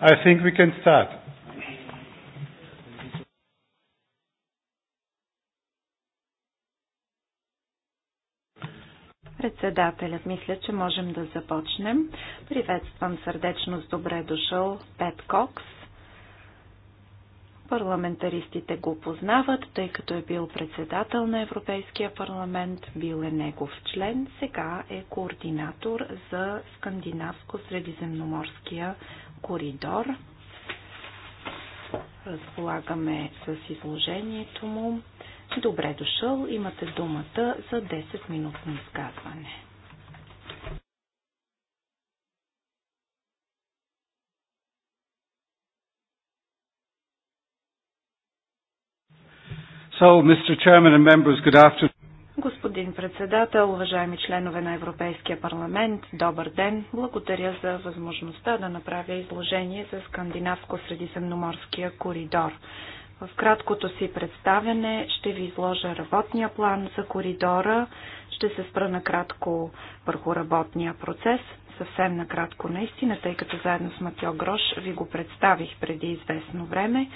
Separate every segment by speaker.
Speaker 1: I think we can start. Председателят, мисля, че можем да започнем. Приветствам сърдечно с добре дошъл Пет Кокс. Парламентаристите го познават, тъй като е бил председател на Европейския парламент, бил е негов член, сега е координатор за Скандинавско-средиземноморския коридор. Разполагаме с изложението му. Добре дошъл, имате думата за 10-минутно изказване. So, Mr. Chairman and members, good afternoon. Господин председател, уважаеми членове на Европейския парламент, добър ден! Благодаря за възможността да направя изложение за Скандинавско-средиземноморския коридор. В краткото си представяне ще ви изложа работния план за коридора, ще се спра накратко върху работния процес, съвсем накратко наистина, тъй като заедно с Матьо Грош ви го представих преди известно време.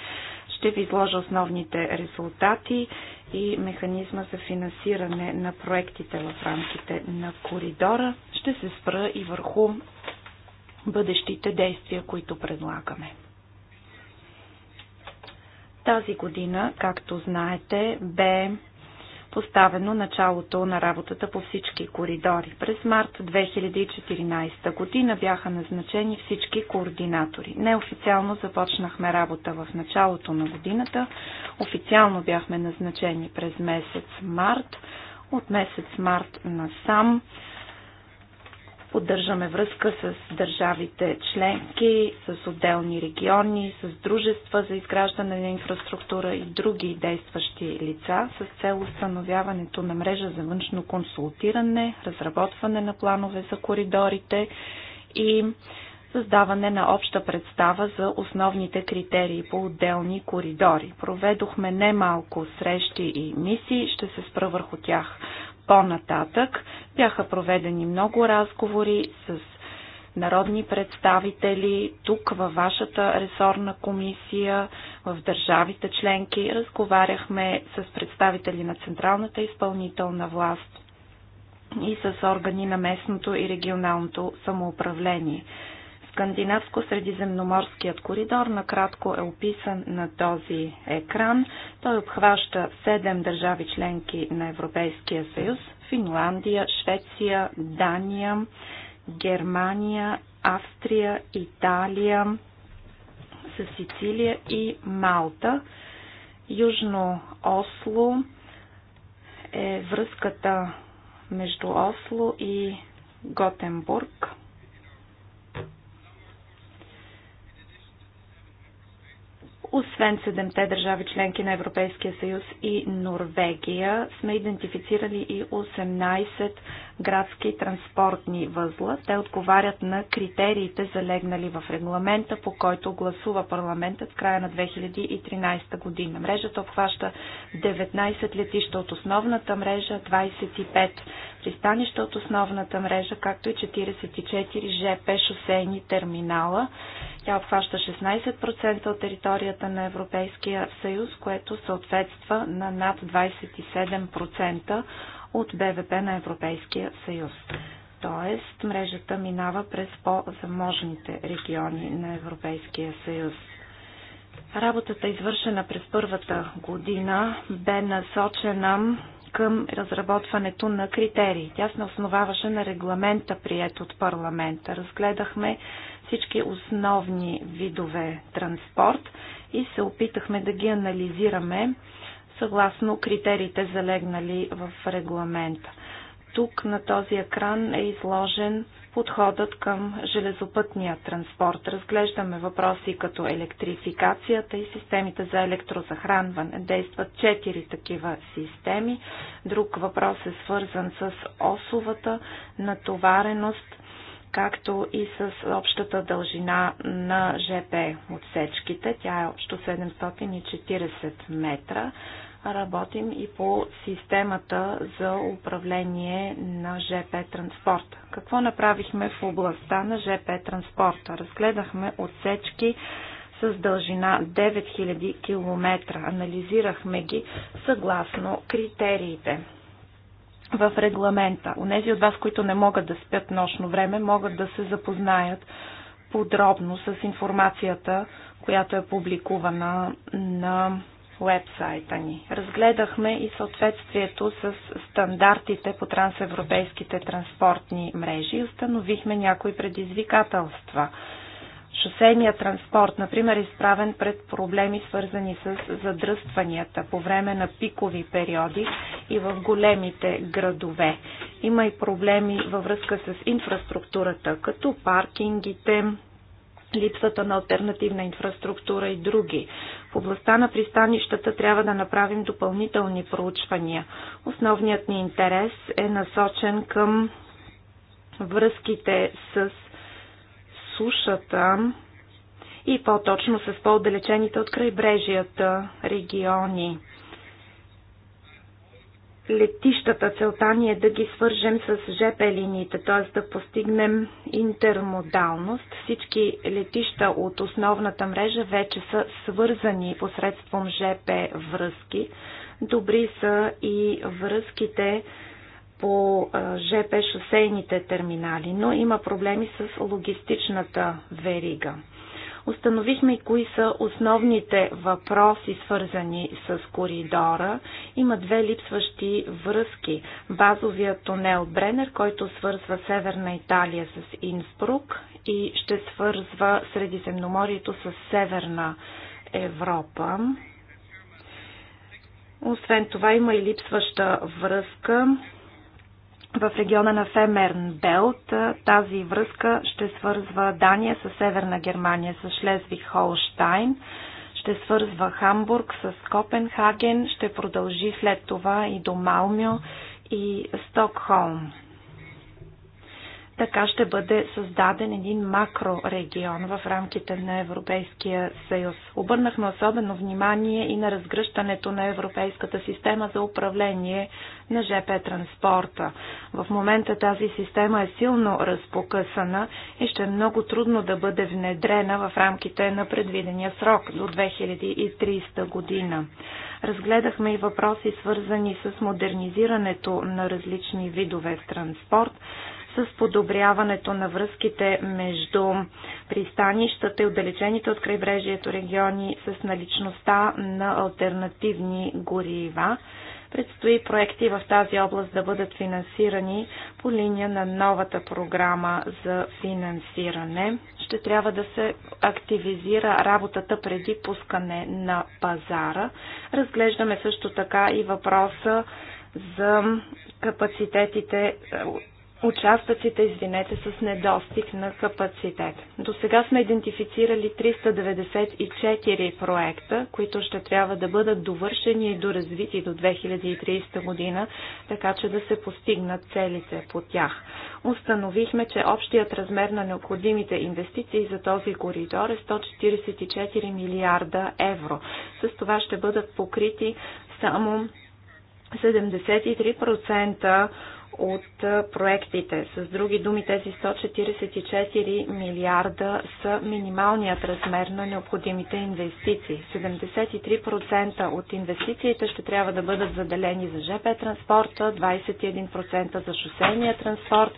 Speaker 1: Ще ви изложа основните резултати и механизма за финансиране на проектите в рамките на коридора. Ще се спра и върху бъдещите действия, които предлагаме. Тази година, както знаете, бе поставено началото на работата по всички коридори. През март 2014 година бяха назначени всички координатори. Неофициално започнахме работа в началото на годината. Официално бяхме назначени през месец март. От месец март насам сам Поддържаме връзка с държавите членки, с отделни региони, с дружества за изграждане на инфраструктура и други действащи лица с цел установяването на мрежа за външно консултиране, разработване на планове за коридорите и създаване на обща представа за основните критерии по отделни коридори. Проведохме немалко срещи и мисии, ще се спра върху тях по-нататък бяха проведени много разговори с народни представители тук във вашата ресорна комисия, в държавите членки. Разговаряхме с представители на Централната изпълнителна власт и с органи на местното и регионалното самоуправление. Скандинавско-средиземноморският коридор накратко е описан на този екран. Той обхваща 7 държави членки на Европейския съюз Финландия, Швеция, Дания, Германия, Австрия, Италия, Сицилия и Малта. Южно Осло е връзката между Осло и Готенбург. Освен седемте държави членки на Европейския съюз и Норвегия, сме идентифицирали и 18 градски транспортни възла. Те отговарят на критериите, залегнали в регламента, по който гласува парламентът в края на 2013 година. Мрежата обхваща 19 летища от основната мрежа, 25 пристанища от основната мрежа, както и 44 ЖП шосейни терминала. Тя обхваща 16% от територията на Европейския съюз, което съответства на над 27% от БВП на Европейския съюз. Тоест, мрежата минава през по-заможните региони на Европейския съюз. Работата, извършена през първата година, бе насочена към разработването на критерии. Тя се основаваше на регламента, прият от парламента. Разгледахме всички основни видове транспорт и се опитахме да ги анализираме съгласно критериите залегнали в регламента. Тук на този екран е изложен подходът към железопътния транспорт. Разглеждаме въпроси като електрификацията и системите за електрозахранване. Действат четири такива системи. Друг въпрос е свързан с осовата натовареност, както и с общата дължина на ЖП отсечките. Тя е общо 740 метра. Работим и по системата за управление на ЖП транспорта. Какво направихме в областта на ЖП транспорта? Разгледахме отсечки с дължина 9000 км. Анализирахме ги съгласно критериите в регламента. Онези от вас, които не могат да спят нощно време, могат да се запознаят подробно с информацията, която е публикувана на вебсайта ни. Разгледахме и съответствието с стандартите по трансевропейските транспортни мрежи и установихме някои предизвикателства. Шосейния транспорт, например, е изправен пред проблеми, свързани с задръстванията по време на пикови периоди и в големите градове. Има и проблеми във връзка с инфраструктурата, като паркингите, липсата на альтернативна инфраструктура и други. В областта на пристанищата трябва да направим допълнителни проучвания. Основният ни интерес е насочен към връзките с сушата и по-точно с по-отдалечените от крайбрежията региони летищата. Целта ни е да ги свържем с ЖП линиите, т.е. да постигнем интермодалност. Всички летища от основната мрежа вече са свързани посредством ЖП връзки. Добри са и връзките по ЖП шосейните терминали, но има проблеми с логистичната верига. Установихме и кои са основните въпроси, свързани с коридора. Има две липсващи връзки. Базовия тунел Бренер, който свързва Северна Италия с Инсбрук и ще свързва Средиземноморието с Северна Европа. Освен това има и липсваща връзка в региона на Фемерн Белт. Тази връзка ще свързва Дания с Северна Германия, с Шлезвиг Холштайн, ще свързва Хамбург с Копенхаген, ще продължи след това и до Малмио и Стокхолм. Така ще бъде създаден един макрорегион в рамките на Европейския съюз. Обърнахме особено внимание и на разгръщането на Европейската система за управление на ЖП транспорта. В момента тази система е силно разпокъсана и ще е много трудно да бъде внедрена в рамките на предвидения срок до 2030 година. Разгледахме и въпроси свързани с модернизирането на различни видове транспорт, с подобряването на връзките между пристанищата и отдалечените от крайбрежието региони с наличността на альтернативни горива. Предстои проекти в тази област да бъдат финансирани по линия на новата програма за финансиране. Ще трябва да се активизира работата преди пускане на пазара. Разглеждаме също така и въпроса за капацитетите участъците, извинете, с недостиг на капацитет. До сега сме идентифицирали 394 проекта, които ще трябва да бъдат довършени и доразвити до 2030 година, така че да се постигнат целите по тях. Установихме, че общият размер на необходимите инвестиции за този коридор е 144 милиарда евро. С това ще бъдат покрити само 73% от проектите. С други думи, тези 144 милиарда са минималният размер на необходимите инвестиции. 73% от инвестициите ще трябва да бъдат заделени за ЖП транспорта, 21% за шосейния транспорт,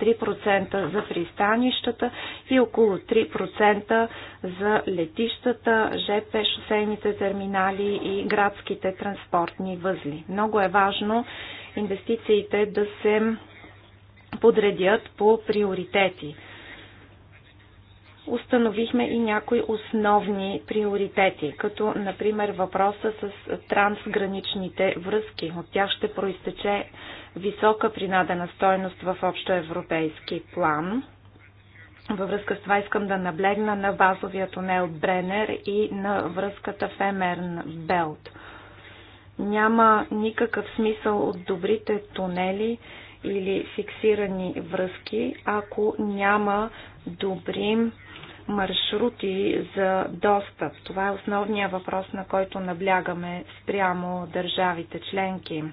Speaker 1: 3% за пристанищата и около 3% за летищата, ЖП, шосейните терминали и градските транспортни възли. Много е важно инвестициите да се подредят по приоритети. Установихме и някои основни приоритети, като например въпроса с трансграничните връзки. От тях ще проистече висока принадена стойност в общоевропейски план. Във връзка с това искам да наблегна на базовия тунел Бренер и на връзката Фемерн Белт. Няма никакъв смисъл от добрите тунели или фиксирани връзки, ако няма добри маршрути за достъп. Това е основният въпрос, на който наблягаме спрямо държавите членки.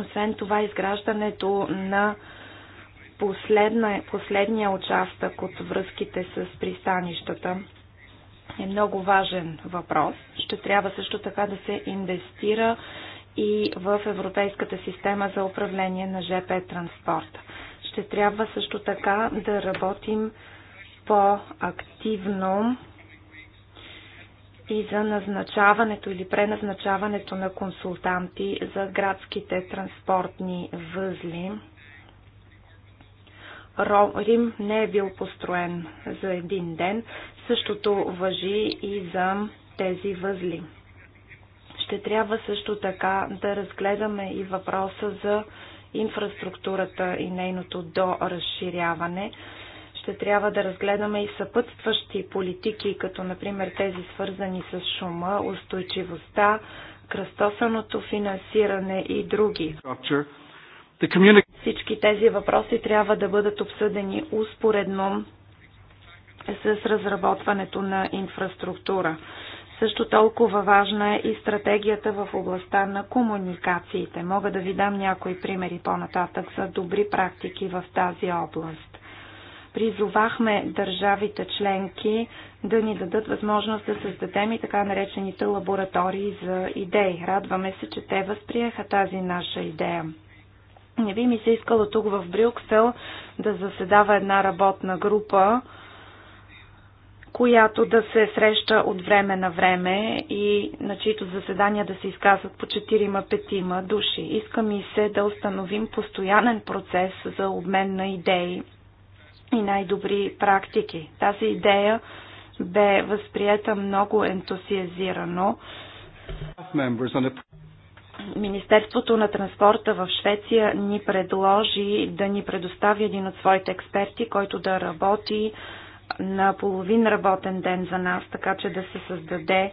Speaker 1: Освен това, изграждането на последна, последния участък от връзките с пристанищата е много важен въпрос. Ще трябва също така да се инвестира и в Европейската система за управление на ЖП транспорта. Ще трябва също така да работим по-активно и за назначаването или преназначаването на консултанти за градските транспортни възли. Рим не е бил построен за един ден. Същото въжи и за тези възли. Ще трябва също така да разгледаме и въпроса за инфраструктурата и нейното доразширяване. Ще трябва да разгледаме и съпътстващи политики, като например тези свързани с шума, устойчивостта, кръстосаното финансиране и други. Всички тези въпроси трябва да бъдат обсъдени успоредно с разработването на инфраструктура. Също толкова важна е и стратегията в областта на комуникациите. Мога да ви дам някои примери по-нататък за добри практики в тази област. Призовахме държавите членки да ни дадат възможност да създадем и така наречените лаборатории за идеи. Радваме се, че те възприеха тази наша идея. Не би ми се искало тук в Брюксел да заседава една работна група, която да се среща от време на време и на чието заседания да се изказват по 4-5 души. Иска ми се да установим постоянен процес за обмен на идеи и най-добри практики. Тази идея бе възприета много ентусиазирано. Министерството на транспорта в Швеция ни предложи да ни предостави един от своите експерти, който да работи на половин работен ден за нас, така че да се създаде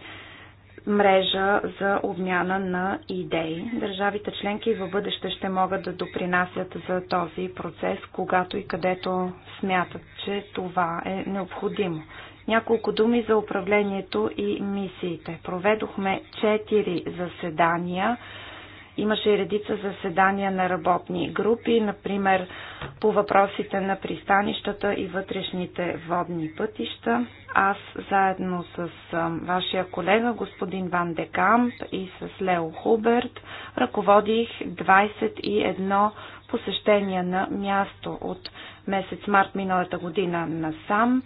Speaker 1: мрежа за обмяна на идеи. Държавите членки и в бъдеще ще могат да допринасят за този процес, когато и където смятат, че това е необходимо. Няколко думи за управлението и мисиите. Проведохме четири заседания Имаше и редица заседания на работни групи, например по въпросите на пристанищата и вътрешните водни пътища. Аз заедно с вашия колега господин Ван Декамп и с Лео Хуберт ръководих 21 посещения на място от месец март миналата година насам. сам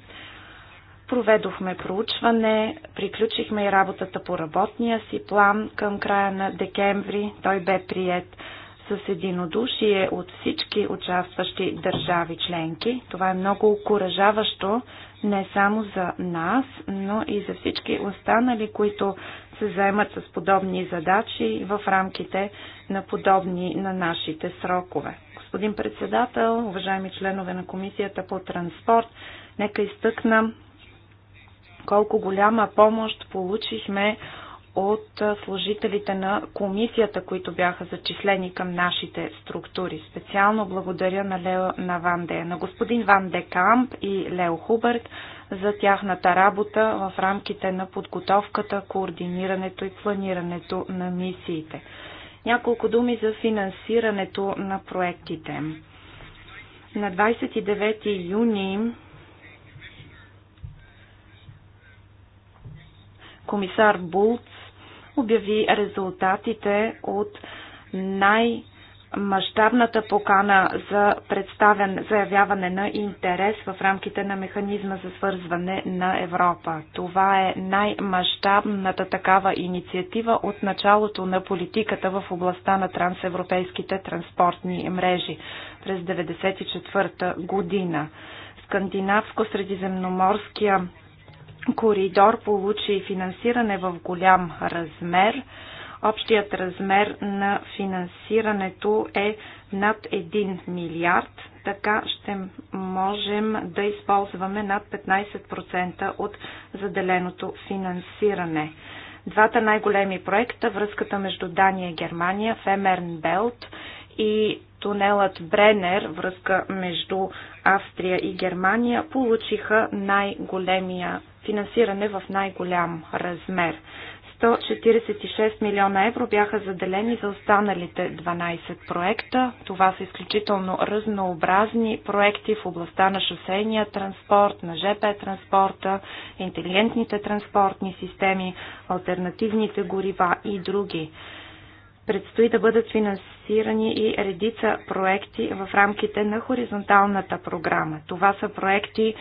Speaker 1: Проведохме проучване, приключихме и работата по работния си план към края на декември. Той бе прият с единодушие от всички участващи държави членки. Това е много окоръжаващо не само за нас, но и за всички останали, които се заемат с подобни задачи в рамките на подобни на нашите срокове. Господин председател, уважаеми членове на Комисията по транспорт, нека изтъкна колко голяма помощ получихме от служителите на комисията, които бяха зачислени към нашите структури. Специално благодаря на, Лео, на, Ван Де, на господин Ван Де Камп и Лео Хубърт за тяхната работа в рамките на подготовката, координирането и планирането на мисиите. Няколко думи за финансирането на проектите. На 29 юни Комисар Булц обяви резултатите от най- мащабната покана за представен, заявяване на интерес в рамките на механизма за свързване на Европа. Това е най-мащабната такава инициатива от началото на политиката в областта на трансевропейските транспортни мрежи през 1994 година. Скандинавско-средиземноморския коридор получи финансиране в голям размер. Общият размер на финансирането е над 1 милиард, така ще можем да използваме над 15% от заделеното финансиране. Двата най-големи проекта, връзката между Дания и Германия, Фемерн Белт и тунелът Бренер, връзка между Австрия и Германия, получиха най-големия финансиране в най-голям размер. 146 милиона евро бяха заделени за останалите 12 проекта. Това са изключително разнообразни проекти в областта на шосейния транспорт, на ЖП транспорта, интелигентните транспортни системи, альтернативните горива и други. Предстои да бъдат финансирани и редица проекти в рамките на хоризонталната програма. Това са проекти,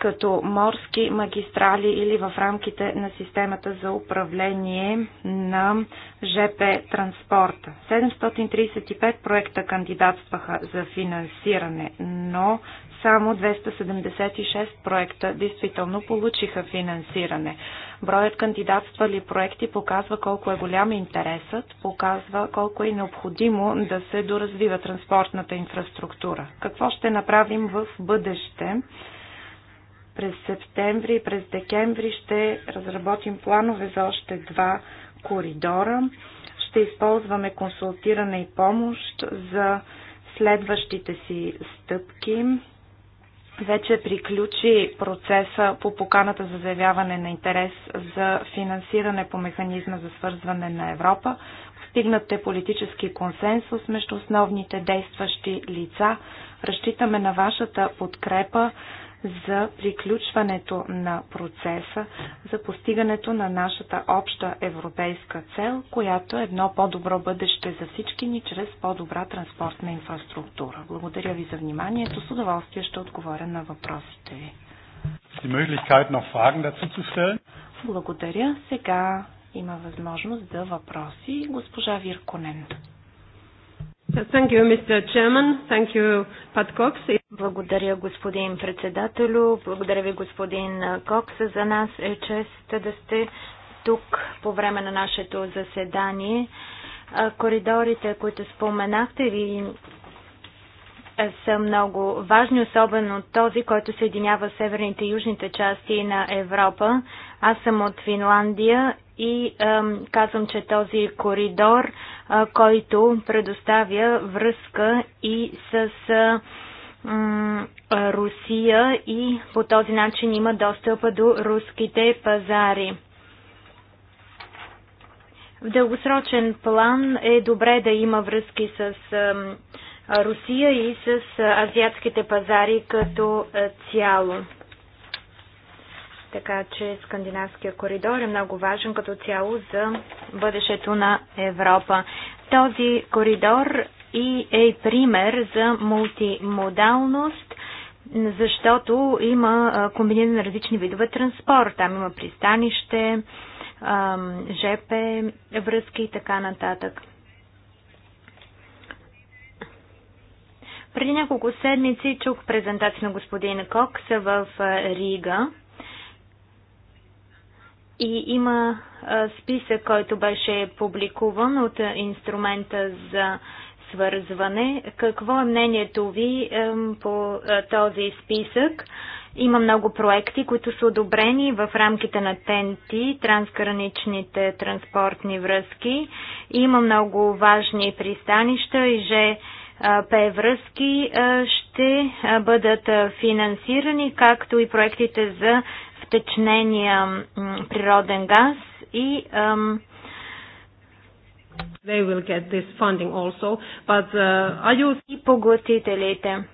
Speaker 1: като морски магистрали или в рамките на системата за управление на ЖП транспорта. 735 проекта кандидатстваха за финансиране, но само 276 проекта действително получиха финансиране. Броят кандидатствали проекти показва колко е голям интересът, показва колко е необходимо да се доразвива транспортната инфраструктура. Какво ще направим в бъдеще? През септември и през декември ще разработим планове за още два коридора. Ще използваме консултиране и помощ за следващите си стъпки. Вече приключи процеса по поканата за заявяване на интерес за финансиране по механизма за свързване на Европа. Стигнат е политически консенсус между основните действащи лица. Разчитаме на вашата подкрепа за приключването на процеса, за постигането на нашата обща европейска цел, която е едно по-добро бъдеще за всички ни чрез по-добра транспортна инфраструктура. Благодаря ви за вниманието. С удоволствие ще отговоря на въпросите ви. Благодаря. Сега има възможност за въпроси госпожа Вирконен.
Speaker 2: Thank you, Mr. Chairman. Thank you, Pat Cox. Благодаря, господин председателю. Благодаря ви, господин Кокс. За нас е чест да сте тук по време на нашето заседание. Коридорите, които споменахте ви, е, са много важни, особено този, който съединява северните и южните части на Европа. Аз съм от Финландия и казвам, че този коридор, който предоставя връзка и с Русия и по този начин има достъпа до руските пазари. В дългосрочен план е добре да има връзки с Русия и с азиатските пазари като цяло. Така че Скандинавския коридор е много важен като цяло за бъдещето на Европа. Този коридор и е пример за мултимодалност, защото има комбинирани на различни видове транспорт. Там има пристанище, ЖП, връзки и така нататък. Преди няколко седмици чух презентация на господин Кокс в Рига и има списък, който беше публикуван от инструмента за свързване. Какво е мнението ви по този списък? Има много проекти, които са одобрени в рамките на ТНТ, трансграничните транспортни връзки. Има много важни пристанища и же П връзки ще бъдат финансирани, както и проектите за втечнения природен газ и ам, They will get this funding also, but uh, are you... И поглътителите.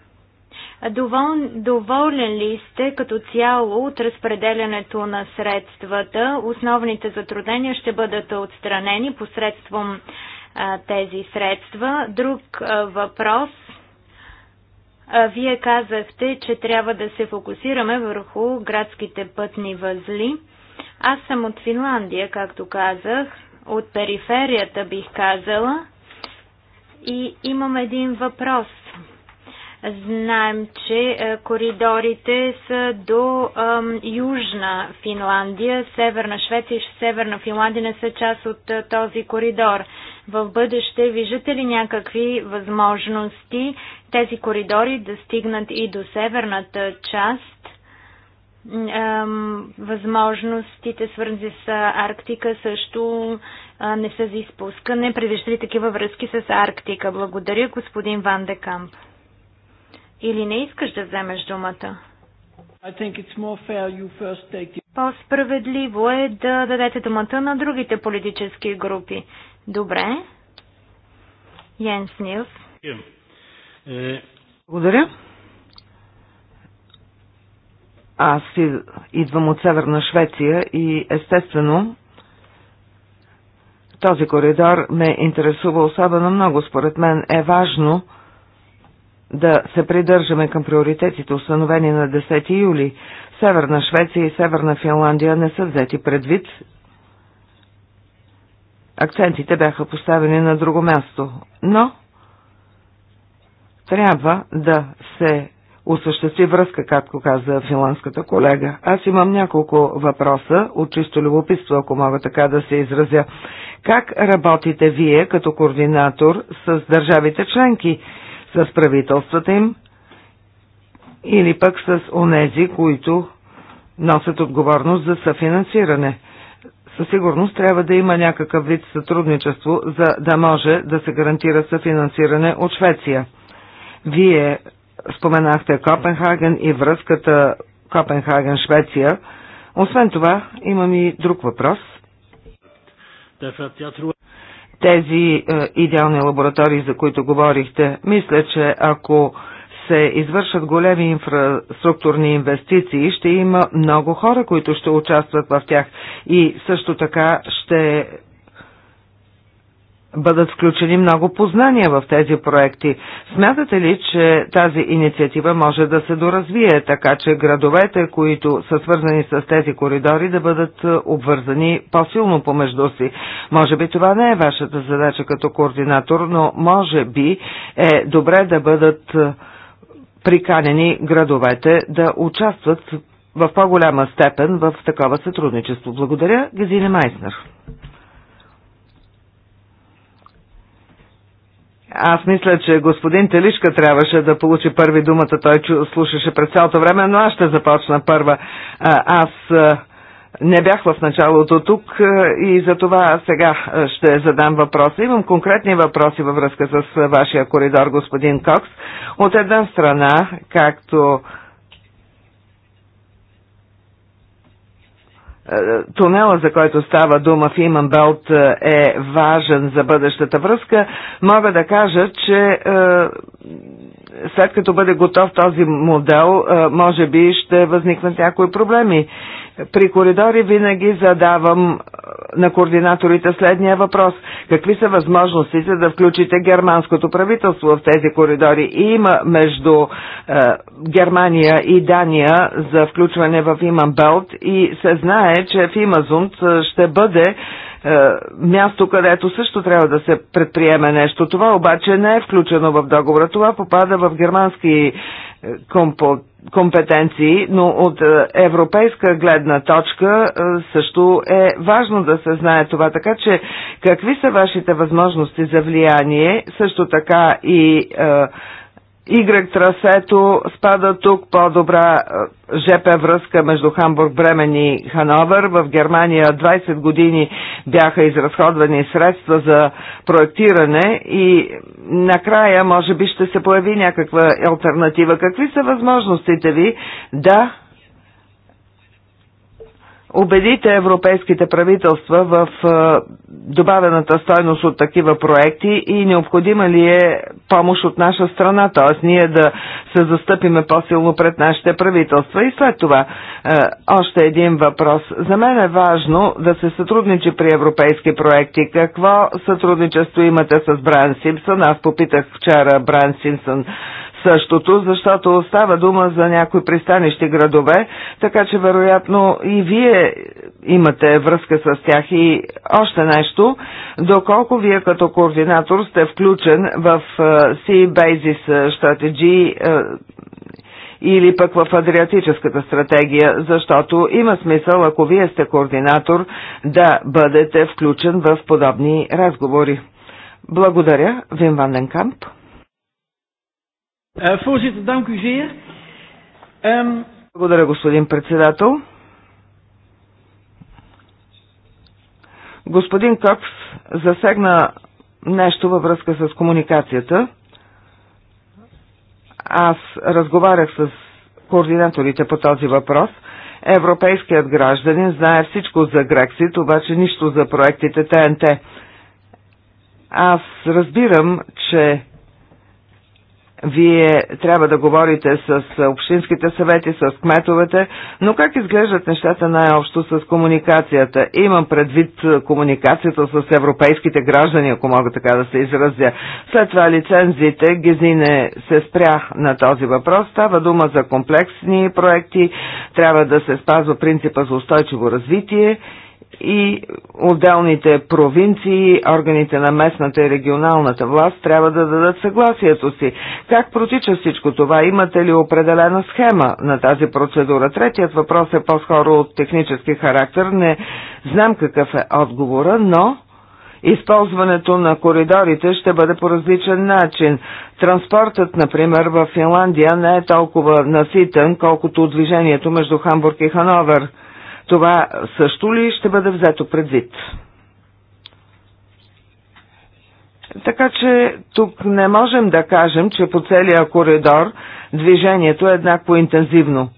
Speaker 2: Довол... Доволен ли сте като цяло от разпределянето на средствата? Основните затруднения ще бъдат отстранени посредством а, тези средства. Друг а, въпрос вие казахте, че трябва да се фокусираме върху градските пътни възли. Аз съм от Финландия, както казах, от периферията бих казала. И имам един въпрос. Знаем, че е, коридорите са до Южна Финландия, Северна Швеция и Северна Финландия не са част от е, този коридор. В бъдеще виждате ли някакви възможности тези коридори да стигнат и до северната част? Възможностите свързани с Арктика също не са за изпускане. Предвиждате ли такива връзки с Арктика? Благодаря, господин Ван Декамп. Или не искаш да вземеш думата? По-справедливо е да дадете думата на другите политически групи. Добре. Йенс Нилс.
Speaker 3: Благодаря. Аз идвам от Северна Швеция и естествено този коридор ме интересува особено много. Според мен е важно да се придържаме към приоритетите, установени на 10 юли. Северна Швеция и Северна Финландия не са взети предвид. Акцентите бяха поставени на друго място, но трябва да се осъществи връзка, както каза финландската колега. Аз имам няколко въпроса от чисто любопитство, ако мога така да се изразя. Как работите вие като координатор с държавите членки? с правителствата им или пък с онези, които носят отговорност за съфинансиране. Със сигурност трябва да има някакъв вид сътрудничество, за да може да се гарантира съфинансиране от Швеция. Вие споменахте Копенхаген и връзката Копенхаген-Швеция. Освен това, имам и друг въпрос тези е, идеални лаборатории, за които говорихте. Мисля, че ако се извършат големи инфраструктурни инвестиции, ще има много хора, които ще участват в тях и също така ще бъдат включени много познания в тези проекти. Смятате ли, че тази инициатива може да се доразвие, така че градовете, които са свързани с тези коридори, да бъдат е, обвързани по-силно помежду си? Може би това не е вашата задача като координатор, но може би е добре да бъдат е, приканени градовете да участват в по-голяма степен в такова сътрудничество. Благодаря, Газина Майснер. Аз мисля, че господин Телишка трябваше да получи първи думата. Той слушаше през цялото време, но аз ще започна първа. Аз не бях в началото тук и за това сега ще задам въпроса. Имам конкретни въпроси във връзка с вашия коридор, господин Кокс. От една страна, както тунела, за който става дума в Иманбелт е, е важен за бъдещата връзка, мога да кажа, че е, след като бъде готов този модел, е, може би ще възникнат някои проблеми. При коридори винаги задавам е, на координаторите следния въпрос. Какви са възможностите да включите германското правителство в тези коридори? И има между е, Германия и Дания за включване в Иман Белт и се знае, че в Имазунт е, ще бъде е, място, където също трябва да се предприеме нещо. Това обаче не е включено в договора. Това попада в германски компот компетенции, но от е, европейска гледна точка е, също е важно да се знае това. Така че какви са вашите възможности за влияние, също така и е, Y трасето спада тук по-добра ЖП връзка между Хамбург, Бремен и Хановер. В Германия 20 години бяха изразходвани средства за проектиране и накрая може би ще се появи някаква альтернатива. Какви са възможностите ви да убедите европейските правителства в добавената стойност от такива проекти и необходима ли е помощ от наша страна, т.е. ние да се застъпиме по-силно пред нашите правителства. И след това още един въпрос. За мен е важно да се сътрудничи при европейски проекти. Какво сътрудничество имате с Бран Симпсън? Аз попитах вчера Бран Симпсън същото, защото става дума за някои пристанищи градове, така че вероятно и вие имате връзка с тях. И още нещо, доколко вие като координатор сте включен в е, Sea Basis Strategy е, или пък в Адриатическата стратегия, защото има смисъл, ако вие сте координатор, да бъдете включен в подобни разговори. Благодаря, Вим Ванденкамп. Eh, voorzitter, dank u zeer. Ehm, Благодаря, господин председател. Господин Кокс засегна нещо във връзка с комуникацията. Аз разговарях с координаторите по този въпрос. Европейският гражданин знае всичко за Грексит, обаче нищо за проектите ТНТ. Аз разбирам, че вие трябва да говорите с общинските съвети, с кметовете, но как изглеждат нещата най-общо с комуникацията? Имам предвид комуникацията с европейските граждани, ако мога така да се изразя. След това лицензите, Гезине се спря на този въпрос. Става дума за комплексни проекти, трябва да се спазва принципа за устойчиво развитие и отделните провинции, органите на местната и регионалната власт трябва да дадат съгласието си. Как протича всичко това? Имате ли определена схема на тази процедура? Третият въпрос е по-скоро от технически характер. Не знам какъв е отговора, но използването на коридорите ще бъде по различен начин. Транспортът, например, в Финландия не е толкова наситен, колкото движението между Хамбург и Хановер – това също ли ще бъде взето предвид? Така че тук не можем да кажем, че по целия коридор движението е еднакво интензивно.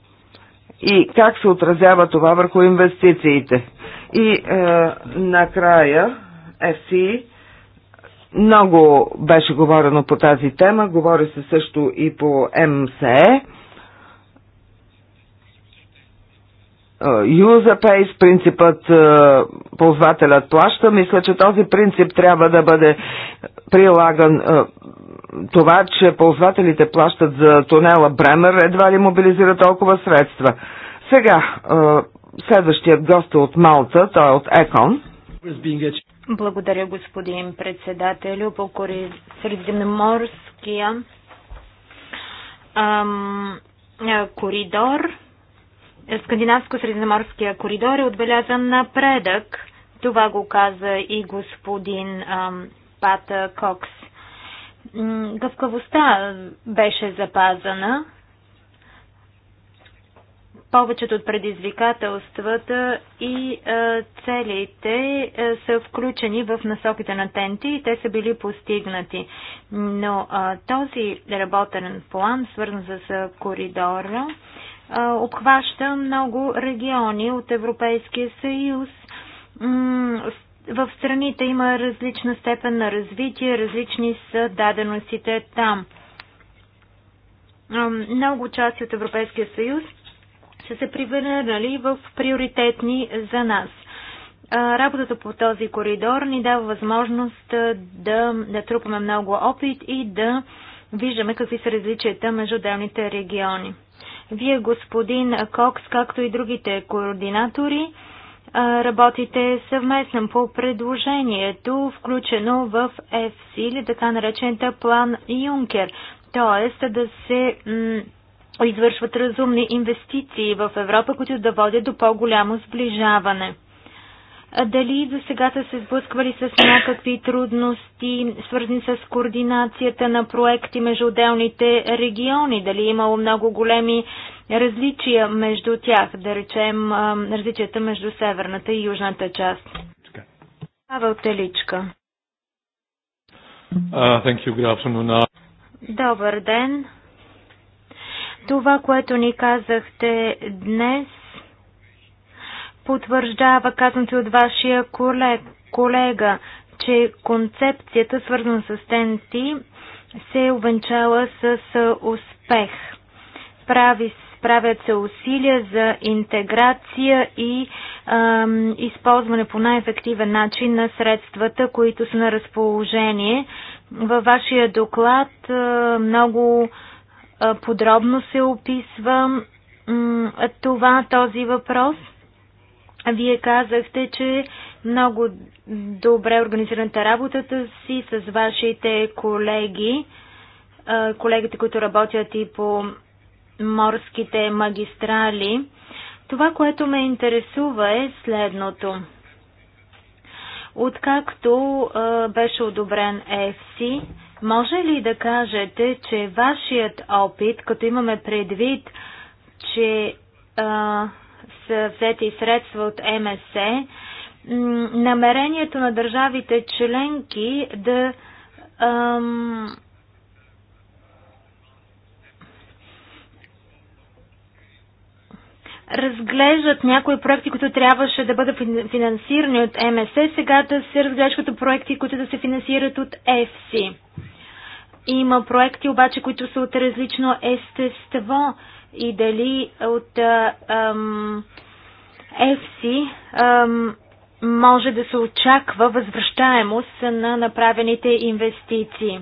Speaker 3: И как се отразява това върху инвестициите? И е, накрая FC много беше говорено по тази тема, говори се също и по МСЕ. user е, pays, принципът е, ползвателят плаща. Мисля, че този принцип трябва да бъде прилаган е, това, че ползвателите плащат за тунела Бремер, едва ли мобилизира толкова средства. Сега, следващият гост е от Малта, той е от ЕКОН.
Speaker 2: Благодаря, господин председателю. По Средиземноморския коридор Скандинавско-средиземорския коридор е отбелязан напредък. Това го каза и господин ам, Пат Кокс. Гъвкавостта беше запазена. Повечето от предизвикателствата и а, целите а, са включени в насоките на Тенти и те са били постигнати. Но а, този работен план, свързан с коридора, обхваща много региони от Европейския съюз. В страните има различна степен на развитие, различни са даденостите там. Много части от Европейския съюз са се превърнали в приоритетни за нас. Работата по този коридор ни дава възможност да натрупаме много опит и да виждаме какви са различията между отделните региони. Вие, господин Кокс, както и другите координатори, работите съвместно по предложението, включено в ФС или така наречената план Юнкер, т.е. да се извършват разумни инвестиции в Европа, които да водят до по-голямо сближаване дали за сега са се сблъсквали с някакви трудности, свързани с координацията на проекти между отделните региони, дали е имало много големи различия между тях, да речем различията между северната и южната част. Павел Теличка.
Speaker 1: Uh,
Speaker 2: Добър ден. Това, което ни казахте днес, потвърждава казаното от вашия колега, че концепцията, свързана с ТНТ, се е увенчала с успех. Прави, правят се усилия за интеграция и ам, използване по най-ефективен начин на средствата, които са на разположение. Във вашия доклад а, много а, подробно се описва м, това, този въпрос – вие казахте, че много добре организираната работата си с вашите колеги, колегите, които работят и по морските магистрали. Това, което ме интересува е следното. Откакто беше одобрен ЕФСИ, може ли да кажете, че вашият опит, като имаме предвид, че а, са взети средства от МСЕ, намерението на държавите членки да ам, разглеждат някои проекти, които трябваше да бъдат финансирани от МСЕ, сега да се разглеждат като проекти, които да се финансират от ЕФСИ. Има проекти обаче, които са от различно естество и дали от ЕФСИ може да се очаква възвръщаемост на направените инвестиции.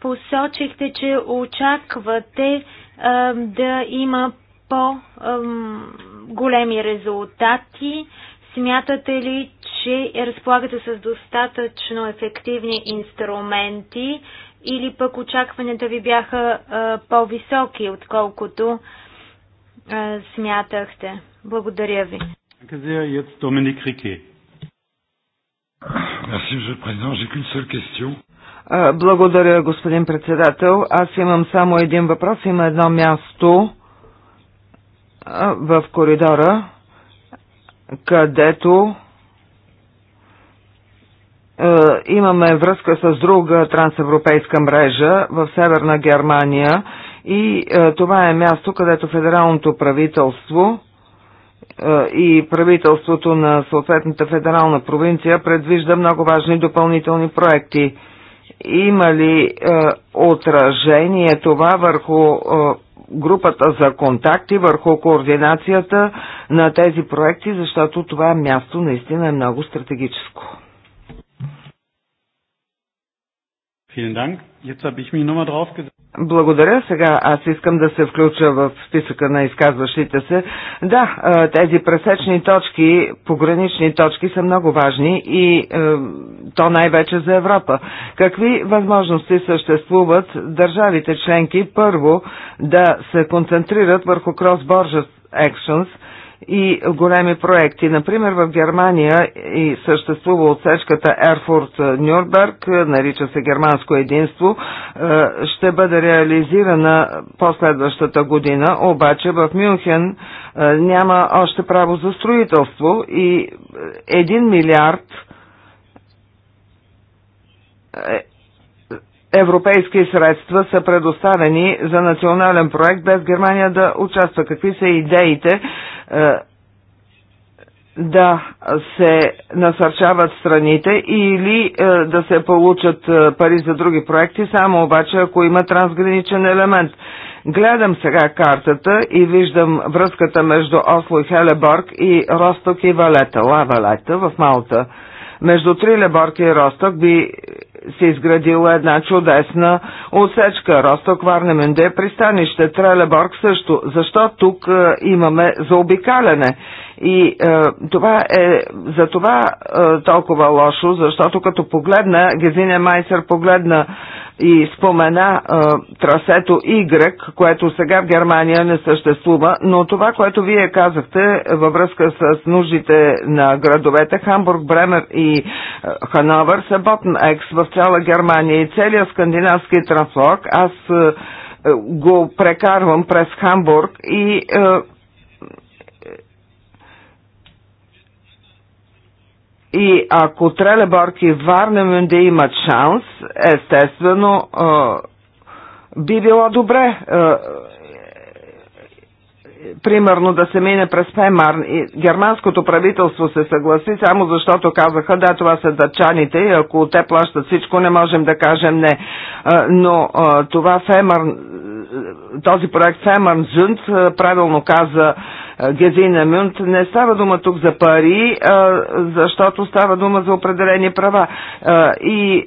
Speaker 2: Посочихте, че очаквате а, да има по-големи резултати. Смятате ли, че разполагате с достатъчно ефективни инструменти или пък очакванията ви бяха по-високи, отколкото а, смятахте. Благодаря ви.
Speaker 3: Благодаря, господин председател. Аз имам само един въпрос. Има едно място в коридора, където е, имаме връзка с друга трансевропейска мрежа в Северна Германия и е, това е място, където федералното правителство е, и правителството на съответната федерална провинция предвижда много важни допълнителни проекти. Има ли е, отражение това върху е, групата за контакти, върху координацията на тези проекти, защото това място наистина е много стратегическо? Благодаря. Сега аз искам да се включа в списъка на изказващите се. Да, тези пресечни точки, погранични точки са много важни и то най-вече за Европа. Какви възможности съществуват държавите членки първо да се концентрират върху кросборжа actions – и големи проекти. Например, в Германия и съществува отсечката Ерфурт-Нюрнберг, нарича се Германско единство, е, ще бъде реализирана последващата година, обаче в Мюнхен е, няма още право за строителство и 1 е, милиард европейски средства са предоставени за национален проект без Германия да участва. Какви са идеите е, да се насърчават страните или е, да се получат е, пари за други проекти, само обаче ако има трансграничен елемент. Гледам сега картата и виждам връзката между Осло и Хелеборг и Росток и Валета, Ла Валета в Малта. Между Трилеборг и Росток би се изградила една чудесна отсечка. Росток, Варнеменде, пристанище, Трелеборг също. Защо тук е, имаме заобикаляне? И е, това е за това е, толкова лошо, защото като погледна, Гезине Майсър погледна и спомена е, трасето Y, което сега в Германия не съществува, но това, което вие казахте във връзка с нуждите на градовете Хамбург, Бремер и е, Хановър са Екс в цяла Германия и целият скандинавски транспорт. Аз е, го прекарвам през Хамбург и е, И ако Трелеборг и Варнемен да имат шанс, естествено, би било добре примерно да се мине през Пемарн. И германското правителство се съгласи само защото казаха, да, това са дъчаните и ако те плащат всичко, не можем да кажем не. Но това Фемарн, този проект Фемарн Зюнд правилно каза е, Гезина Мюнт, не става дума тук за пари, е, защото става дума за определени права. Е, и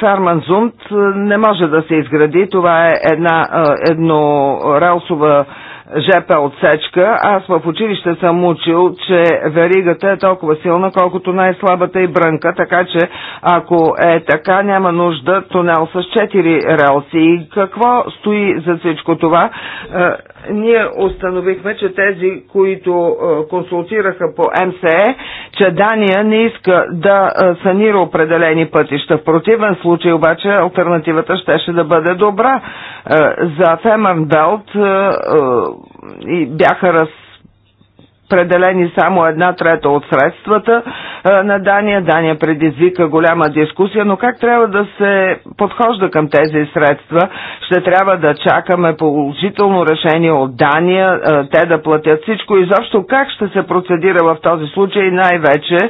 Speaker 3: Ферман Зунт не може да се изгради, това е една релсова ЖП отсечка. Аз в училище съм учил, че веригата е толкова силна, колкото най-слабата и брънка, така че ако е така, няма нужда тунел с 4 релси. И какво стои за всичко това? Е, ние установихме, че тези, които е, консултираха по МСЕ, че Дания не иска да е, санира определени пътища. В противен случай обаче альтернативата щеше да бъде добра. За Фемърн Белт и бяха раз определени само една трета от средствата е, на Дания. Дания предизвика голяма дискусия, но как трябва да се подхожда към тези средства? Ще трябва да чакаме положително решение от Дания, е, те да платят всичко. Изобщо как ще се процедира в този случай най-вече е,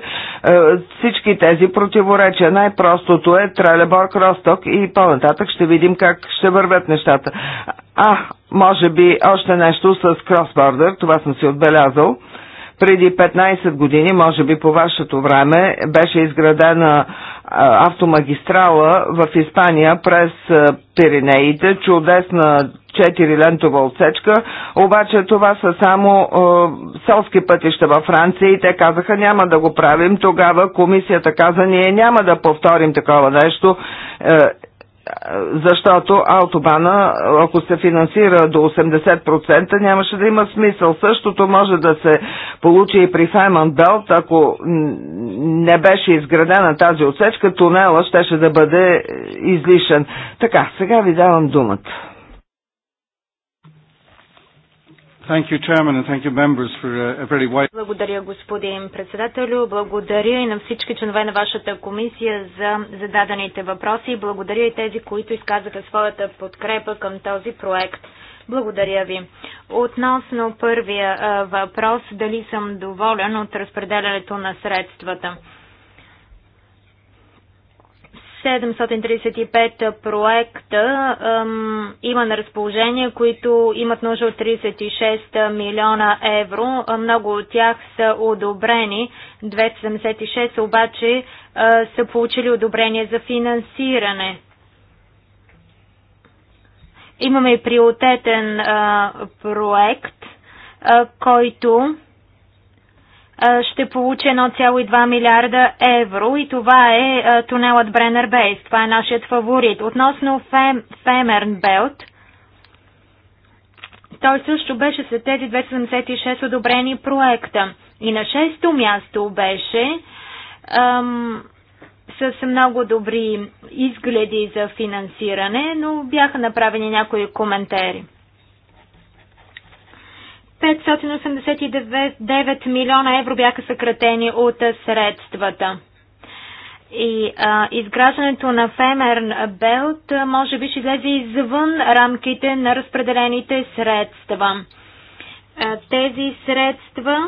Speaker 3: всички тези противоречия? Най-простото е Трелеборг, Росток и по-нататък ще видим как ще вървят нещата. А, може би още нещо с кросбордър, това съм си отбелязал. Преди 15 години, може би по вашето време, беше изградена автомагистрала в Испания през Пиренеите, чудесна 4-лентова отсечка, обаче това са само е, селски пътища във Франция и те казаха няма да го правим. Тогава комисията каза ние няма да повторим такова нещо. Е, защото автобана, ако се финансира до 80%, нямаше да има смисъл. Същото може да се получи и при Файман Белт, ако не беше изградена тази отсечка, тунела щеше да бъде излишен. Така, сега ви давам думата.
Speaker 2: Благодаря, господин председателю. Благодаря и на всички членове на вашата комисия за зададените въпроси. Благодаря и тези, които изказаха своята подкрепа към този проект. Благодаря ви. Относно първия въпрос, дали съм доволен от разпределянето на средствата. 735 проекта ем, има на разположение, които имат нужда от 36 милиона евро. Много от тях са одобрени, 276 обаче е, са получили одобрение за финансиране. Имаме и приоритетен е, проект, е, който ще получи 1,2 милиарда евро и това е тунелът Бренер Бейс. Това е нашият фаворит. Относно Фем, Фемерн Белт, той също беше след тези 276 одобрени проекта. И на шесто място беше ам, с много добри изгледи за финансиране, но бяха направени някои коментари. 589 милиона евро бяха съкратени от средствата. И а, изграждането на Фемерн Белт може би ще излезе извън рамките на разпределените средства. А, тези средства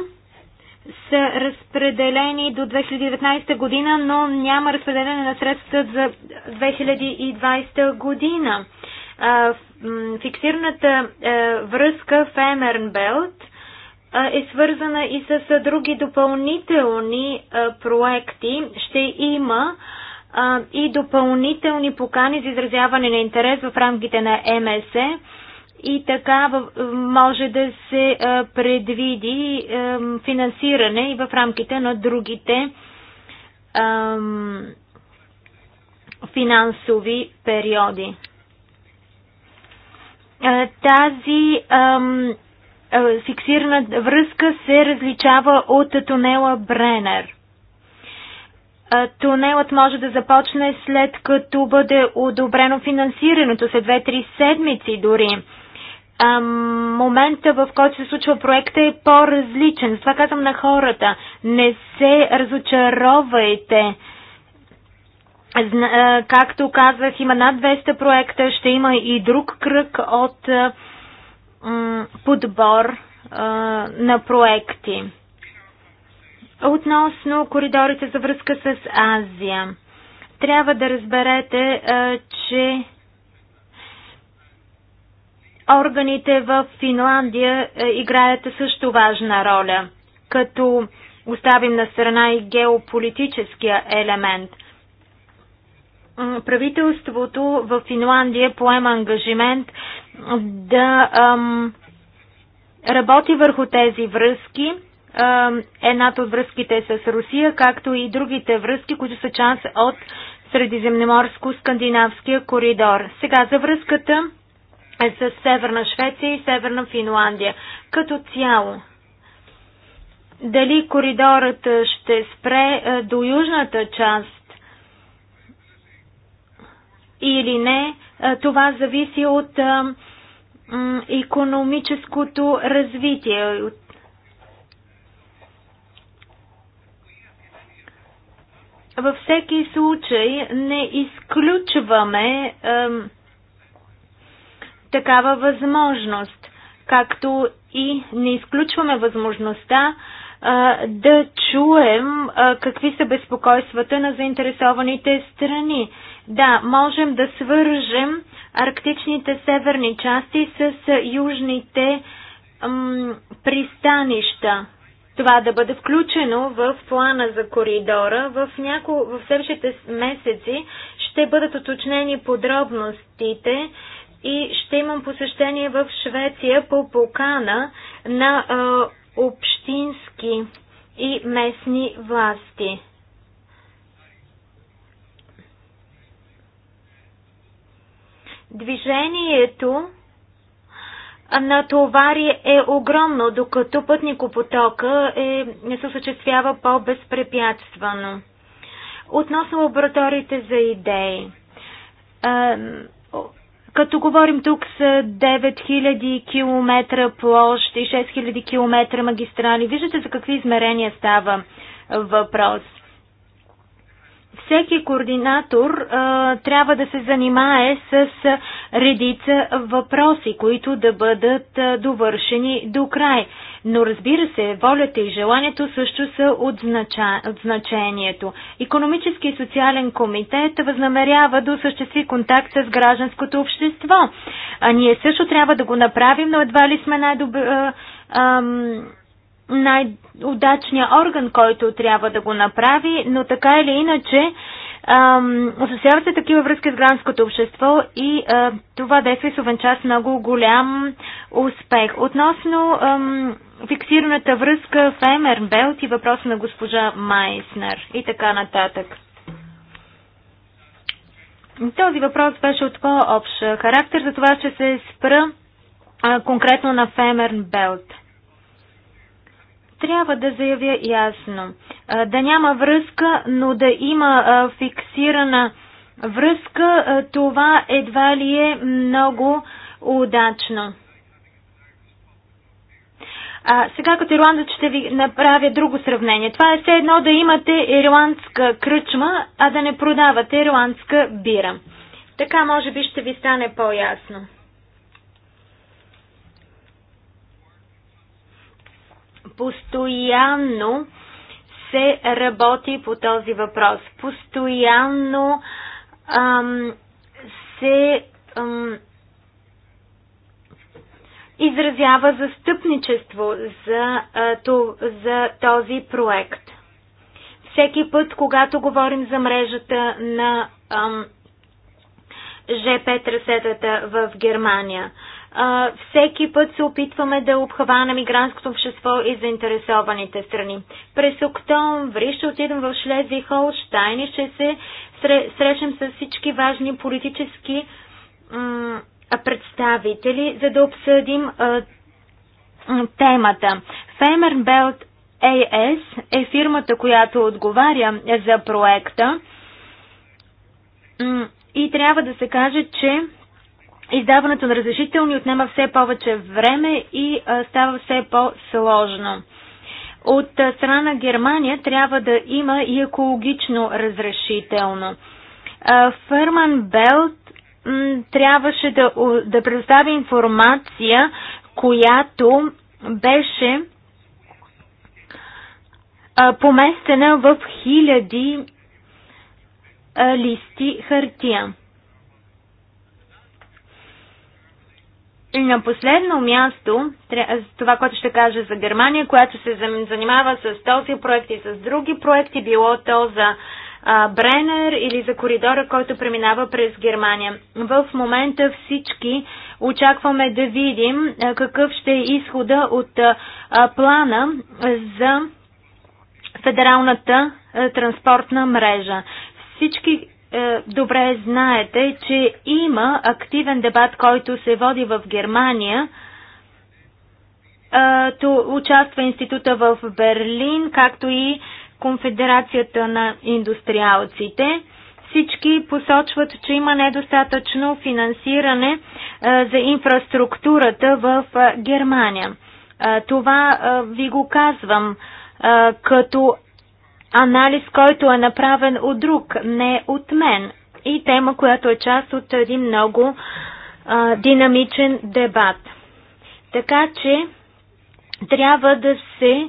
Speaker 2: са разпределени до 2019 година, но няма разпределение на средствата за 2020 година фиксираната връзка в Емернбелт е свързана и с други допълнителни проекти. Ще има и допълнителни покани за изразяване на интерес в рамките на МСЕ и така може да се предвиди финансиране и в рамките на другите финансови периоди тази ам, фиксирана връзка се различава от тунела Бренер. Тунелът може да започне след като бъде одобрено финансирането, след 2-3 седмици дори. А, момента, в който се случва проекта е по-различен. Това казвам на хората. Не се разочаровайте. Както казах, има над 200 проекта, ще има и друг кръг от подбор на проекти. Относно коридорите за връзка с Азия, трябва да разберете, че органите в Финландия играят също важна роля, като оставим на страна и геополитическия елемент – правителството в Финландия поема ангажимент да ам, работи върху тези връзки. Ам, едната от връзките е с Русия, както и другите връзки, които са част от Средиземноморско-Скандинавския коридор. Сега за връзката е с Северна Швеция и Северна Финландия. Като цяло, дали коридорът ще спре е, до южната част или не, това зависи от економическото развитие. Във всеки случай не изключваме такава възможност, както и не изключваме възможността да чуем какви са безпокойствата на заинтересованите страни. Да, можем да свържем арктичните северни части с южните м, пристанища. Това да бъде включено в плана за коридора. В, няко... в следващите месеци ще бъдат уточнени подробностите и ще имам посещение в Швеция по покана на а, общински и местни власти. Движението на товари е огромно, докато пътникопотока е, не се осъществява по-безпрепятствано. Относно лабораториите за идеи. Като говорим тук са 9000 км площ и 6000 км магистрали. Виждате за какви измерения става въпрос. Всеки координатор а, трябва да се занимае с редица въпроси, които да бъдат а, довършени до край. Но разбира се, волята и желанието също са от, знача, от значението. Економически и социален комитет възнамерява да осъществи контакт с гражданското общество. А ние също трябва да го направим, но едва ли сме най-добри най-удачният орган, който трябва да го направи, но така или иначе осъществяват се такива връзки с гражданското общество и а, това действие се увенча с много голям успех. Относно ам, фиксираната връзка в Белт и въпроса на госпожа Майснер и така нататък. Този въпрос беше от по-общ характер, за това ще се спра а, конкретно на Фемерн Белт. Трябва да заявя ясно. Да няма връзка, но да има фиксирана връзка, това едва ли е много удачно. А, сега като ирландец ще ви направя друго сравнение. Това е все едно да имате ирландска кръчма, а да не продавате ирландска бира. Така може би ще ви стане по-ясно. Постоянно се работи по този въпрос. Постоянно ам, се ам, изразява застъпничество за, а, то, за този проект. Всеки път, когато говорим за мрежата на ам, ЖП трасетата в Германия а, всеки път се опитваме да обхванем мигрантското общество и заинтересованите страни. През октомври ще отидем в Шлези Холштайн и ще се срещам с всички важни политически представители, за да обсъдим а, темата. Фемер Белт AS е фирмата, която отговаря за проекта и трябва да се каже, че Издаването на разрешителни отнема все повече време и става все по-сложно. От страна на Германия трябва да има и екологично разрешително. Ферман Белт трябваше да, да предостави информация, която беше поместена в хиляди листи хартия. И на последно място, това, което ще кажа за Германия, която се занимава с този проект и с други проекти, било то за Бренер или за коридора, който преминава през Германия. В момента всички очакваме да видим какъв ще е изхода от плана за федералната транспортна мрежа. Всички е, добре знаете, че има активен дебат, който се води в Германия. Е, то участва института в Берлин, както и Конфедерацията на индустриалците. Всички посочват, че има недостатъчно финансиране е, за инфраструктурата в Германия. Това ви го казвам като анализ, който е направен от друг, не от мен. И тема, която е част от един много а, динамичен дебат. Така че трябва да се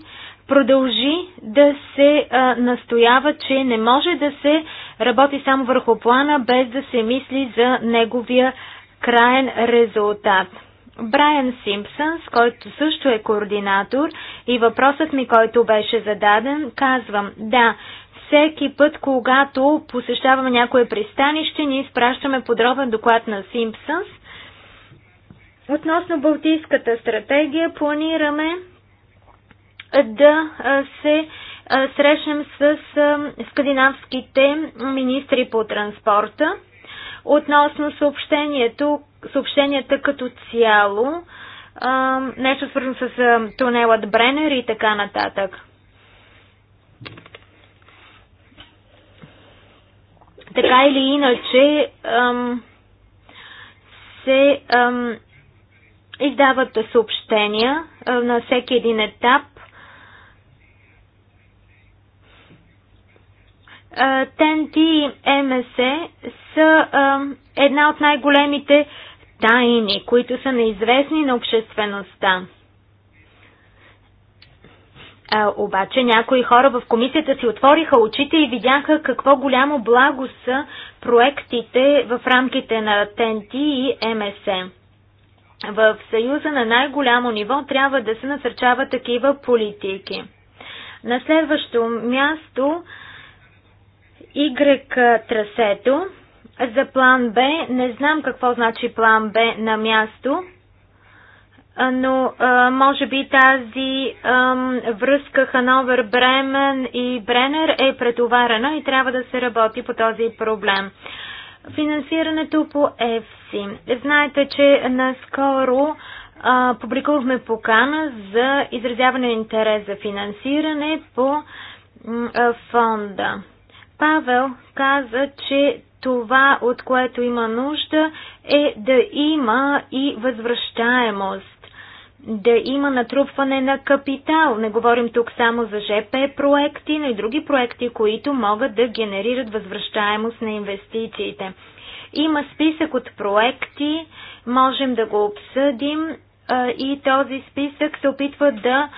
Speaker 2: продължи да се а, настоява, че не може да се работи само върху плана, без да се мисли за неговия краен резултат. Брайан Симпсънс, който също е координатор и въпросът ми, който беше зададен, казвам, да, всеки път, когато посещаваме някое пристанище, ние изпращаме подробен доклад на Симпсънс. Относно Балтийската стратегия планираме да се срещнем с скандинавските министри по транспорта. Относно съобщението, съобщенията като цяло, а, нещо свързано с а, тунелът Бренер и така нататък. Така или иначе ам, се ам, издават съобщения а, на всеки един етап ТНТ и МС са една от най-големите тайни, които са неизвестни на обществеността. А, обаче някои хора в комисията си отвориха очите и видяха какво голямо благо са проектите в рамките на ТНТ и МС. В Съюза на най-голямо ниво трябва да се насърчават такива политики. На следващо място Y трасето. За план Б не знам какво значи план Б на място, но може би тази връзка Хановер, Бремен и Бренер е претоварена и трябва да се работи по този проблем. Финансирането по ЕФСИ. Знаете, че наскоро а, публикувахме покана за изразяване на интерес за финансиране по а, фонда. Павел каза, че това, от което има нужда, е да има и възвръщаемост, да има натрупване на капитал. Не говорим тук само за ЖП проекти, но и други проекти, които могат да генерират възвръщаемост на инвестициите. Има списък от проекти, можем да го обсъдим и този списък се опитва да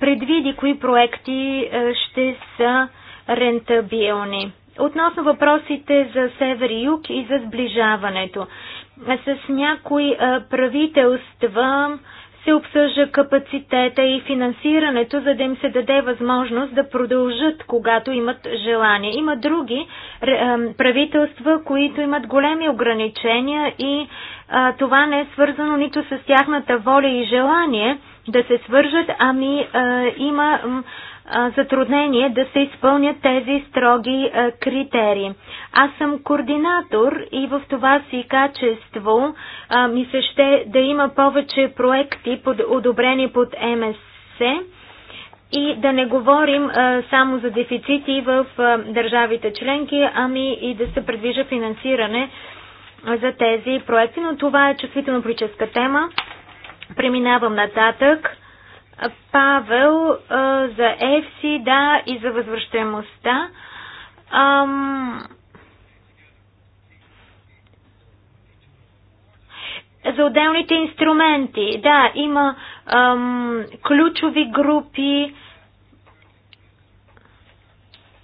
Speaker 2: предвиди кои проекти ще са рентабилни. Относно въпросите за север и юг и за сближаването. С някои правителства се обсъжда капацитета и финансирането, за да им се даде възможност да продължат, когато имат желание. Има други правителства, които имат големи ограничения и това не е свързано нито с тяхната воля и желание да се свържат, ами има затруднение да се изпълнят тези строги критерии. Аз съм координатор и в това си качество ми се ще да има повече проекти под, одобрени под МСС и да не говорим само за дефицити в държавите членки, ами и да се предвижа финансиране за тези проекти, но това е чувствително прическа тема. Преминавам нататък Павел за Евси, да, и за възвръщаемостта. Ам... За отделните инструменти, да, има ам, ключови групи,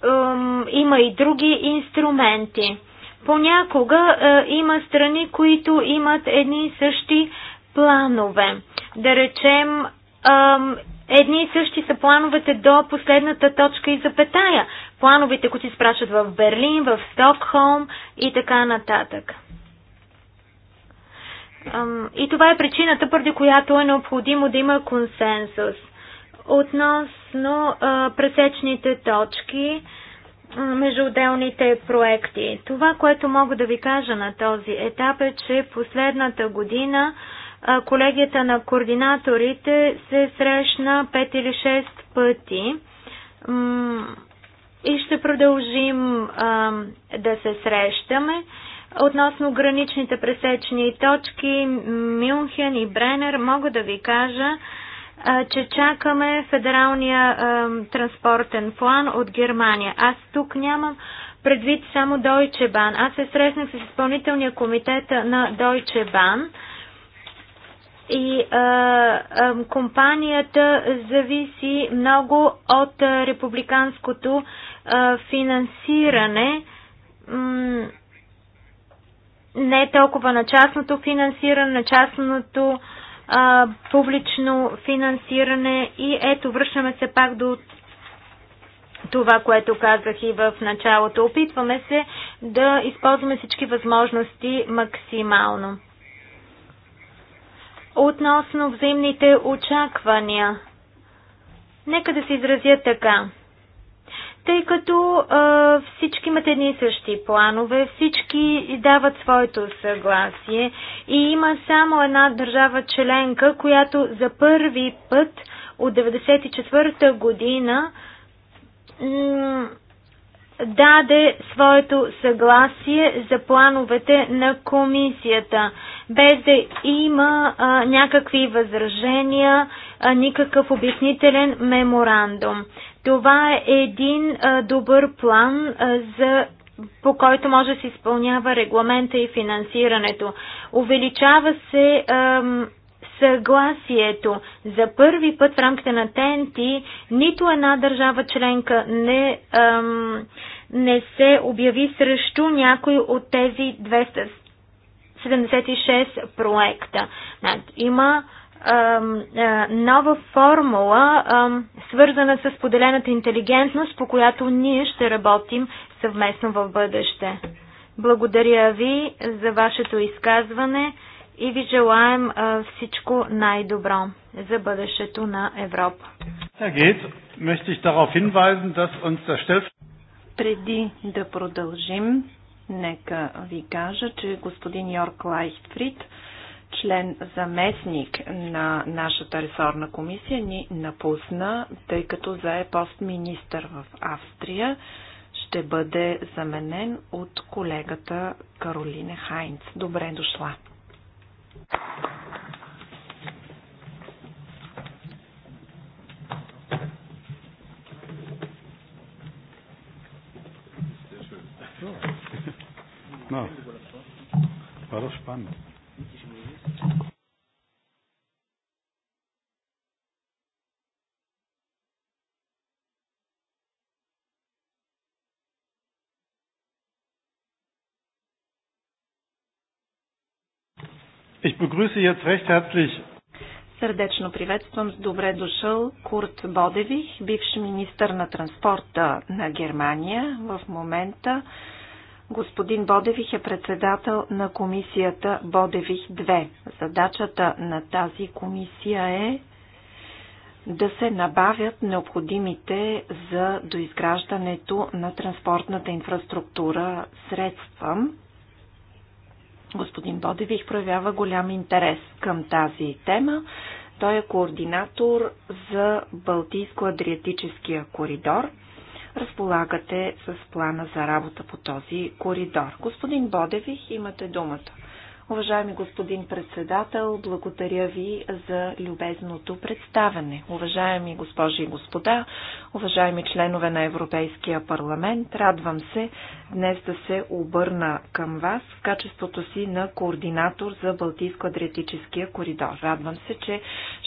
Speaker 2: ам, има и други инструменти. Понякога а, има страни, които имат едни и същи планове. Да речем, едни и същи са плановете до последната точка и запетая. Плановете, които изпращат в Берлин, в Стокхолм и така нататък. И това е причината, преди която е необходимо да има консенсус. Относно пресечните точки между отделните проекти. Това, което мога да ви кажа на този етап е, че последната година а, колегията на координаторите се срещна 5 или 6 пъти и ще продължим да се срещаме. Относно граничните пресечни точки, Мюнхен и Бренер, мога да ви кажа, че чакаме федералния транспортен план от Германия. Аз тук нямам предвид само Deutsche Bahn. Аз се срещнах с изпълнителния комитет на Deutsche Bahn и а, а, компанията зависи много от а, републиканското а, финансиране. М- не толкова на частното финансиране, на частното а, публично финансиране. И ето, връщаме се пак до това, което казах и в началото. Опитваме се да използваме всички възможности максимално. Относно взаимните очаквания, нека да се изразя така. Тъй като а, всички имат едни и същи планове, всички дават своето съгласие и има само една държава членка, която за първи път от 1994 година даде своето съгласие за плановете на комисията, без да има а, някакви възражения, а, никакъв обяснителен меморандум. Това е един а, добър план а, за по който може да се изпълнява регламента и финансирането. Увеличава се съгласието. За първи път в рамките на ТНТ нито една държава членка не, ам, не се обяви срещу някой от тези 276 проекта. Значи, има нова формула, свързана с поделената интелигентност, по която ние ще работим съвместно в бъдеще. Благодаря ви за вашето изказване и ви желаем всичко най-добро за бъдещето на Европа. Преди да продължим, нека
Speaker 1: ви кажа, че господин Йорк Лайхтфрид, член заместник на нашата ресорна комисия, ни напусна, тъй като зае постминистър в Австрия ще бъде заменен от колегата Каролине Хайнц. Добре дошла! Na, war das spannend. Ich begrüße jetzt recht herzlich сърдечно приветствам с добре дошъл Курт Бодевих, бивш министър на транспорта на Германия. В момента господин Бодевих е председател на комисията Бодевих 2. Задачата на тази комисия е да се набавят необходимите за доизграждането на транспортната инфраструктура средства. Господин Бодевих проявява голям интерес към тази тема. Той е координатор за Балтийско-Адриатическия коридор. Разполагате с плана за работа по този коридор. Господин Бодевих, имате думата. Уважаеми господин председател, благодаря ви за любезното представене. Уважаеми госпожи и господа, уважаеми членове на Европейския парламент, радвам се днес да се обърна към вас в качеството си на координатор за Балтийско-Адриатическия коридор. Радвам се, че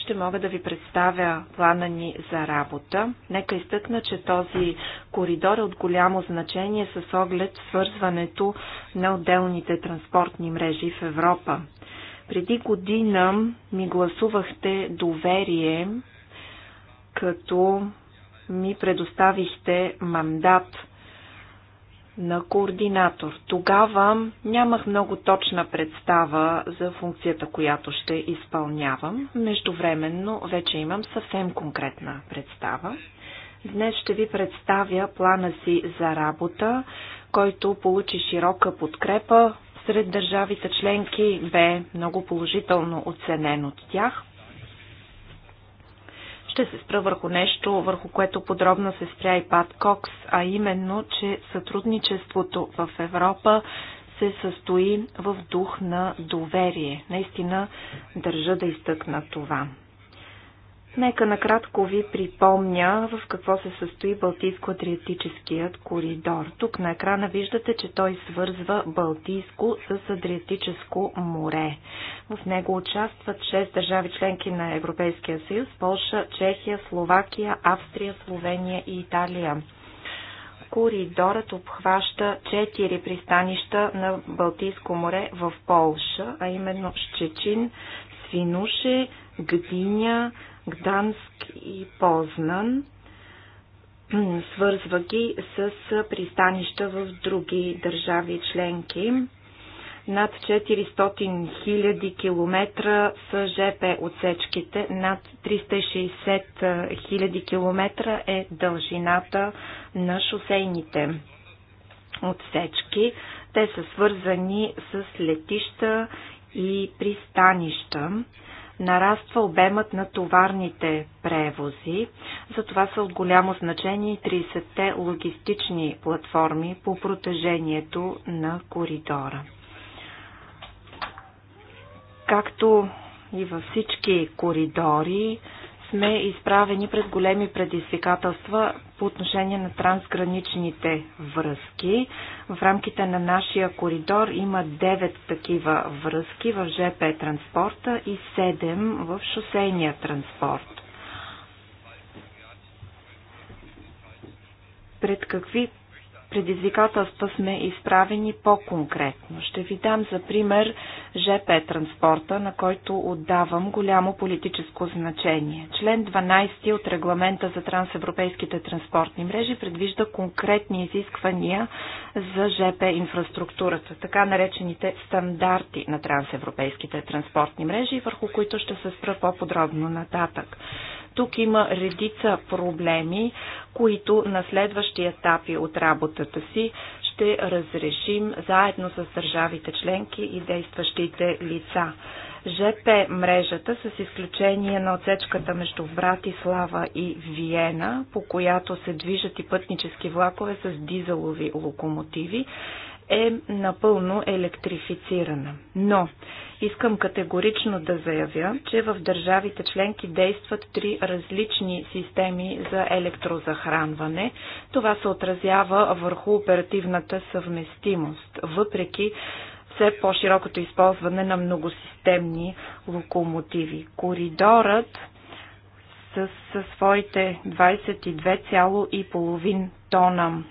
Speaker 1: ще мога да ви представя плана ни за работа. Нека изтъкна, че този коридор е от голямо значение с оглед свързването на отделните транспортни мрежи в Европа. Преди година ми гласувахте доверие, като ми предоставихте мандат на координатор. Тогава нямах много точна представа за функцията, която ще изпълнявам. Междувременно вече имам съвсем конкретна представа. Днес ще ви представя плана си за работа, който получи широка подкрепа сред държавите членки, бе много положително оценен от тях – ще се спра върху нещо, върху което подробно се спря и Пат Кокс, а именно, че сътрудничеството в Европа се състои в дух на доверие. Наистина държа да изтъкна това. Нека накратко ви припомня в какво се състои Балтийско-Адриатическият коридор. Тук на екрана виждате, че той свързва Балтийско с Адриатическо море. В него участват 6 държави членки на Европейския съюз – Полша, Чехия, Словакия, Австрия, Словения и Италия. Коридорът обхваща 4 пристанища на Балтийско море в Полша, а именно Щечин, Свинуше, Гдиня, Гданск и Познан. Свързва ги с пристанища в други държави членки. Над 400 000 км са ЖП отсечките, над 360 000 км е дължината на шосейните отсечки. Те са свързани с летища и пристанища нараства обемът на товарните превози. Затова са от голямо значение 30-те логистични платформи по протежението на коридора. Както и във всички коридори, сме изправени пред големи предизвикателства по отношение на трансграничните връзки. В рамките на нашия коридор има 9 такива връзки в ЖП транспорта и 7 в шосейния транспорт. Пред какви предизвикателства сме изправени по-конкретно. Ще ви дам за пример ЖП транспорта, на който отдавам голямо политическо значение. Член 12 от регламента за трансевропейските транспортни мрежи предвижда конкретни изисквания за ЖП инфраструктурата, така наречените стандарти на трансевропейските транспортни мрежи, върху които ще се спра по-подробно нататък. Тук има редица проблеми, които на следващи етапи от работата си ще разрешим заедно с държавите членки и действащите лица. ЖП мрежата, с изключение на отсечката между Братислава и Виена, по която се движат и пътнически влакове с дизелови локомотиви, е напълно електрифицирана. Но искам категорично да заявя, че в държавите членки действат три различни системи за електрозахранване. Това се отразява върху оперативната съвместимост, въпреки все по-широкото използване на многосистемни локомотиви. Коридорът със своите 22,5 тона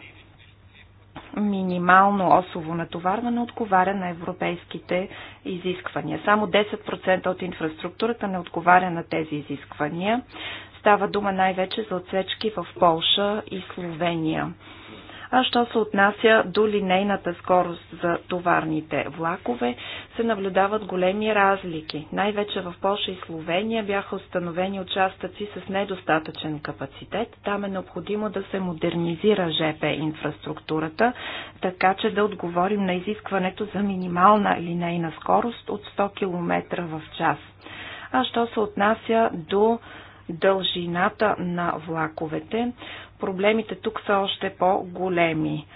Speaker 1: минимално осово натоварване отговаря на европейските изисквания. Само 10% от инфраструктурата не отговаря на тези изисквания. Става дума най-вече за отсечки в Полша и Словения. А що се отнася до линейната скорост за товарните влакове, се наблюдават големи разлики. Най-вече в Польша и Словения бяха установени участъци с недостатъчен капацитет. Там е необходимо да се модернизира ЖП инфраструктурата, така че да отговорим на изискването за минимална линейна скорост от 100 км в час. А що се отнася до дължината на влаковете, проблемите тук са още по-големи.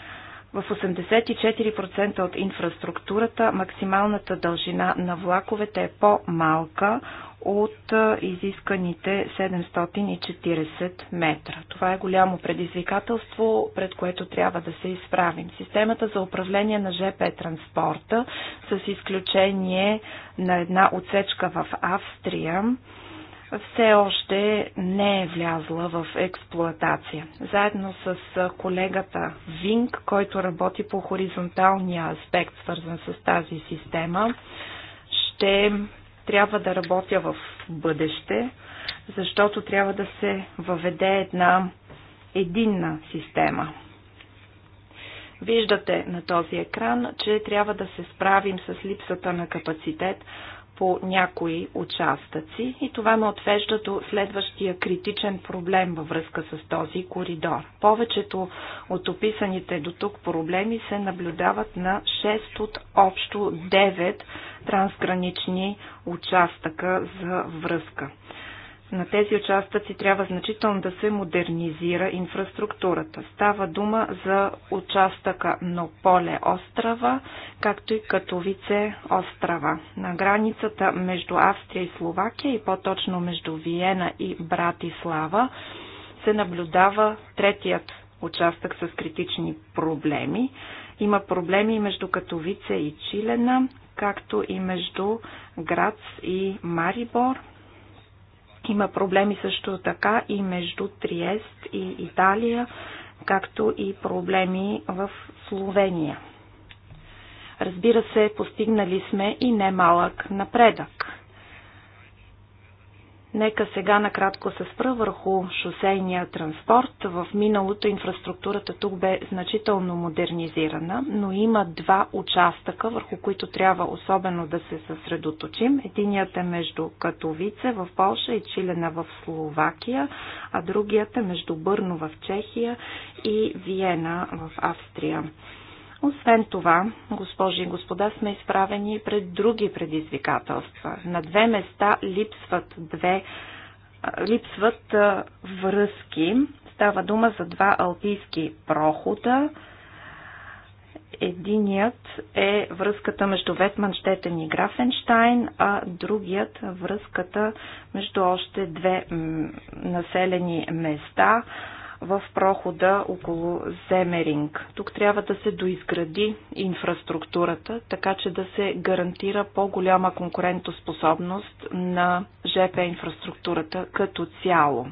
Speaker 1: В 84% от инфраструктурата максималната дължина на влаковете е по-малка от изисканите 740 метра. Това е голямо предизвикателство, пред което трябва да се изправим. Системата за управление на ЖП транспорта, с изключение на една отсечка в Австрия, все още не е влязла в експлоатация. Заедно с колегата Винг, който работи по хоризонталния аспект, свързан с тази система, ще трябва да работя в бъдеще, защото трябва да се въведе една единна система. Виждате на този екран, че трябва да се справим с липсата на капацитет по някои участъци и това ме отвежда до следващия критичен проблем във връзка с този коридор. Повечето от описаните до тук проблеми се наблюдават на 6 от общо 9 трансгранични участъка за връзка. На тези участъци трябва значително да се модернизира инфраструктурата. Става дума за участъка Нополе острова, както и Катовице острова. На границата между Австрия и Словакия и по-точно между Виена и Братислава се наблюдава третият участък с критични проблеми. Има проблеми между Катовице и Чилена, както и между Грац и Марибор. Има проблеми също така и между Триест и Италия, както и проблеми в Словения. Разбира се, постигнали сме и немалък напредък. Нека сега накратко се спра върху шосейния транспорт. В миналото инфраструктурата тук бе значително модернизирана, но има два участъка, върху които трябва особено да се съсредоточим. Единият е между Катовице в Польша и Чилена в Словакия, а другият е между Бърно в Чехия и Виена в Австрия. Освен това, госпожи и господа, сме изправени пред други предизвикателства. На две места липсват две липсват връзки. Става дума за два алпийски прохода. Единият е връзката между Ветманштетен и Графенштайн, а другият връзката между още две населени места в прохода около Земеринг. Тук трябва да се доизгради инфраструктурата, така че да се гарантира по-голяма конкурентоспособност на ЖП инфраструктурата като цяло.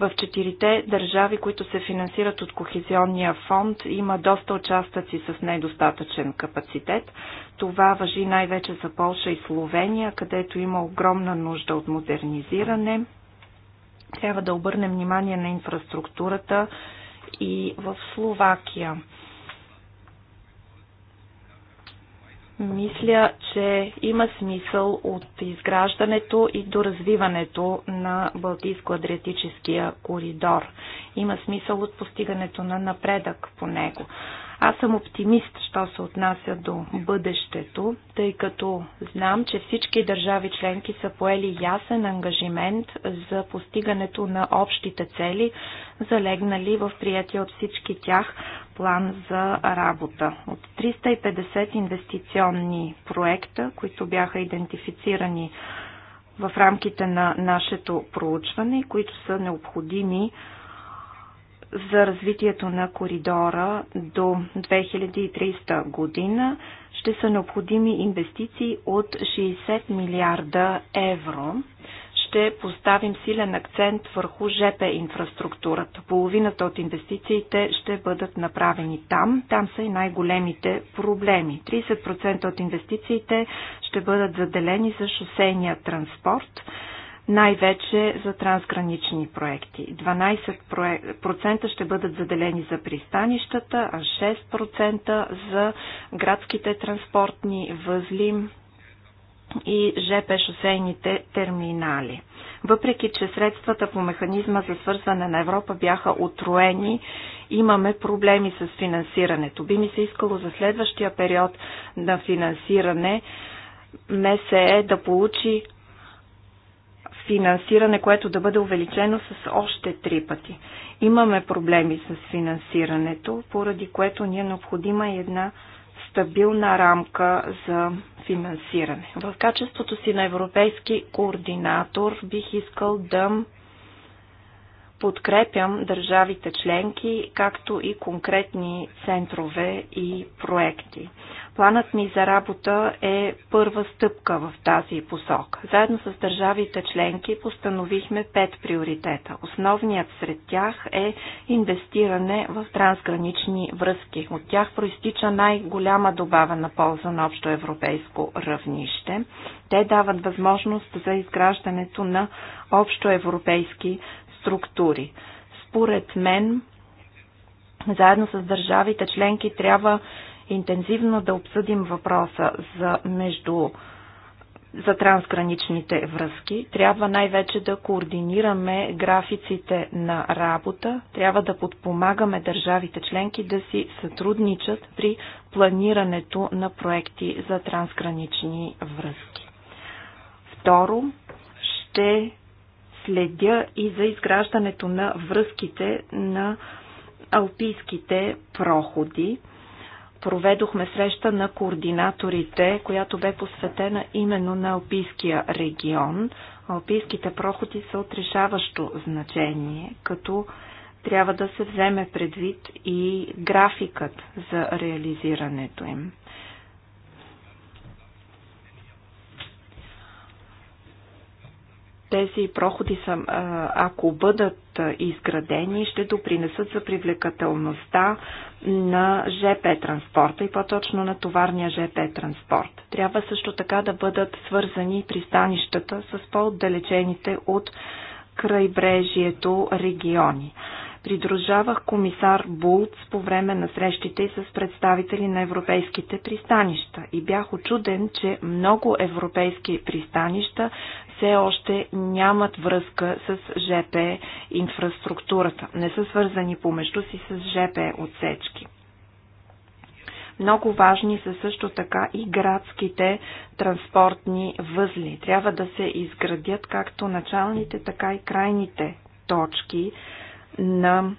Speaker 1: В четирите държави, които се финансират от Кохезионния фонд, има доста участъци с недостатъчен капацитет. Това въжи най-вече за Полша и Словения, където има огромна нужда от модернизиране. Трябва да обърнем внимание на инфраструктурата и в Словакия. Мисля, че има смисъл от изграждането и до развиването на Балтийско-Адриатическия коридор. Има смисъл от постигането на напредък по него. Аз съм оптимист, що се отнася до бъдещето, тъй като знам, че всички държави членки са поели ясен ангажимент за постигането на общите цели, залегнали в приятия от всички тях план за работа. От 350 инвестиционни проекта, които бяха идентифицирани в рамките на нашето проучване, които са необходими за развитието на коридора до 2300 година ще са необходими инвестиции от 60 милиарда евро. Ще поставим силен акцент върху ЖП инфраструктурата. Половината от инвестициите ще бъдат направени там. Там са и най-големите проблеми. 30% от инвестициите ще бъдат заделени за шосейния транспорт най-вече за трансгранични проекти. 12% ще бъдат заделени за пристанищата, а 6% за градските транспортни възли и ЖП шосейните терминали. Въпреки, че средствата по механизма за свързване на Европа бяха отроени, имаме проблеми с финансирането. Би ми се искало за следващия период на финансиране МСЕ да получи финансиране, което да бъде увеличено с още три пъти. Имаме проблеми с финансирането, поради което ни е необходима и една стабилна рамка за финансиране. В качеството си на европейски координатор бих искал да подкрепям държавите членки, както и конкретни центрове и проекти. Планът ни за работа е първа стъпка в тази посока. Заедно с държавите членки постановихме пет приоритета. Основният сред тях е инвестиране в трансгранични връзки. От тях проистича най-голяма добавена полза на общо европейско равнище. Те дават възможност за изграждането на общоевропейски структури. Според мен, заедно с държавите членки трябва интензивно да обсъдим въпроса за между за трансграничните връзки. Трябва най-вече да координираме графиците на работа. Трябва да подпомагаме държавите членки да си сътрудничат при планирането на проекти за трансгранични връзки. Второ, ще следя и за изграждането на връзките на алпийските проходи проведохме среща на координаторите, която бе посветена именно на Алпийския регион. Алпийските проходи са от решаващо значение, като трябва да се вземе предвид и графикът за реализирането им. Тези проходи са, ако бъдат изградени, ще допринесат за привлекателността на ЖП транспорта и по-точно на товарния ЖП транспорт. Трябва също така да бъдат свързани пристанищата с по-отдалечените от крайбрежието региони. Придружавах комисар Булц по време на срещите с представители на европейските пристанища и бях очуден, че много европейски пристанища все още нямат връзка с ЖП инфраструктурата. Не са свързани помежду си с ЖП отсечки. Много важни са също така и градските транспортни възли. Трябва да се изградят както началните, така и крайните точки на,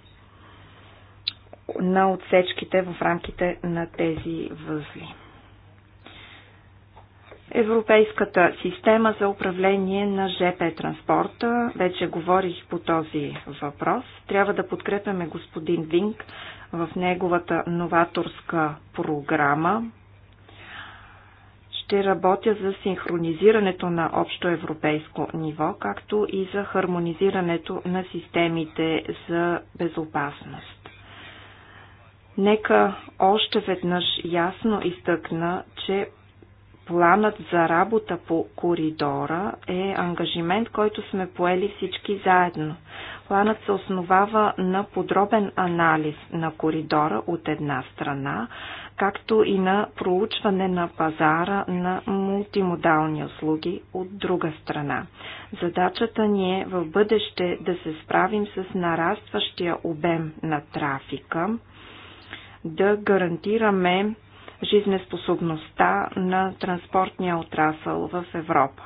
Speaker 1: на отсечките в рамките на тези възли. Европейската система за управление на ЖП транспорта. Вече говорих по този въпрос. Трябва да подкрепяме господин Винг в неговата новаторска програма. Ще работя за синхронизирането на общо европейско ниво, както и за хармонизирането на системите за безопасност. Нека още веднъж ясно изтъкна, че Планът за работа по коридора е ангажимент, който сме поели всички заедно. Планът се основава на подробен анализ на коридора от една страна, както и на проучване на пазара на мултимодални услуги от друга страна. Задачата ни е в бъдеще да се справим с нарастващия обем на трафика, да гарантираме жизнеспособността на транспортния отрасъл в Европа.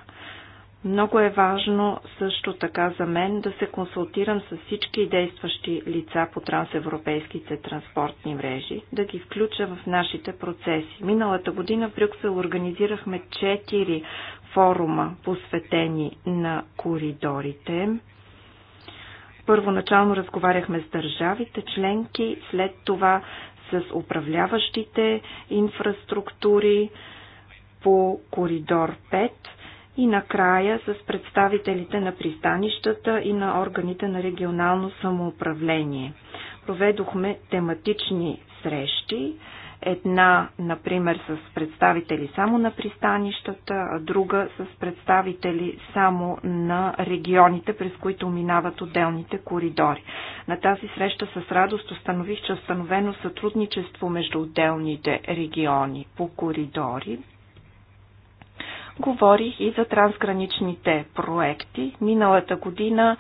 Speaker 1: Много е важно също така за мен да се консултирам с всички действащи лица по трансевропейските транспортни мрежи, да ги включа в нашите процеси. Миналата година в Брюксел организирахме 4 форума, посветени на коридорите. Първоначално разговаряхме с държавите членки, след това с управляващите инфраструктури по коридор 5 и накрая с представителите на пристанищата и на органите на регионално самоуправление. Проведохме тематични срещи, Една, например, с представители само на пристанищата, а друга с представители само на регионите, през които минават отделните коридори. На тази среща с радост установих, че установено сътрудничество между отделните региони по коридори, говорих и за трансграничните проекти. Миналата година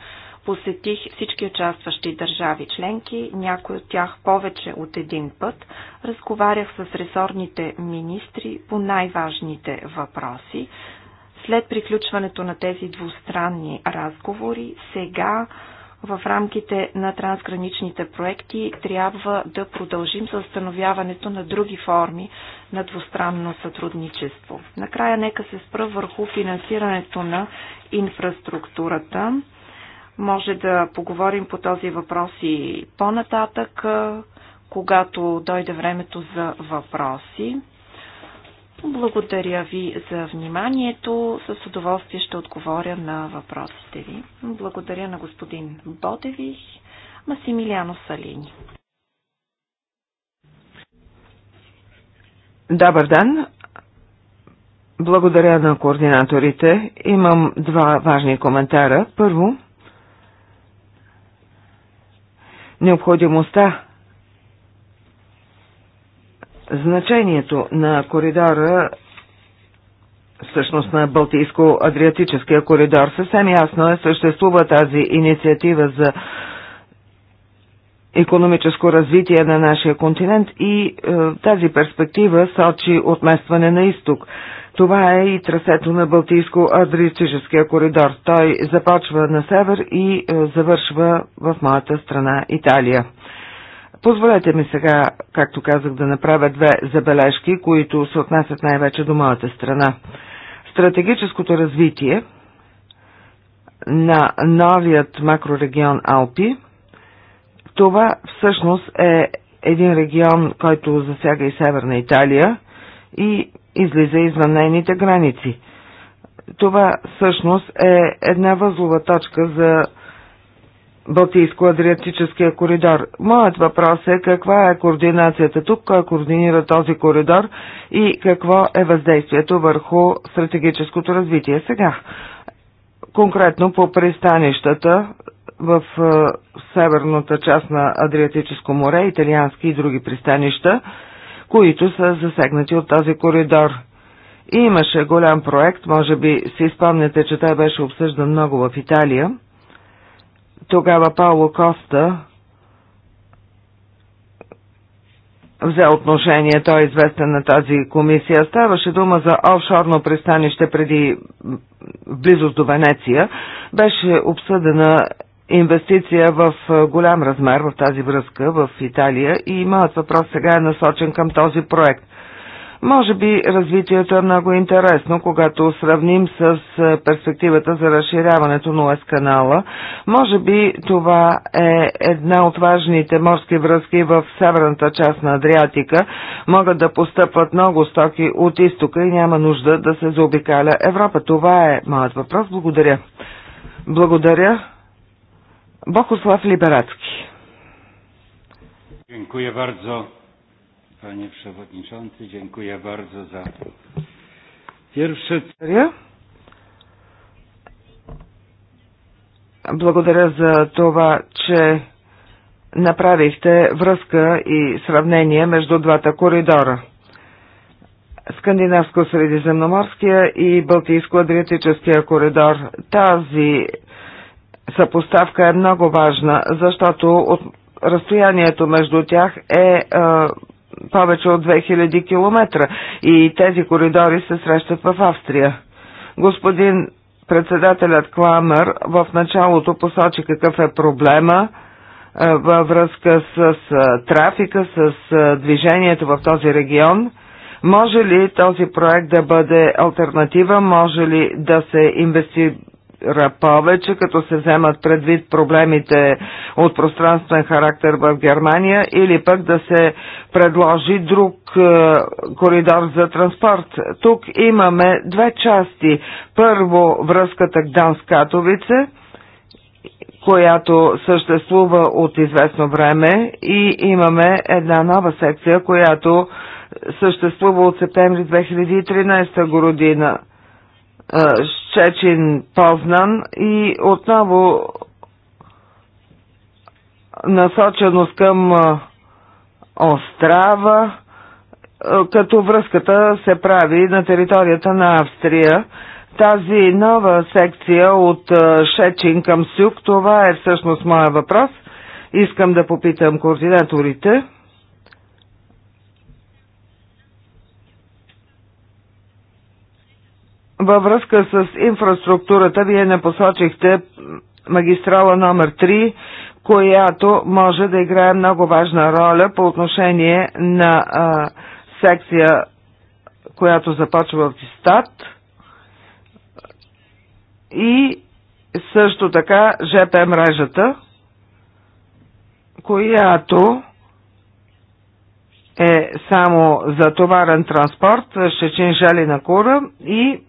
Speaker 1: посетих всички участващи държави членки, някои от тях повече от един път. Разговарях с ресорните министри по най-важните въпроси. След приключването на тези двустранни разговори, сега в рамките на трансграничните проекти трябва да продължим с установяването на други форми на двустранно сътрудничество. Накрая нека се спра върху финансирането на инфраструктурата. Може да поговорим по този въпрос и по-нататък, когато дойде времето за въпроси. Благодаря ви за вниманието. С удоволствие ще отговоря на въпросите ви. Благодаря на господин Бодевих, Масимилиано Салини.
Speaker 3: Добър ден! Благодаря на координаторите. Имам два важни коментара. Първо, Необходимостта Значението на коридора, всъщност на Балтийско-Адриатическия коридор, съвсем ясно е, съществува тази инициатива за економическо развитие на нашия континент и е, тази перспектива сочи отместване на изток. Това е и трасето на Балтийско-Адриатическия коридор. Той започва на север и е, завършва в моята страна Италия. Позволете ми сега, както казах, да направя две забележки, които се отнасят най-вече до моята страна. Стратегическото развитие на новият макрорегион Алпи, това всъщност е един регион, който засяга и Северна Италия и излиза извън нейните граници. Това всъщност е една възлова точка за Балтийско-Адриатическия коридор. Моят въпрос е каква е координацията тук, кой координира този коридор и какво е въздействието върху стратегическото развитие сега. Конкретно по пристанищата в е, северната част на Адриатическо море, италиански и други пристанища – които са засегнати от този коридор. И имаше голям проект, може би си спомняте, че той беше обсъждан много в Италия. Тогава Пауло Коста взе отношение, той е известен на тази комисия. Ставаше дума за офшорно пристанище преди близост до Венеция. Беше обсъдена инвестиция в голям размер в тази връзка в Италия и моят въпрос сега е насочен към този проект. Може би развитието е много интересно, когато сравним с перспективата за разширяването на ОС канала. Може би това е една от важните морски връзки в северната част на Адриатика. Могат да постъпват много стоки от изтока и няма нужда да се заобикаля Европа. Това е моят въпрос. Благодаря. Благодаря. Bohusław Liberacki.
Speaker 1: Dziękuję bardzo panie przewodniczący. Dziękuję bardzo za
Speaker 3: pierwsze... Благодаря за това, че направихте връзка и сравнение между двата коридора Скандинавско-Средиземноморския и Балтийско-Адриатическия коридор. Тази съпоставка е много важна, защото от разстоянието между тях е а, е, повече от 2000 км и тези коридори се срещат в Австрия. Господин председателят Кламер в началото посочи какъв е проблема е, във връзка с, с е, трафика, с движението в този регион. Може ли този проект да бъде альтернатива? Може ли да се инвестира? инвестира повече, като се вземат предвид проблемите от пространствен характер в Германия или пък да се предложи друг е, коридор за транспорт. Тук имаме две части. Първо връзката Гданс-Катовице, която съществува от известно време и имаме една нова секция, която съществува от септември 2013 година. Щечин Познан и отново насоченост към Острава, като връзката се прави на територията на Австрия. Тази нова секция от Шечин към Сюк, това е всъщност моя въпрос. Искам да попитам координаторите. Във връзка с инфраструктурата, вие не посочихте магистрала номер 3, която може да играе много важна роля по отношение на а, секция, която започва в Стат и също така ЖП мрежата, която е само за товарен транспорт Шечин на Кура и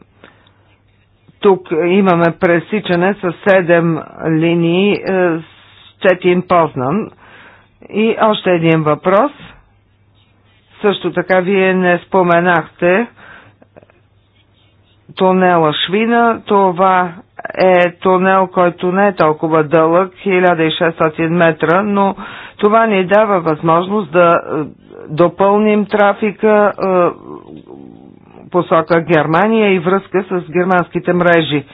Speaker 3: тук имаме пресичане с 7 линии с е, Четин Познан. И още един въпрос. Също така вие не споменахте тунела Швина. Това е тунел, който не е толкова дълъг, 1600 метра, но това ни дава възможност да е, допълним трафика е, посока Германия и връзка с германските мрежи.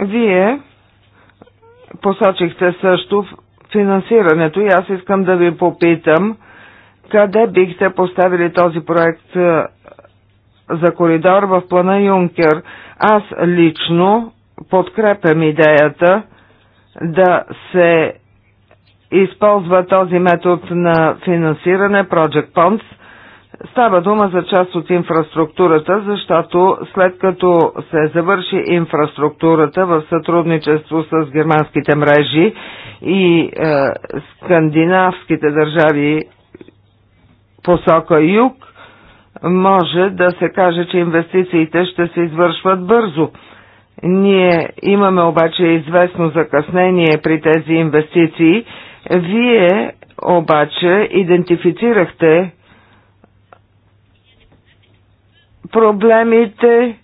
Speaker 3: Вие посочихте също финансирането и аз искам да ви попитам къде бихте поставили този проект за коридор в плана Юнкер. Аз лично подкрепям идеята да се използва този метод на финансиране Project Ponds. Става дума за част от инфраструктурата, защото след като се завърши инфраструктурата в сътрудничество с германските мрежи и е, скандинавските държави посока юг, може да се каже, че инвестициите ще се извършват бързо – ние имаме обаче известно закъснение при тези инвестиции. Вие обаче идентифицирахте проблемите,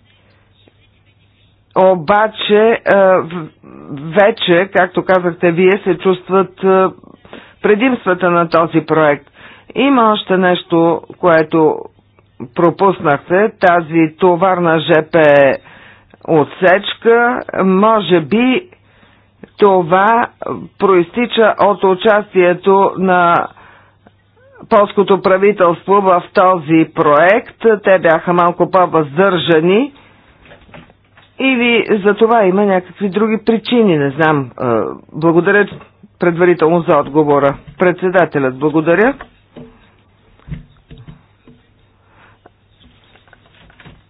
Speaker 3: обаче вече, както казахте вие, се чувстват предимствата на този проект. Има още нещо, което пропуснахте, тази товарна ЖП е отсечка, може би това проистича от участието на полското правителство в този проект. Те бяха малко по-въздържани или за това има някакви други причини, не знам. Е, благодаря предварително за отговора. Председателят, благодаря.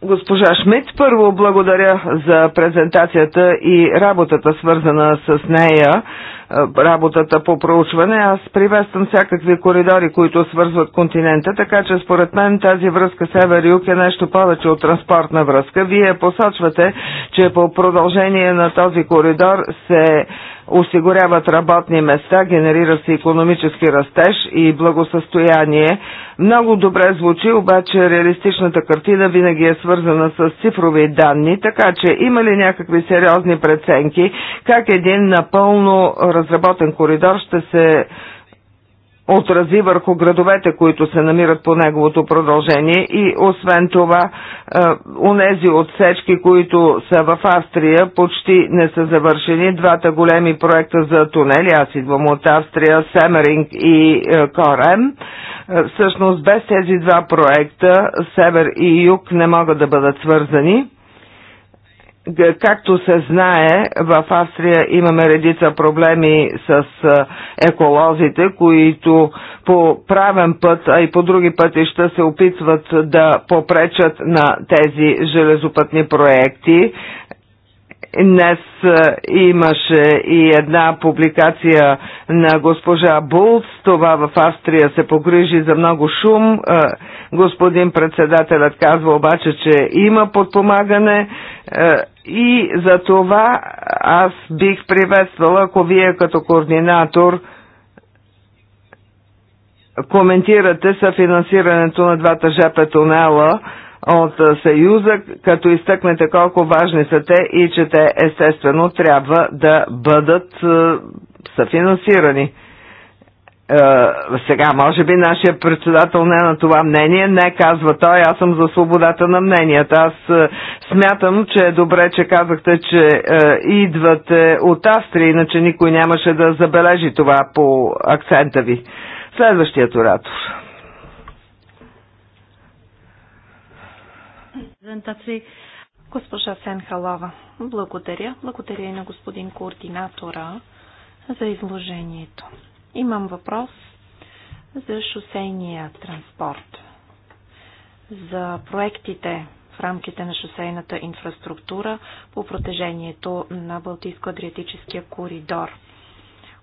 Speaker 3: Госпожа Шмидт, първо благодаря за презентацията и работата свързана с нея, е, работата по проучване. Аз приветствам всякакви коридори, които свързват континента, така че според мен тази връзка север-юг е нещо повече от транспортна връзка. Вие посочвате, че по продължение на този коридор се осигуряват работни места, генерира се економически растеж и благосъстояние. Много добре звучи, обаче реалистичната картина винаги е свързана с цифрови данни, така че има ли някакви сериозни преценки, как един напълно разработен коридор ще се отрази върху градовете, които се намират по неговото продължение и освен това унези е, отсечки, които са в Австрия, почти не са завършени. Двата големи проекта за тунели, аз идвам от Австрия, Семеринг и е, Корем, е, всъщност без тези два проекта Север и Юг не могат да бъдат свързани. Както се знае, в Австрия имаме редица проблеми с еколозите, които по правен път, а и по други пътища се опитват да попречат на тези железопътни проекти. Днес е, имаше и една публикация на госпожа Булц. Това в Австрия се погрижи за много шум. Е, господин председателят казва обаче, че има подпомагане е, и за това аз бих приветствала, ако вие като координатор коментирате съфинансирането на двата ЖП тунела, от Съюза, като изтъкнете колко важни са те и че те естествено трябва да бъдат е, съфинансирани. Е, сега, може би нашия председател не е на това мнение, не казва той, аз съм за свободата на мненията. Аз е, смятам, че е добре, че казахте, че е, идвате от Австрия, иначе никой нямаше да забележи това по акцента ви. Следващият оратор.
Speaker 1: презентации. Госпожа Сенхалова, благодаря. Благодаря и на господин координатора за изложението. Имам въпрос за шосейния транспорт, за проектите в рамките на шосейната инфраструктура по протежението на Балтийско-Адриатическия коридор.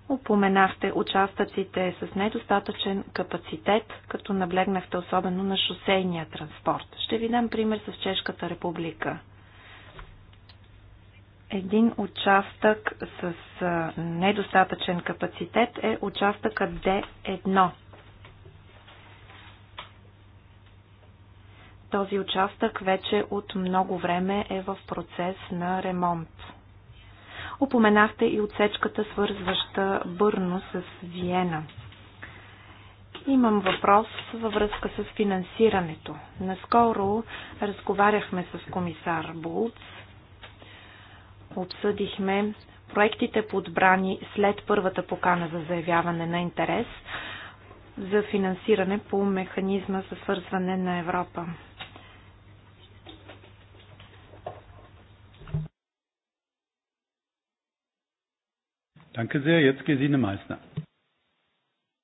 Speaker 1: Упоменахте участъците с недостатъчен капацитет, като наблегнахте особено на шосейния транспорт. Ще ви дам пример с Чешката република. Един участък с недостатъчен капацитет е участъкът D1. Този участък вече от много време е в процес на ремонт. Упоменахте и отсечката, свързваща Бърно с Виена. Имам въпрос във връзка с финансирането. Наскоро разговаряхме с комисар Булц. Обсъдихме проектите подбрани след първата покана за заявяване на интерес за финансиране по механизма за свързване на Европа. Danke sehr. Jetzt Gesine Meissner.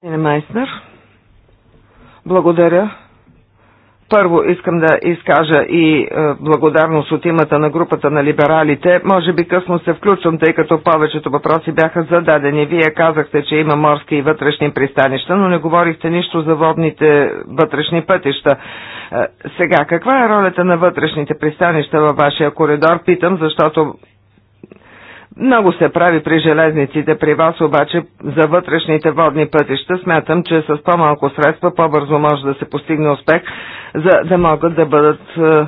Speaker 3: Gesine Meissner. Благодаря. Първо искам да изкажа и е, благодарност от имата на групата на либералите. Може би късно се включвам, тъй като повечето въпроси бяха зададени. Вие казахте, че има морски и вътрешни пристанища, но не говорихте нищо за водните вътрешни пътища. Е, сега, каква е ролята на вътрешните пристанища във вашия коридор? Питам, защото много се прави при железниците при вас, обаче за вътрешните водни пътища смятам, че с по-малко средства по-бързо може да се постигне успех, за да могат да бъдат е,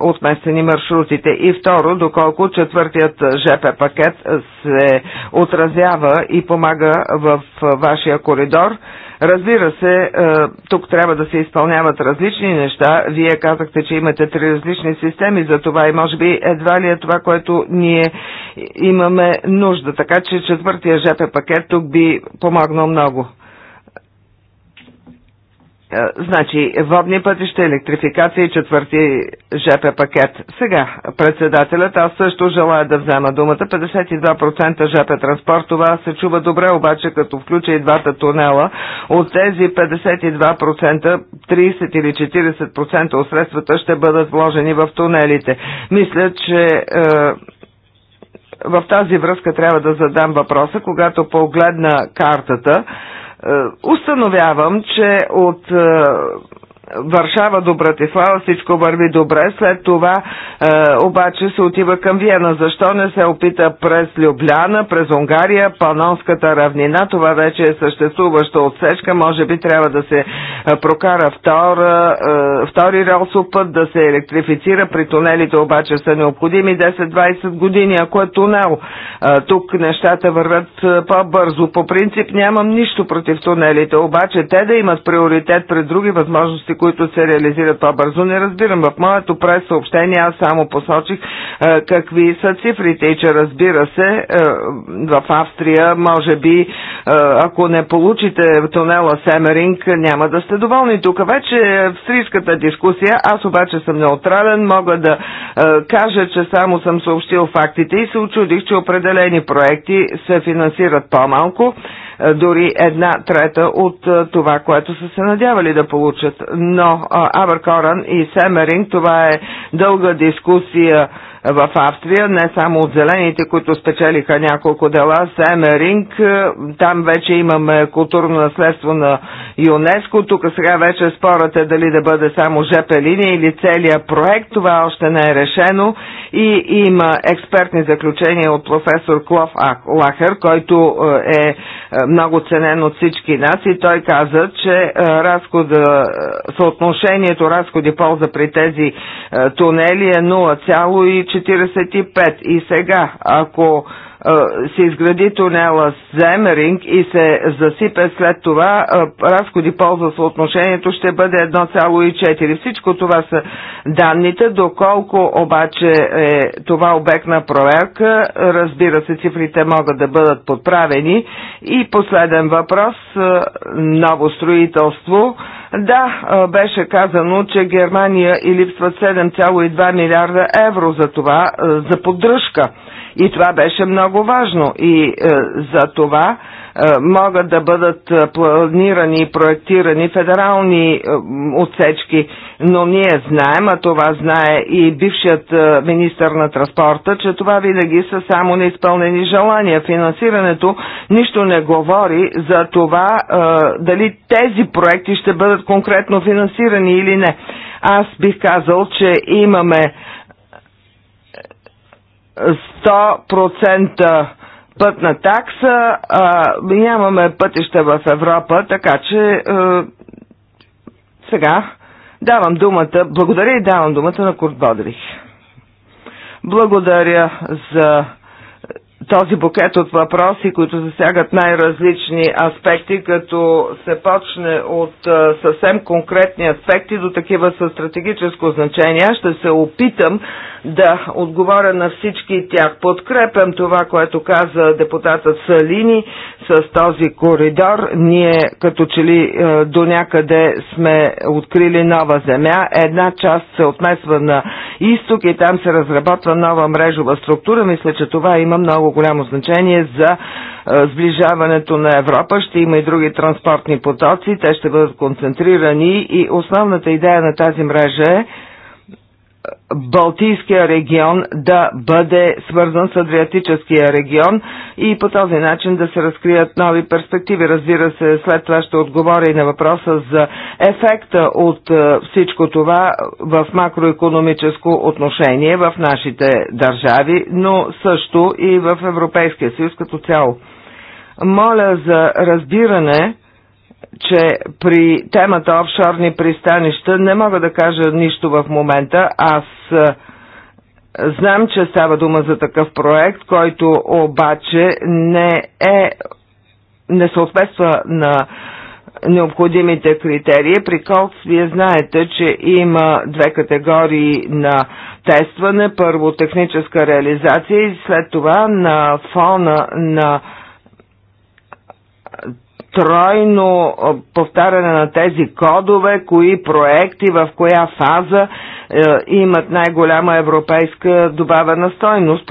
Speaker 3: отместени маршрутите. И второ, доколко четвъртият ЖП пакет се отразява и помага в е, вашия коридор, Разбира се, е, тук трябва да се изпълняват различни неща. Вие казахте, че имате три различни системи за това и може би едва ли е това, което ние имаме нужда. Така че четвъртия ЖП пакет тук би помогнал много. Е, значи, водни пътища, електрификация и четвърти ЖП пакет. Сега, председателят, аз също желая да взема думата. 52% ЖП транспорт, това се чува добре, обаче като включа и двата тунела, от тези 52%, 30 или 40% от средствата ще бъдат вложени в тунелите. Мисля, че е, в тази връзка трябва да задам въпроса, когато погледна картата, е, установявам, че от е, Варшава до Братислава всичко върви добре, след това е, обаче се отива към Виена. Защо не се опита през Любляна, през Унгария, Панонската равнина? Това вече е съществуваща отсечка. Може би трябва да се е, прокара втора, е, втори релсов път, да се електрифицира. При тунелите обаче са необходими 10-20 години, ако е тунел. Е, тук нещата върват е, по-бързо. По принцип нямам нищо против тунелите, обаче те да имат приоритет пред други възможности, които се реализират по-бързо. Не разбирам. В моето прес-съобщение аз само посочих е, какви са цифрите и че разбира се, е, в Австрия, може би, е, ако не получите тунела Семеринг, няма да сте доволни. Тук вече е австрийската дискусия. Аз обаче съм неутрален. Мога да е, кажа, че само съм съобщил фактите и се очудих, че определени проекти се финансират по-малко. Е, дори една трета от е, това, което са се надявали да получат. Но е, Аберкоран и Семеринг, това е дълга дискусия в Австрия, не само от зелените, които спечелиха няколко дела, Семеринг, е, там вече имаме културно наследство на ЮНЕСКО, тук сега вече спорът е дали да бъде само ЖП линия или целият проект, това още не е решено и има експертни заключения от професор Клов Лахер, който е, е много ценен от всички нас и той каза, че е, разхода, съотношението разходи полза при тези тунели е 0,4 45. И сега, ако е, се изгради тунела Земеринг и се засипе след това, е, разходи полза съотношението ще бъде 1,4. Всичко това са данните, доколко обаче е това обект на проверка, разбира се, цифрите могат да бъдат подправени. И последен въпрос, е, ново строителство. Да, беше казано, че Германия и липсват 7,2 милиарда евро за това, за поддръжка. И това беше много важно. И е, за това е, могат да бъдат е, планирани и проектирани федерални е, отсечки. Но ние знаем, а това знае и бившият е, министр на транспорта, че това винаги са само неизпълнени желания. Финансирането нищо не говори за това е, дали тези проекти ще бъдат конкретно финансирани или не. Аз бих казал, че имаме 100% пътна такса, а, нямаме пътища в Европа, така че а, сега давам думата, благодаря и давам думата на Курт Бодрих. Благодаря за този букет от въпроси, които засягат най-различни аспекти, като се почне от съвсем конкретни аспекти до такива със стратегическо значение. Аз ще се опитам да отговоря на всички тях. Подкрепям това, което каза депутатът Салини с този коридор. Ние като че ли е, до някъде сме открили нова земя. Една част се отмесва на изток и там се разработва нова мрежова структура. Мисля, че това има много голямо значение за е, сближаването на Европа. Ще има и други транспортни потоци. Те ще бъдат концентрирани и основната идея на тази мрежа е Балтийския регион да бъде свързан с Адриатическия регион и по този начин да се разкрият нови перспективи. Разбира се, след това ще отговоря и на въпроса за ефекта от е, всичко това в макроекономическо отношение в нашите държави, но също и в Европейския съюз като цяло. Моля за разбиране че при темата офшорни пристанища не мога да кажа нищо в момента. Аз е, знам, че става дума за такъв проект, който обаче не е не съответства на необходимите критерии. При Колц вие знаете, че има две категории на тестване. Първо техническа реализация и след това на фона на тройно повтаряне на тези кодове, кои проекти, в коя фаза е, имат най-голяма европейска добавена стойност,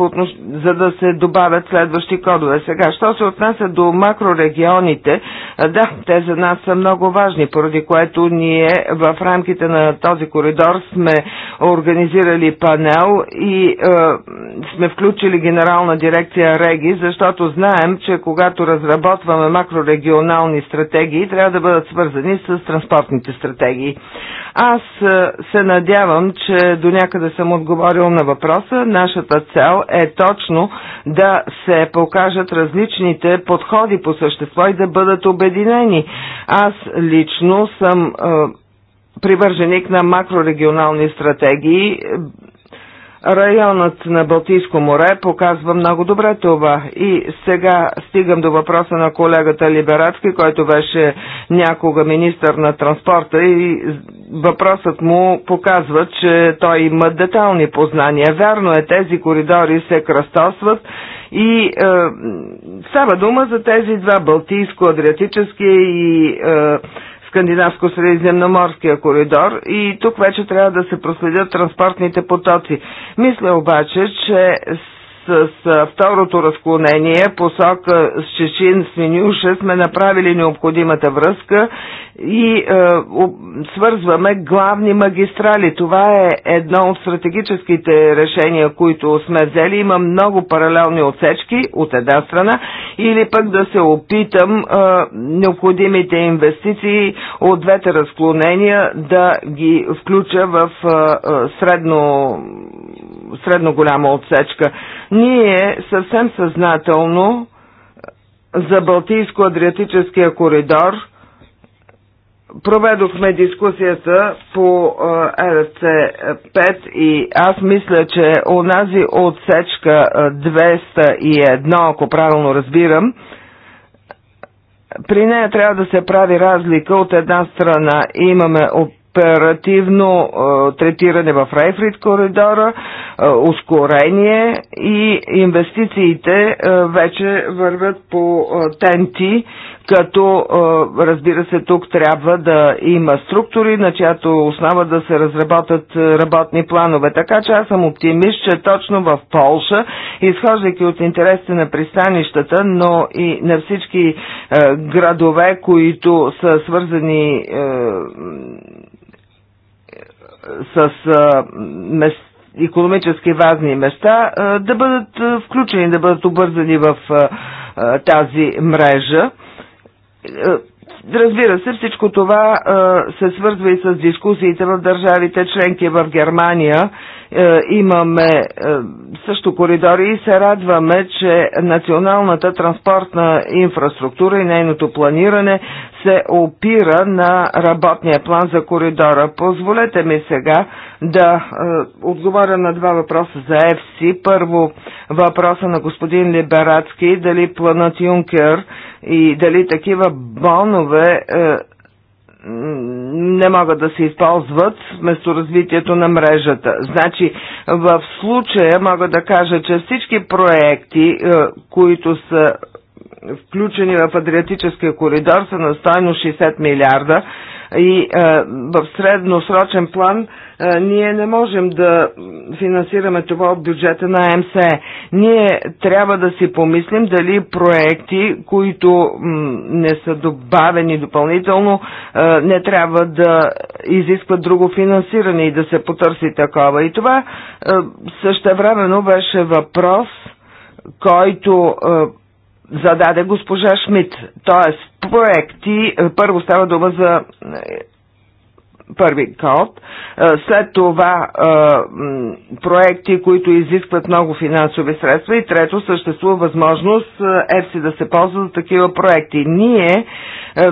Speaker 3: за да се добавят следващи кодове. Сега, що се отнася до макрорегионите, е, да, те за нас са много важни, поради което ние в рамките на този коридор сме организирали панел и е, сме включили генерална дирекция Реги, защото знаем, че когато разработваме макрорегионални стратегии, трябва да бъдат свързани с транспортните стратегии. Аз е, се надявам, Смятам, че до някъде съм отговорил на въпроса. Нашата цел е точно да се покажат различните подходи по същество и да бъдат обединени. Аз лично съм е, привърженик на макрорегионални стратегии Районът на Балтийско море показва много добре това. И сега стигам до въпроса на колегата Либерацки, който беше някога министър на транспорта и въпросът му показва, че той има детални познания. Вярно е, тези коридори се кръстосват и е, става дума за тези два Балтийско-Адриатически и е, Скандинавско-средиземноморския коридор и тук вече трябва да се проследят транспортните потоци. Мисля обаче, че с второто разклонение посока с Чечин с Минюша сме направили необходимата връзка и е, свързваме главни магистрали. Това е едно от стратегическите решения, които сме взели. Има много паралелни отсечки от една страна или пък да се опитам е, необходимите инвестиции от двете разклонения да ги включа в е, е средно средно голяма отсечка. Ние съвсем съзнателно за Балтийско-Адриатическия коридор проведохме дискусията по РЦ-5 и аз мисля, че онази отсечка 201, ако правилно разбирам, при нея трябва да се прави разлика. От една страна имаме оперативно е, третиране в Райфрид коридора, е, ускорение и инвестициите е, вече вървят по тенти, като разбира се тук трябва да има структури, на чиято основа да се разработят работни планове. Така че аз съм оптимист, че точно в Полша, изхождайки от интересите на пристанищата, но и на всички градове, които са свързани с мест, економически важни места да бъдат включени, да бъдат обързани в тази мрежа Разбира се, всичко това се свързва и с дискусиите в държавите членки в Германия. Имаме също коридори и се радваме, че националната транспортна инфраструктура и нейното планиране се опира на работния план за коридора. Позволете ми сега да отговоря на два въпроса за ЕФСИ. Първо въпроса на господин Либерацки, дали планът Юнкер и дали такива бонове е, не могат да се използват вместо развитието на мрежата. Значи, в случая мога да кажа, че всички проекти, е, които са включени в Адриатическия коридор, са на стойност 60 милиарда и е, в средносрочен план е, ние не можем да финансираме това от бюджета на МСЕ. Ние трябва да си помислим дали проекти, които не са добавени допълнително, е, не трябва да изискват друго финансиране и да се потърси такова. И това същевременно беше въпрос, който зададе госпожа Шмидт. Тоест, проекти, първо става дума за първи код, е, след това е, проекти, които изискват много финансови средства и трето съществува възможност е, ЕФСИ да се ползва за такива проекти. Ние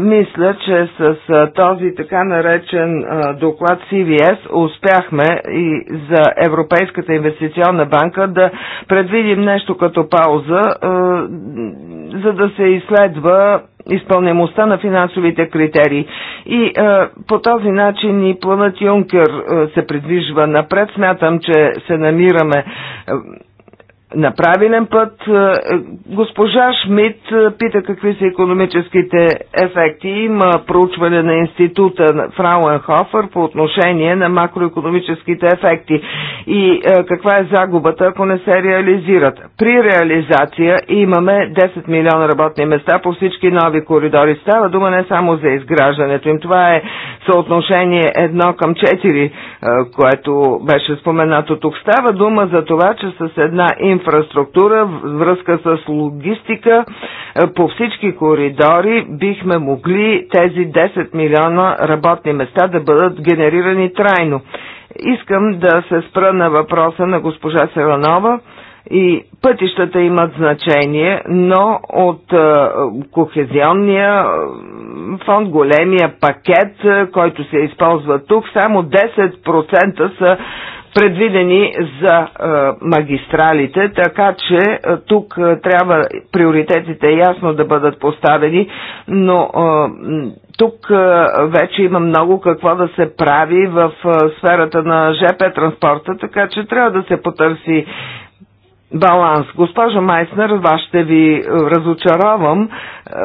Speaker 3: мисля, че с този така наречен доклад CVS успяхме и за Европейската инвестиционна банка да предвидим нещо като пауза, за да се изследва изпълнемостта на финансовите критерии. И е, по този начин и планът Юнкер е, се придвижва напред. Смятам, че се намираме е, на правилен път. Е, госпожа Шмидт е, пита какви са економическите ефекти. Има проучване на института Фрауенхофер по отношение на макроекономическите ефекти и е, каква е загубата, ако не се реализират. При реализация имаме 10 милиона работни места по всички нови коридори. Става дума не само за изграждането им. Това е съотношение 1 към 4, което беше споменато тук. Става дума за това, че с една инфраструктура инфраструктура, връзка с логистика е, по всички коридори бихме могли тези 10 милиона работни места да бъдат генерирани трайно. Искам да се спра на въпроса на госпожа Селанова и пътищата имат значение, но от е, кохезионния е, фонд, големия пакет, който се използва тук, само 10% са предвидени за е, магистралите, така че е, тук е, трябва приоритетите ясно да бъдат поставени, но тук вече има много какво да се прави в сферата на ЖП транспорта, така че трябва да се потърси баланс. Госпожо Майснер, вас ще ви е, разочаровам. Е, е,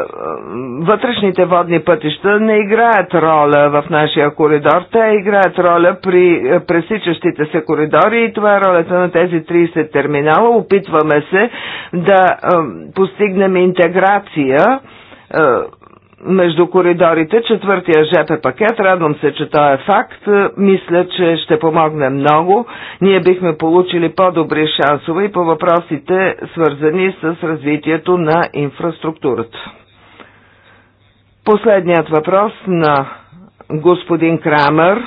Speaker 3: вътрешните водни пътища не играят роля в нашия коридор. Те играят роля при пресичащите се коридори и това е ролята на тези 30 терминала. Опитваме се да постигнем интеграция между коридорите, четвъртия ЖП пакет, радвам се, че той е факт, е, мисля, че ще помогне много. Ние бихме получили по-добри шансове и по въпросите, свързани с развитието на инфраструктурата. Последният въпрос на господин Крамер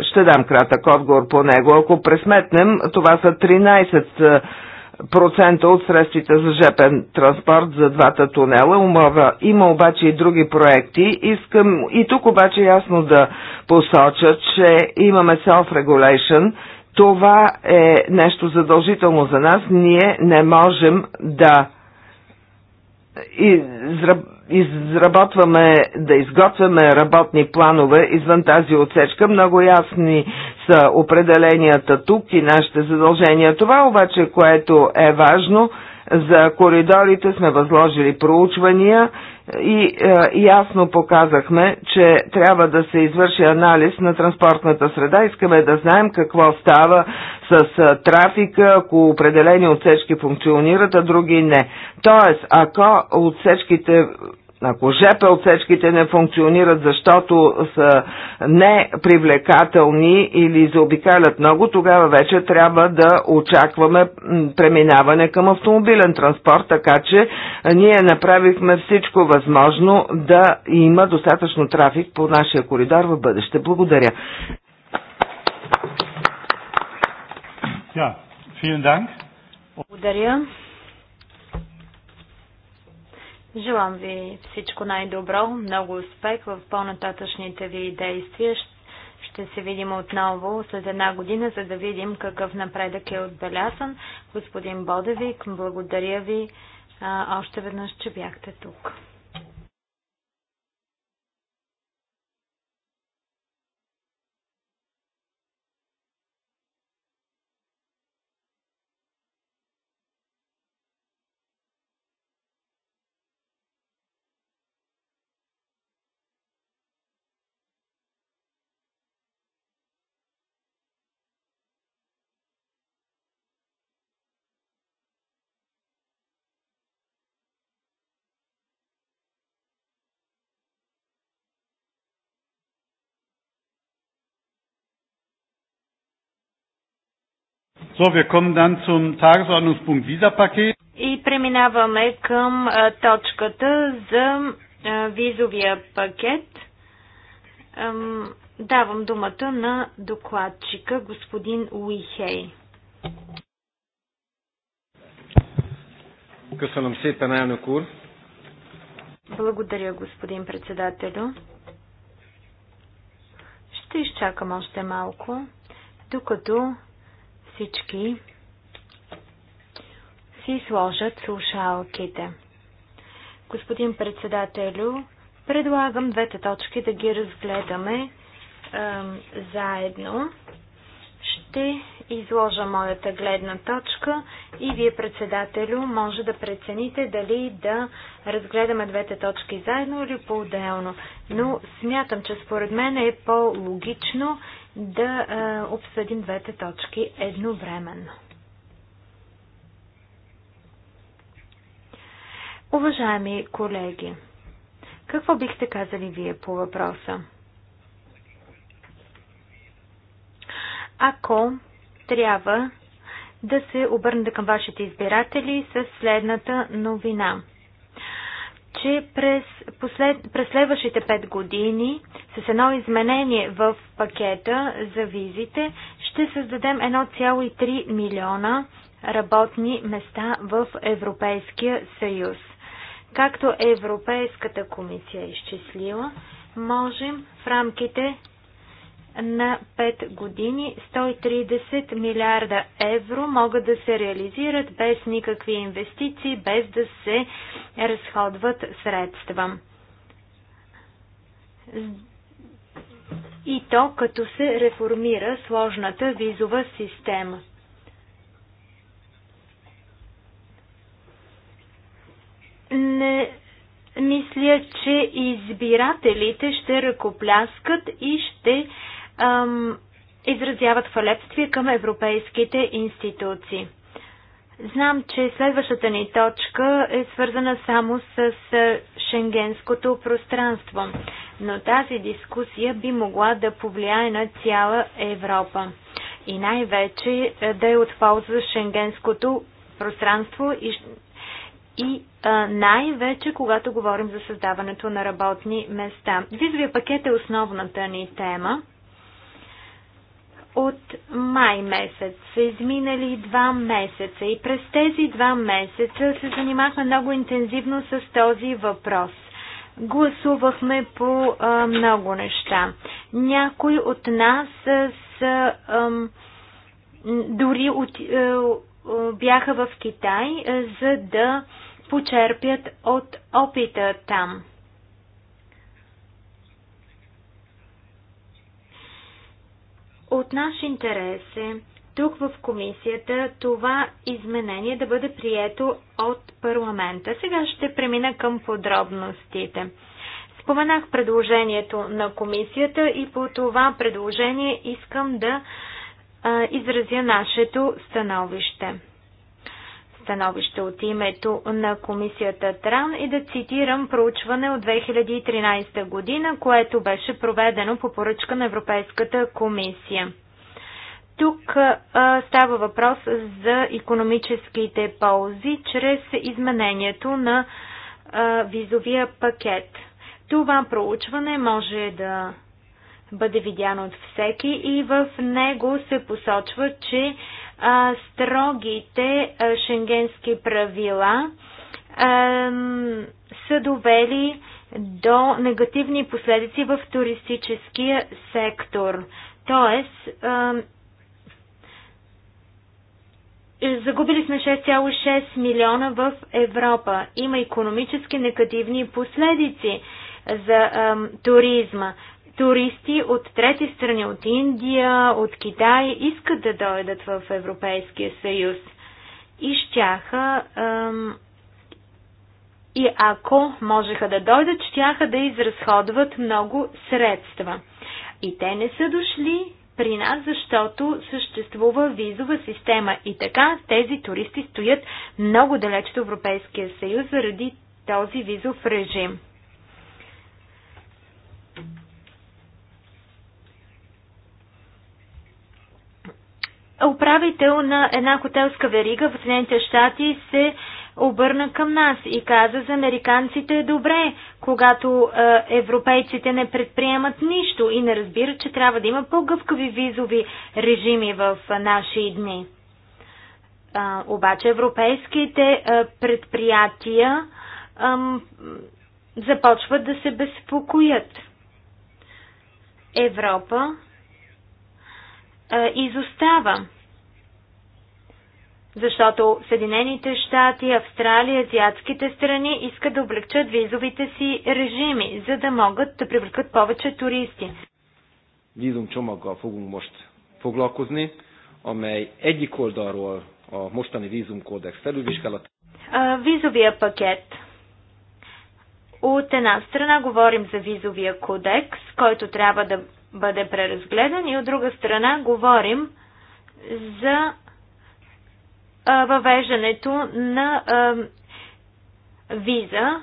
Speaker 3: ще дам кратък отговор по него. Ако пресметнем, това са 13 процента от средствите за жепен транспорт за двата тунела. Умова. Има обаче и други проекти. Искам и тук обаче ясно да посоча, че имаме self-regulation. Това е нещо задължително за нас. Ние не можем да изработваме, да изготвяме работни планове извън тази отсечка. Много ясни са определенията тук и нашите задължения. Това обаче, което е важно, за коридорите сме възложили проучвания и е, ясно показахме, че трябва да се извърши анализ на транспортната среда. Искаме да знаем какво става с е, трафика, ако определени отсечки функционират, а други не. Тоест, ако отсечките ако ЖП отсечките не функционират, защото са непривлекателни или заобикалят много, тогава вече трябва да очакваме преминаване към автомобилен транспорт, така че ние направихме всичко възможно да има достатъчно трафик по нашия коридор в бъдеще. Благодаря.
Speaker 2: Благодаря. Желам ви всичко най-добро, много успех в по-нататъчните ви действия. Ще се видим отново след една година, за да видим какъв напредък е отбелязан. Господин Бодевик, благодаря ви а, още веднъж, че бяхте тук.
Speaker 3: So, wir kommen dann zum Tagesordnungspunkt Visapaket.
Speaker 2: И преминаваме към а, точката за а, визовия пакет. Ам, давам думата на докладчика господин Уихей.
Speaker 3: Köszönöm се, elnök úr.
Speaker 2: Благодаря, господин председателю. Ще изчакам още малко, докато всички си сложат слушалките. Господин председателю, предлагам двете точки да ги разгледаме е, заедно. Ще изложа моята гледна точка и вие, председателю, може да прецените дали да разгледаме двете точки заедно или по-отделно. Но смятам, че според мен е по-логично да а, обсъдим двете точки едновременно. Уважаеми колеги, какво бихте казали вие по въпроса? Ако трябва да се обърнете към вашите избиратели с следната новина – че през, послед, през следващите 5 години с едно изменение в пакета за визите ще създадем 1,3 милиона работни места в Европейския съюз. Както Европейската комисия е изчислила, можем в рамките на 5 години 130 милиарда евро могат да се реализират без никакви инвестиции, без да се разходват средства. И то като се реформира сложната визова система. Не мисля, че избирателите ще ръкопляскат и ще ам, изразяват хвалепствие към европейските институции. Знам, че следващата ни точка е свързана само с шенгенското пространство, но тази дискусия би могла да повлияе на цяла Европа и най-вече е, да е от полза за шенгенското пространство и, и най-вече когато говорим за създаването на работни места. Визовия пакет е основната ни тема от май месец. Са изминали два месеца и през тези два месеца се занимахме много интензивно с този въпрос. Гласувахме по а, много неща. Някои от нас са а, дори от, а, бяха в Китай, а, за да почерпят от опита там. От наш интерес е тук в комисията това изменение да бъде прието от парламента. Сега ще премина към подробностите. Споменах предложението на комисията и по това предложение искам да а, изразя нашето становище становище от името на комисията Тран и да цитирам проучване от 2013 година, което беше проведено по поръчка на Европейската комисия. Тук а, става въпрос за економическите ползи чрез изменението на а, визовия пакет. Това проучване може да бъде видяно от всеки и в него се посочва, че а, строгите а, шенгенски правила а, са довели до негативни последици в туристическия сектор. Тоест, а, е, Загубили сме 6,6 милиона в Европа. Има економически негативни последици за а, туризма туристи от трети страни, от Индия, от Китай, искат да дойдат в Европейския съюз. И щяха, ем, и ако можеха да дойдат, щяха да изразходват много средства. И те не са дошли при нас, защото съществува визова система. И така тези туристи стоят много далеч от Европейския съюз заради този визов режим. управител на една хотелска верига в Съединените щати се обърна към нас и каза за американците е добре, когато е, европейците не предприемат нищо и не разбират, че трябва да има по-гъвкави визови режими в е, наши дни. А, обаче европейските е, предприятия е, започват да се безпокоят. Европа изостава. Защото Съединените щати, Австралия, азиатските страни искат да облегчат визовите си режими, за да могат да привлекат повече туристи.
Speaker 1: Vízum csomaggal fogunk most foglalkozni, amely egyik oldalról a mostani vízumkódex felülvizsgálat.
Speaker 2: Визовия пакет. От една страна говорим за визовия кодекс, който трябва да бъде преразгледан и от друга страна говорим за въвеждането на виза,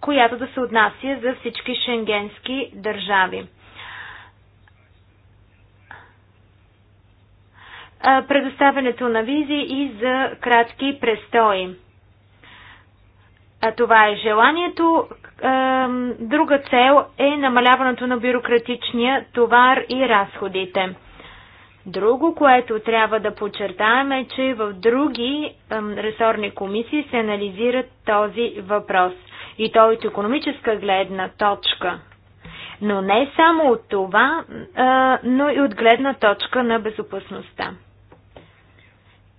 Speaker 2: която да се отнася за всички шенгенски държави. Предоставянето на визи и за кратки престои. А това е желанието. Друга цел е намаляването на бюрократичния товар и разходите. Друго, което трябва да подчертаем е, че в други ресорни комисии се анализират този въпрос. И то от економическа гледна точка. Но не само от това, но и от гледна точка на безопасността.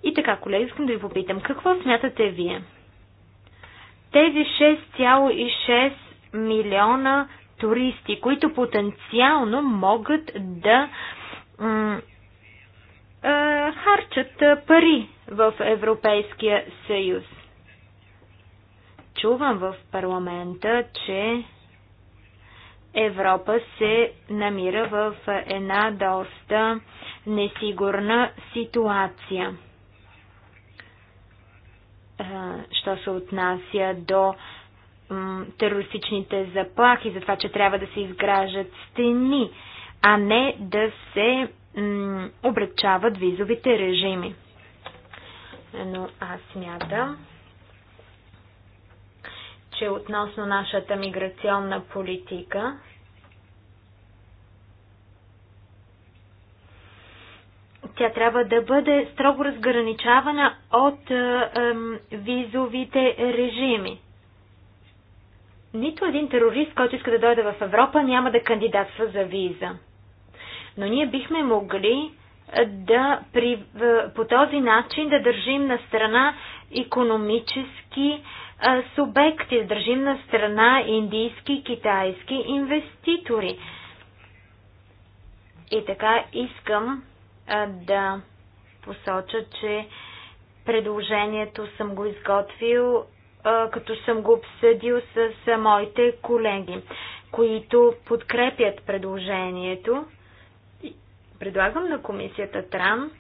Speaker 2: И така, колеги, искам да ви попитам, какво смятате вие? Тези 6,6 милиона туристи, които потенциално могат да харчат пари в Европейския съюз. Чувам в парламента, че Европа се намира в една доста несигурна ситуация що се отнася до терористичните заплахи, за това, че трябва да се изграждат стени, а не да се обречават визовите режими. Но аз смятам, че относно нашата миграционна политика, тя трябва да бъде строго разграничавана от е, визовите режими. Нито един терорист, който иска да дойде в Европа, няма да кандидатства за виза. Но ние бихме могли е, да при, по този начин да държим на страна економически е, субекти, да държим на страна индийски, китайски инвеститори. И така искам да посоча, че предложението съм го изготвил, като съм го обсъдил с моите колеги, които подкрепят предложението. Предлагам на комисията Тран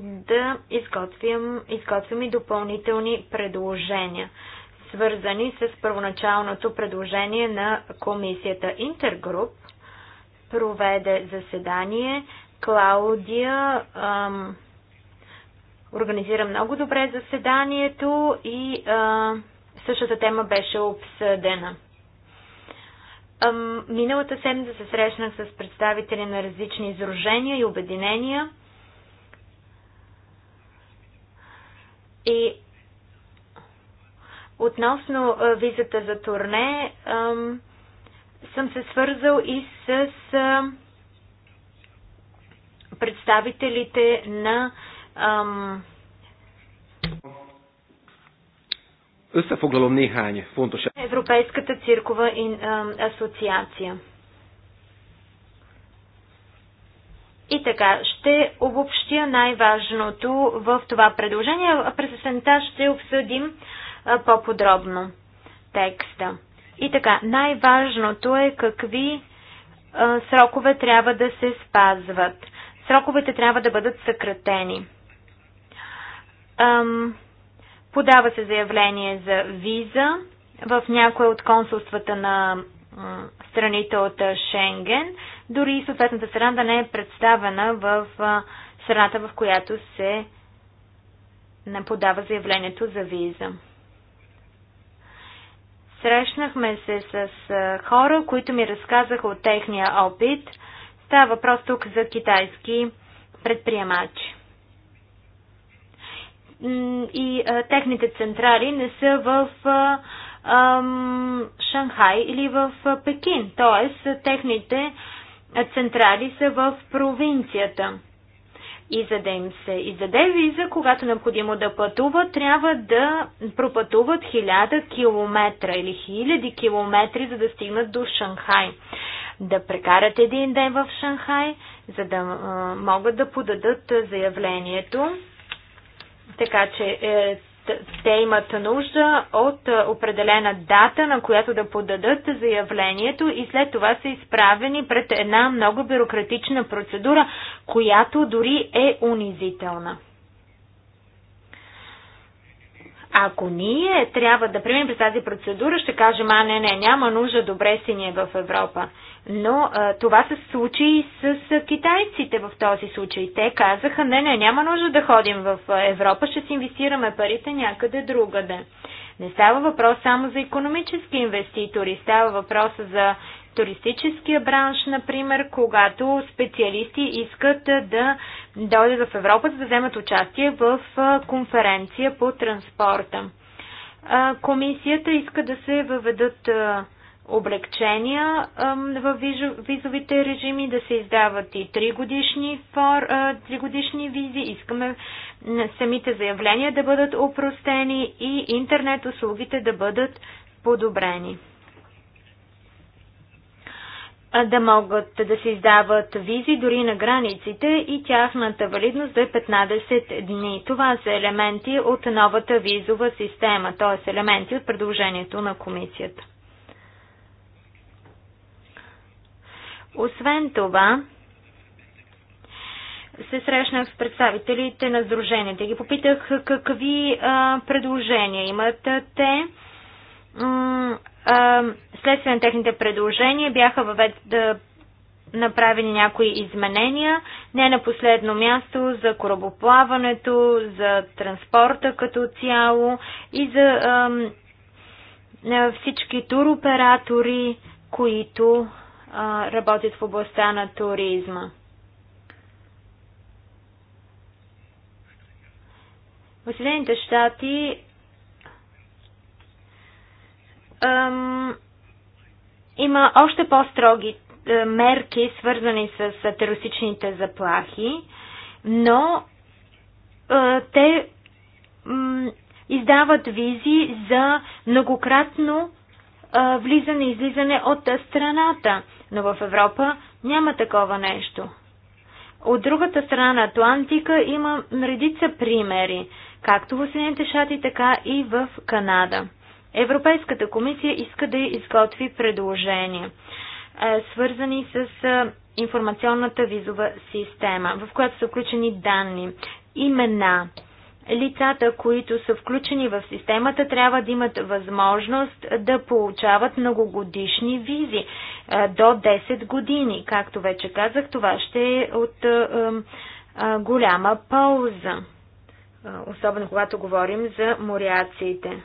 Speaker 2: да изготвим, изготвим и допълнителни предложения, свързани с първоначалното предложение на комисията Интергруп, проведе заседание Клаудия ам, организира много добре заседанието и а, същата тема беше обсъдена. Ам, миналата седмица се срещнах с представители на различни изружения и обединения и относно а, визата за турне ам, съм се свързал и с а, представителите на ам...
Speaker 3: Összefoglalom néhány fontos...
Speaker 2: Европейската циркова асоциация. И така, ще обобщя най-важното в това предложение. През есента ще обсъдим по-подробно текста. И така, най-важното е какви а, срокове трябва да се спазват. Сроковете трябва да бъдат съкратени. Подава се заявление за виза в някое от консулствата на страните от Шенген, дори и съответната страна да не е представена в страната, в която се не подава заявлението за виза. Срещнахме се с хора, които ми разказаха от техния опит – Става въпрос тук за китайски предприемачи. И а, техните централи не са в а, а, Шанхай или в Пекин, т.е. техните централи са в провинцията. И за да им се издаде виза, когато е необходимо да пътува, трябва да пропътуват 1000 км или 1000 км, за да стигнат до Шанхай да прекарат един ден в Шанхай, за да а, могат да подадат заявлението. Така че е, те имат нужда от определена дата, на която да подадат заявлението и след това са изправени пред една много бюрократична процедура, която дори е унизителна. Ако ние трябва да приемем през тази процедура, ще кажем, а не, не, няма нужда, добре си ни е в Европа. Но а, това се случи и с, с китайците в този случай. Те казаха, не, не, няма нужда да ходим в Европа, ще си инвестираме парите някъде другаде. Не става въпрос само за економически инвеститори, става въпрос за туристическия бранш, например, когато специалисти искат да дойдат в Европа, за да вземат участие в конференция по транспорта. Комисията иска да се въведат облегчения в визовите режими, да се издават и 3 годишни, фор, 3 годишни визи. Искаме самите заявления да бъдат опростени и интернет услугите да бъдат подобрени да могат да се издават визи дори на границите и тяхната валидност да е 15 дни. Това са елементи от новата визова система, т.е. елементи от предложението на комисията. Освен това, се срещнах с представителите на сдруженията. Ги попитах какви а, предложения имат те Следствие на техните предложения бяха въвед да направени някои изменения, не на последно място за корабоплаването, за транспорта като цяло и за всички туроператори, които а, работят в областта на туризма. В Съединените щати ам, има още по-строги е, мерки, свързани с терористичните заплахи, но а, е, те м, издават визи за многократно а, е, влизане и излизане от страната, но в Европа няма такова нещо. От другата страна на Атлантика има редица примери, както в Съединените щати, така и в Канада. Европейската комисия иска да изготви предложения, е, свързани с е, информационната визова система, в която са включени данни, имена, лицата, които са включени в системата, трябва да имат възможност да получават многогодишни визи е, до 10 години. Както вече казах, това ще е от голяма полза, особено когато говорим за моряците.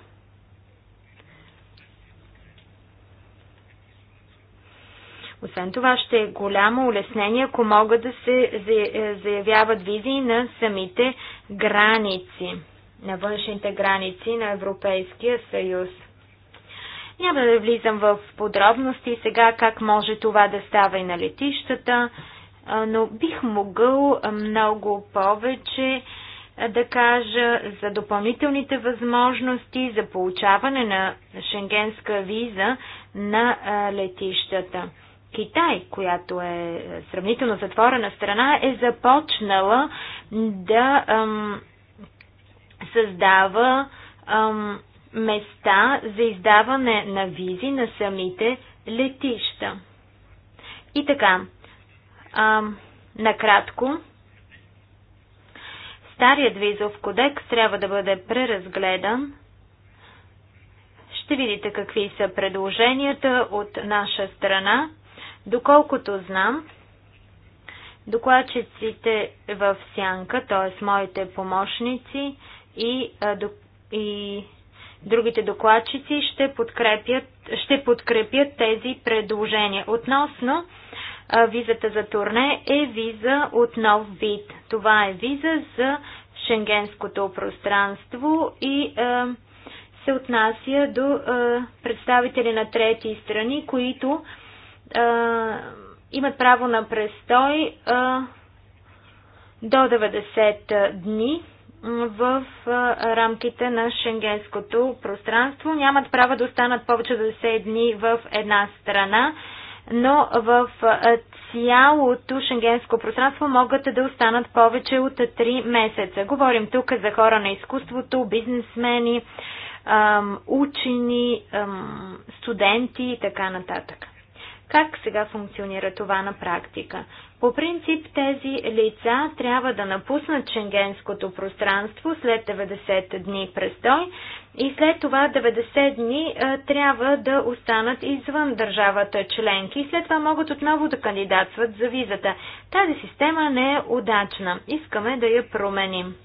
Speaker 2: Освен това ще е голямо улеснение, ако могат да се е, заявяват визии на самите граници, на външните граници на Европейския съюз. Няма да влизам в подробности сега как може това да става и на летищата, но бих могъл много повече да кажа за допълнителните възможности за получаване на шенгенска виза на летищата. Китай, която е, е сравнително затворена страна, е започнала да ам, създава ам, места за издаване на визи на самите летища. И така, ам, накратко, старият визов кодекс трябва да бъде преразгледан. Ще видите какви са предложенията от наша страна. Доколкото знам, докладчиците в сянка, т.е. моите помощници и, и другите докладчици ще подкрепят, ще подкрепят тези предложения. Относно а, визата за турне е виза от нов вид. Това е виза за шенгенското пространство и а, се отнася до а, представители на трети страни, които имат право на престой до 90 дни в рамките на шенгенското пространство. Нямат право да останат повече 90 10 дни в една страна, но в цялото шенгенско пространство могат да останат повече от 3 месеца. Говорим тук за хора на изкуството, бизнесмени, учени, студенти и така нататък. Как сега функционира това на практика? По принцип тези лица трябва да напуснат шенгенското пространство след 90 дни престой и след това 90 дни а, трябва да останат извън държавата членки и след това могат отново да кандидатстват за визата. Тази система не е удачна. Искаме да я променим.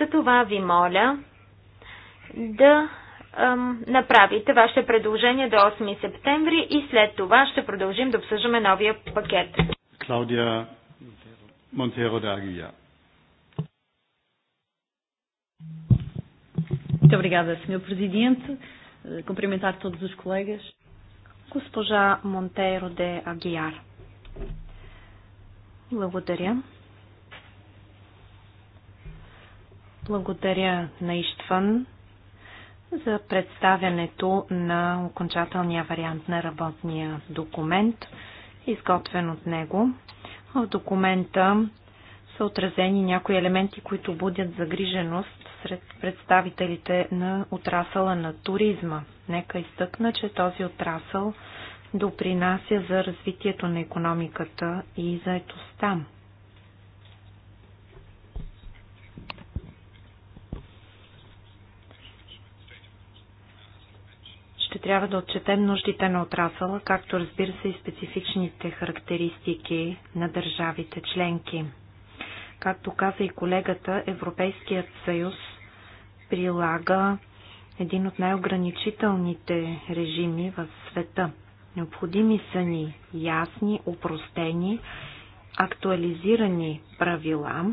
Speaker 2: Затова ви моля да направите ваше предложение до 8 септември и след това ще продължим да обсъждаме новия пакет.
Speaker 1: Клаудия Монтеро да Агия. Muito obrigada, Sr. Presidente. Cumprimentar todos os colegas. Госпожа Монтеро де Агияр. Благодаря. Благодаря на Иштван за представянето на окончателния вариант на работния документ, изготвен от него. В документа са отразени някои елементи, които будят загриженост сред представителите на отрасъла на туризма. Нека изтъкна, че този отрасъл допринася за развитието на економиката и заетостта. ще трябва да отчетем нуждите на отрасъла, както разбира се и специфичните характеристики на държавите членки. Както каза и колегата, Европейският съюз прилага един от най-ограничителните режими в света. Необходими са ни ясни, упростени, актуализирани правила,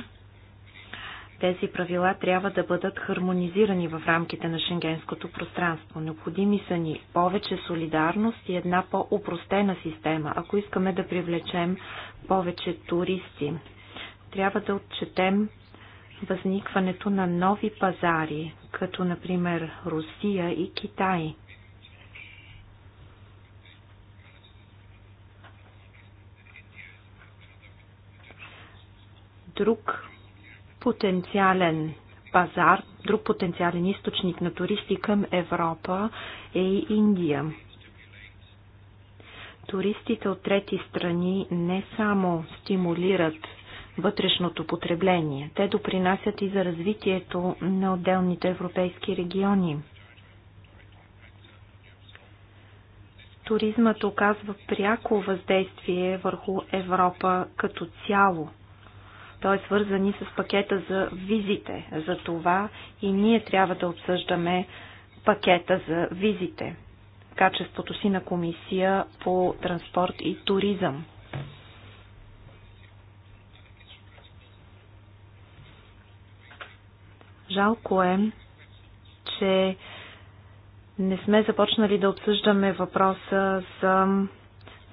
Speaker 1: тези правила трябва да бъдат хармонизирани в рамките на шенгенското пространство. Необходими са ни повече солидарност и една по-упростена система, ако искаме да привлечем повече туристи. Трябва да отчетем възникването на нови пазари, като например Русия и Китай. Друг потенциален пазар, друг потенциален източник на туристи към Европа е и Индия. Туристите от трети страни не само стимулират вътрешното потребление, те допринасят и за развитието на отделните европейски региони. Туризмът оказва пряко въздействие върху Европа като цяло – той е свързан и с пакета за визите. За това и ние трябва да обсъждаме пакета за визите. Качеството си на комисия по транспорт и туризъм. Жалко е, че не сме започнали да обсъждаме въпроса за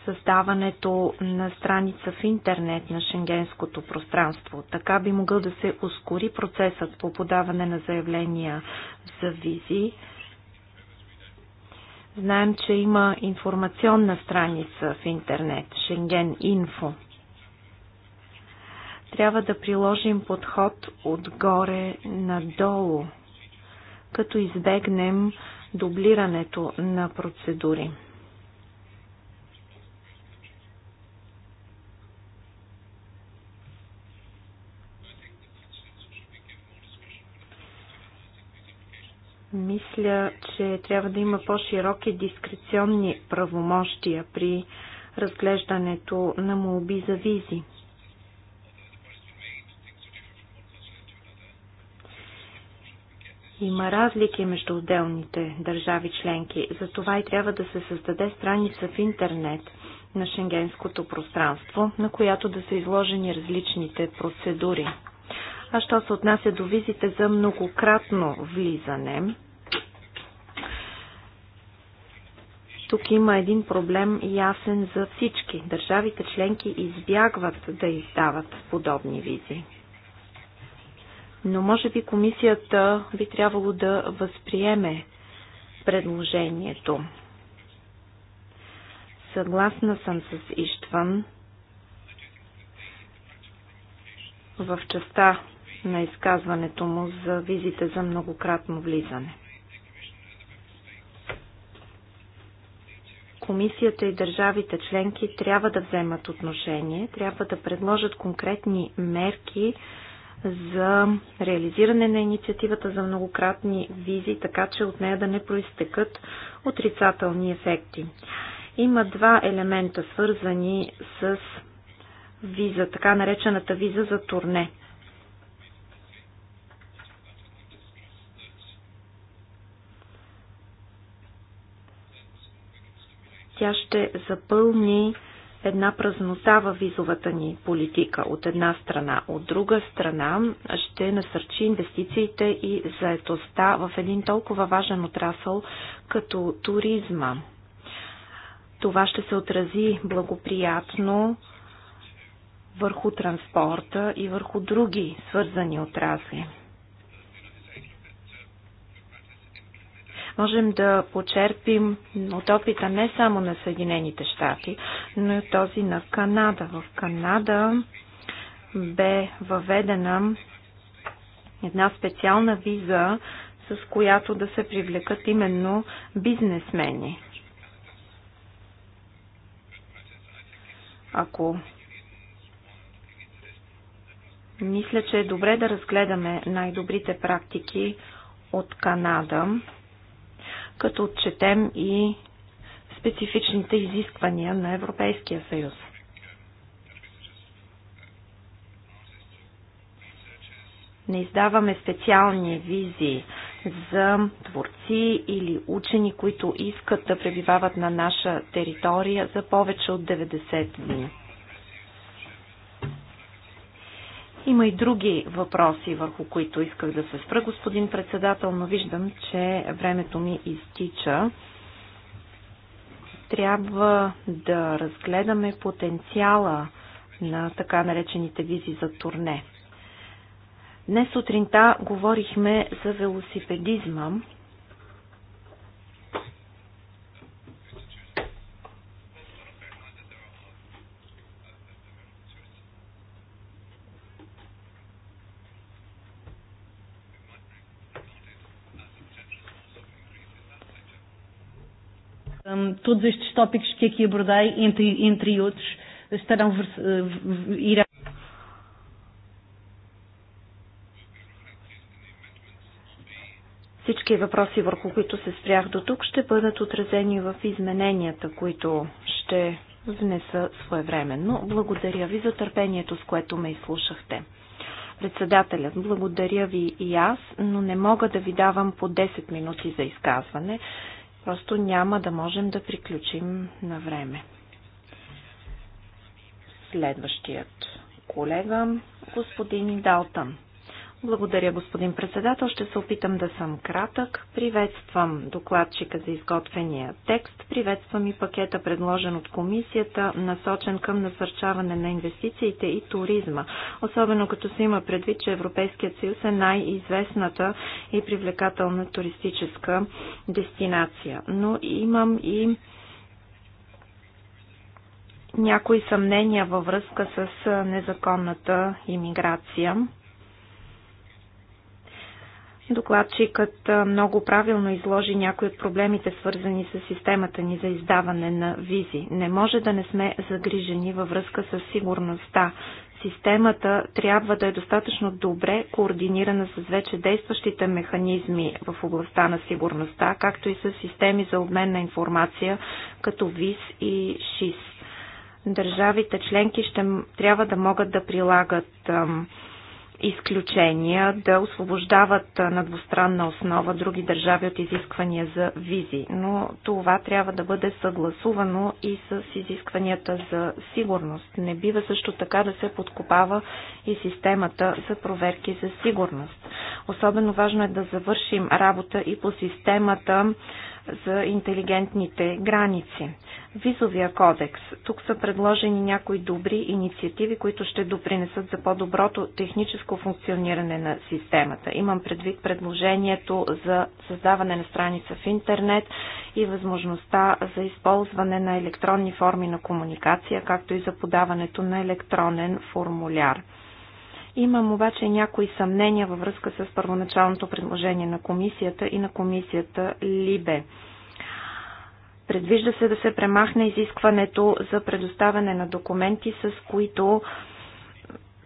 Speaker 1: създаването на страница в интернет на шенгенското пространство. Така би могъл да се ускори процесът по подаване на заявления за визи. Знаем, че има информационна страница в интернет, Шенген Инфо. Трябва да приложим подход отгоре надолу, като избегнем дублирането на процедури. Мисля, че трябва да има по-широки дискреционни правомощия при разглеждането на молби за визи. Има разлики между отделните държави членки, затова и трябва да се създаде страница в интернет на шенгенското пространство, на която да са изложени различните процедури. А що се отнася до визите за многократно влизане, тук има един проблем ясен за всички. Държавите членки избягват да издават подобни визи. Но може би комисията би трябвало да възприеме предложението. Съгласна съм с Иштван в частта на изказването му за визите за многократно влизане. Комисията и държавите членки трябва да вземат отношение, трябва да предложат конкретни мерки за реализиране на инициативата за многократни визи, така че от нея да не проистекат отрицателни ефекти. Има два елемента, свързани с виза, така наречената виза за турне. Тя ще запълни една празнота във визовата ни политика от една страна. От друга страна ще насърчи инвестициите и заетостта в един толкова важен отрасъл като туризма. Това ще се отрази благоприятно върху транспорта и върху други свързани отрасли. можем да почерпим от опита не само на Съединените щати, но и този на Канада. В Канада бе въведена една специална виза, с която да се привлекат именно бизнесмени. Ако мисля, че е добре да разгледаме най-добрите практики от Канада, като отчетем и специфичните изисквания на Европейския съюз. Не издаваме специални визи за творци или учени, които искат да пребивават на наша територия за повече от 90 дни. Има и други въпроси, върху които исках да се спра, господин председател, но виждам, че времето ми изтича. Трябва да разгледаме потенциала на така наречените визи за турне. Днес сутринта говорихме за велосипедизма todos estes tópicos que aqui abordei, entre, entre outros, estarão eh, irá. Всички въпроси, върху които се спрях до тук, ще бъдат отразени в измененията, които ще внеса своевременно. Благодаря ви за търпението, с което ме изслушахте. Председателят, благодаря ви и аз, но не мога да ви давам по 10 минути за изказване. Просто няма да можем да приключим на време. Следващият колега, господин Далтън. Благодаря, господин председател. Ще се опитам да съм кратък. Приветствам докладчика за изготвения текст. Приветствам и пакета, предложен от комисията, насочен към насърчаване на инвестициите и туризма. Особено като се има предвид, че Европейският съюз е най-известната и привлекателна туристическа дестинация. Но имам и някои съмнения във връзка с незаконната иммиграция Докладчикът много правилно изложи някои от проблемите, свързани с системата ни за издаване на визи. Не може да не сме загрижени във връзка с сигурността. Системата трябва да е достатъчно добре координирана с вече действащите механизми в областта на сигурността, както и с системи за обмен на информация, като ВИС и ШИС. Държавите членки ще трябва да могат да прилагат изключения да освобождават на двустранна основа други държави от изисквания за визи, но това трябва да бъде съгласувано и с изискванията за сигурност. Не бива също така да се подкопава и системата за проверки за сигурност. Особено важно е да завършим работа и по системата за интелигентните граници. Визовия кодекс. Тук са предложени някои добри инициативи, които ще допринесат за по-доброто техническо функциониране на системата. Имам предвид предложението за създаване на страница в интернет и възможността за използване на електронни форми на комуникация, както и за подаването на електронен формуляр. Имам обаче някои съмнения във връзка с първоначалното предложение на комисията и на комисията Либе. Предвижда се да се премахне изискването за предоставяне на документи, с които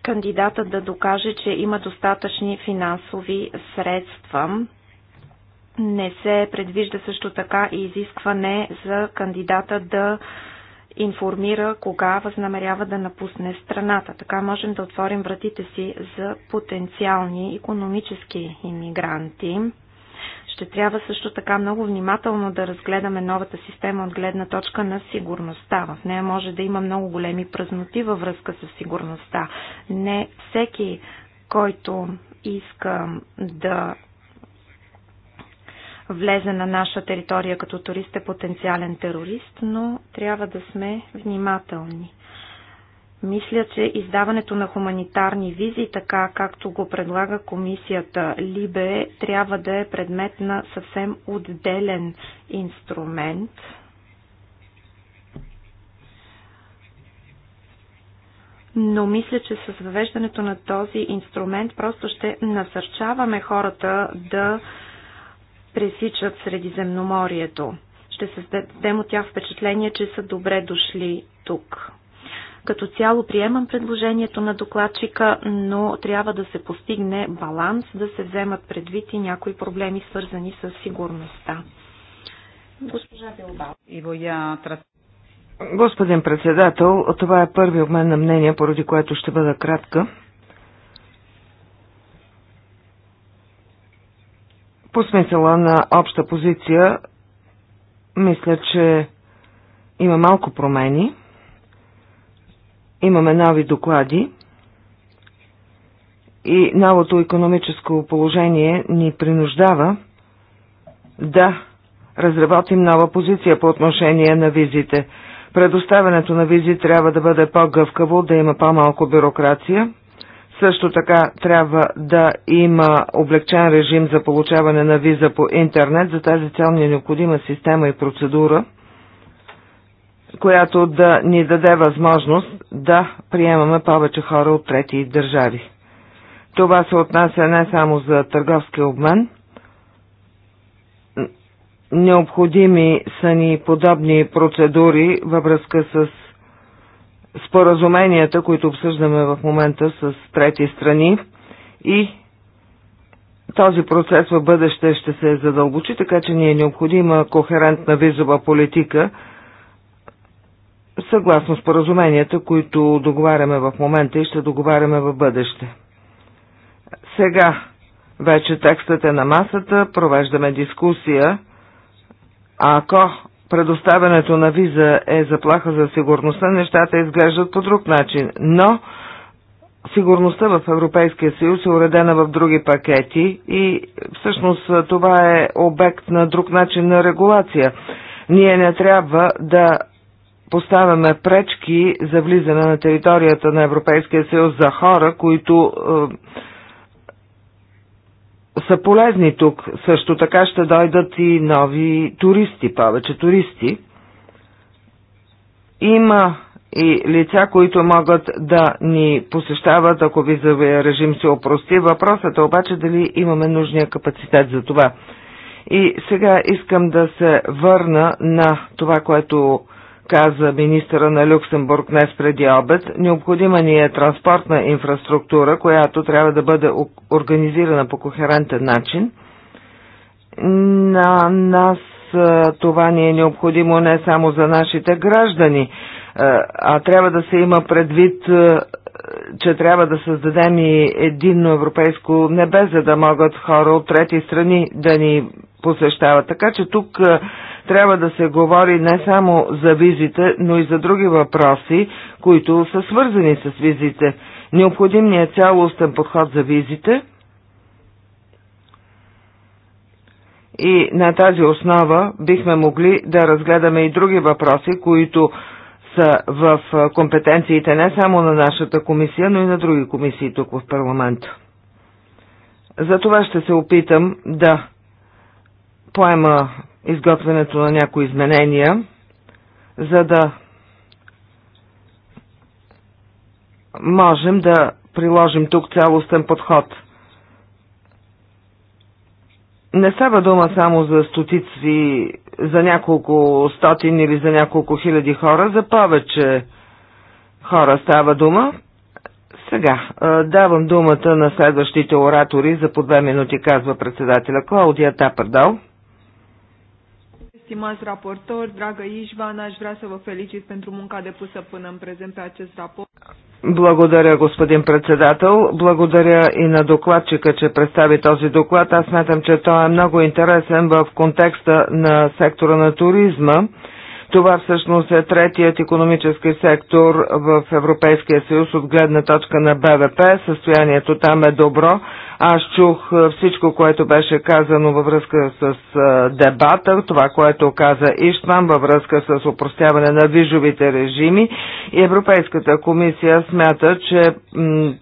Speaker 1: кандидатът да докаже, че има достатъчни финансови средства. Не се предвижда също така и изискване за кандидата да информира кога възнамерява да напусне страната. Така можем да отворим вратите си за потенциални економически иммигранти. Ще трябва също така много внимателно да разгледаме новата система от гледна точка на сигурността. В нея може да има много големи празноти във връзка с сигурността. Не всеки, който иска да влезе на наша територия като турист е потенциален терорист, но трябва да сме внимателни. Мисля, че издаването на хуманитарни визи, така както го предлага комисията Либе, трябва да е предмет на съвсем отделен инструмент. но мисля, че с въвеждането на този инструмент просто ще насърчаваме хората да пресичат Средиземноморието. Ще създадем от тях впечатление, че са добре дошли тук. Като цяло приемам предложението на докладчика, но трябва да се постигне баланс, да се вземат предвид и някои проблеми, свързани с сигурността. Госпожа Билбао. Господин
Speaker 3: председател, това е първи обмен на мнение, поради което ще бъда кратка. По смисъла на обща позиция, мисля, че има малко промени. Имаме нови доклади и новото економическо положение ни принуждава да разработим нова позиция по отношение на визите. Предоставянето на визи трябва да бъде по-гъвкаво, да има по-малко бюрокрация. Също така трябва да има облегчен режим за получаване на виза по интернет. За тази цел ни е необходима система и процедура, която да ни даде възможност да приемаме повече хора от трети държави. Това се отнася не само за търговски обмен. Необходими са ни подобни процедури във връзка с споразуменията, които обсъждаме в момента с трети страни и този процес в бъдеще ще се задълбочи, така че ни е необходима кохерентна визова политика съгласно споразуменията, които договаряме в момента и ще договаряме в бъдеще. Сега вече текстът е на масата, провеждаме дискусия. Ако предоставянето на виза е заплаха за сигурността, нещата изглеждат по друг начин. Но сигурността в Европейския съюз е уредена в други пакети и всъщност това е обект на друг начин на регулация. Ние не трябва да поставяме пречки за влизане на територията на Европейския съюз за хора, които е, са полезни тук. Също така ще дойдат и нови туристи, повече туристи. Има и лица, които могат да ни посещават, ако визовия режим се опрости. Въпросът е обаче дали имаме нужния капацитет за това. И сега искам да се върна на това, което каза министъра на Люксембург днес преди обед, необходима ни е транспортна инфраструктура, която трябва да бъде организирана по кохерентен начин. На нас това ни е необходимо не само за нашите граждани, а трябва да се има предвид, че трябва да създадем и единно европейско небе, за да могат хора от трети страни да ни посещават. Така че тук трябва да се говори не само за визите, но и за други въпроси, които са свързани с визите. Необходимният е цялостен подход за визите и на тази основа бихме могли да разгледаме и други въпроси, които са в компетенциите не само на нашата комисия, но и на други комисии тук в парламента. За това ще се опитам да поема изготвянето на някои изменения, за да можем да приложим тук цялостен подход. Не става дума само за стотици, за няколко стотин или за няколко хиляди хора, за повече хора става дума. Сега, давам думата на следващите оратори за по две минути, казва председателя Клаудия Тапърдал. Stimați raportori, dragă Ișvan, aș vrea să vă felicit pentru munca depusă până în prezent pe acest raport. Благодаря, господин председател. Благодаря и на докладчика, че представи този доклад. Аз смятам, че той е много интересен в контекста на сектора на туризма. Това всъщност е третият економически сектор в Европейския съюз от гледна точка на БВП. Състоянието там е добро, аз чух всичко, което беше казано във връзка с дебата, това, което каза Иштван във връзка с упростяване на вижовите режими и Европейската комисия смята, че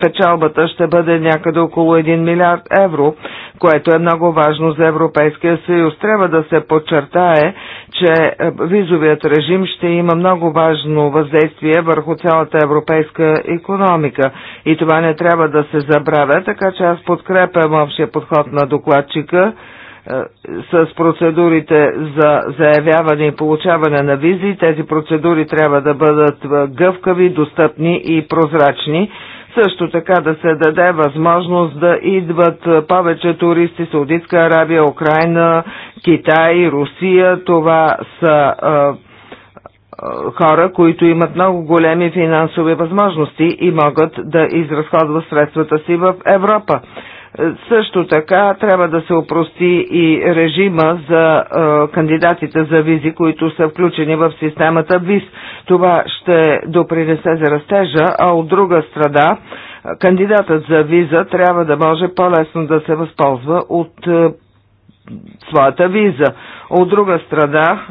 Speaker 3: печалбата ще бъде някъде около 1 милиард евро, което е много важно за Европейския съюз. Трябва да се подчертае, че е, визовият режим ще има много важно въздействие върху цялата европейска економика и това не трябва да се забравя, така че аз под подкрепям общия подход на докладчика е, с процедурите за заявяване и получаване на визи. Тези процедури трябва да бъдат е, гъвкави, достъпни и прозрачни. Също така да се даде възможност да идват е, повече туристи Саудитска Арабия, Украина, Китай, Русия. Това са хора, които имат много големи финансови възможности и могат да изразходват средствата си в Европа. Също така трябва да се опрости и режима за е, кандидатите за визи, които са включени в системата ВИЗ. Това ще допринесе за растежа, а от друга страна кандидатът за виза трябва да може по-лесно да се възползва от е, своята виза. От друга страна,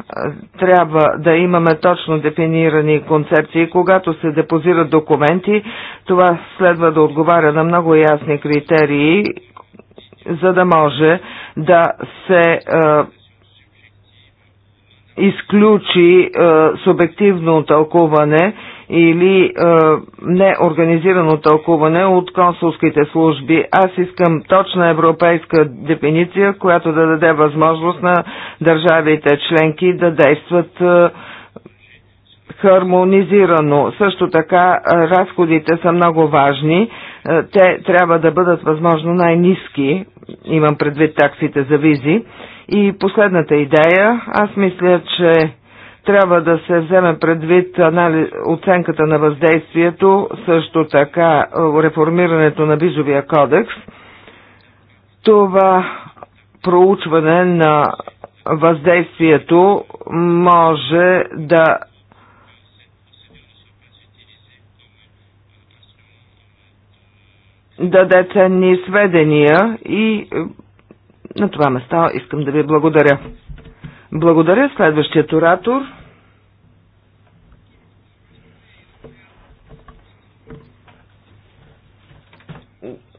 Speaker 3: трябва да имаме точно дефинирани концепции. Когато се депозират документи, това следва да отговаря на много ясни критерии, за да може да се изключи е, субективно тълкуване или е, неорганизирано тълкуване от консулските служби. Аз искам точна европейска дефиниция, която да даде възможност на държавите членки да действат е, хармонизирано. Също така е, разходите са много важни. Е, те трябва да бъдат възможно най-низки, имам предвид таксите за визи. И последната идея, аз мисля, че трябва да се вземе предвид оценката на въздействието, също така е, реформирането на визовия кодекс. Това проучване на въздействието може да даде ценни сведения и е, на това места искам да ви благодаря. Благодаря. Следващият оратор.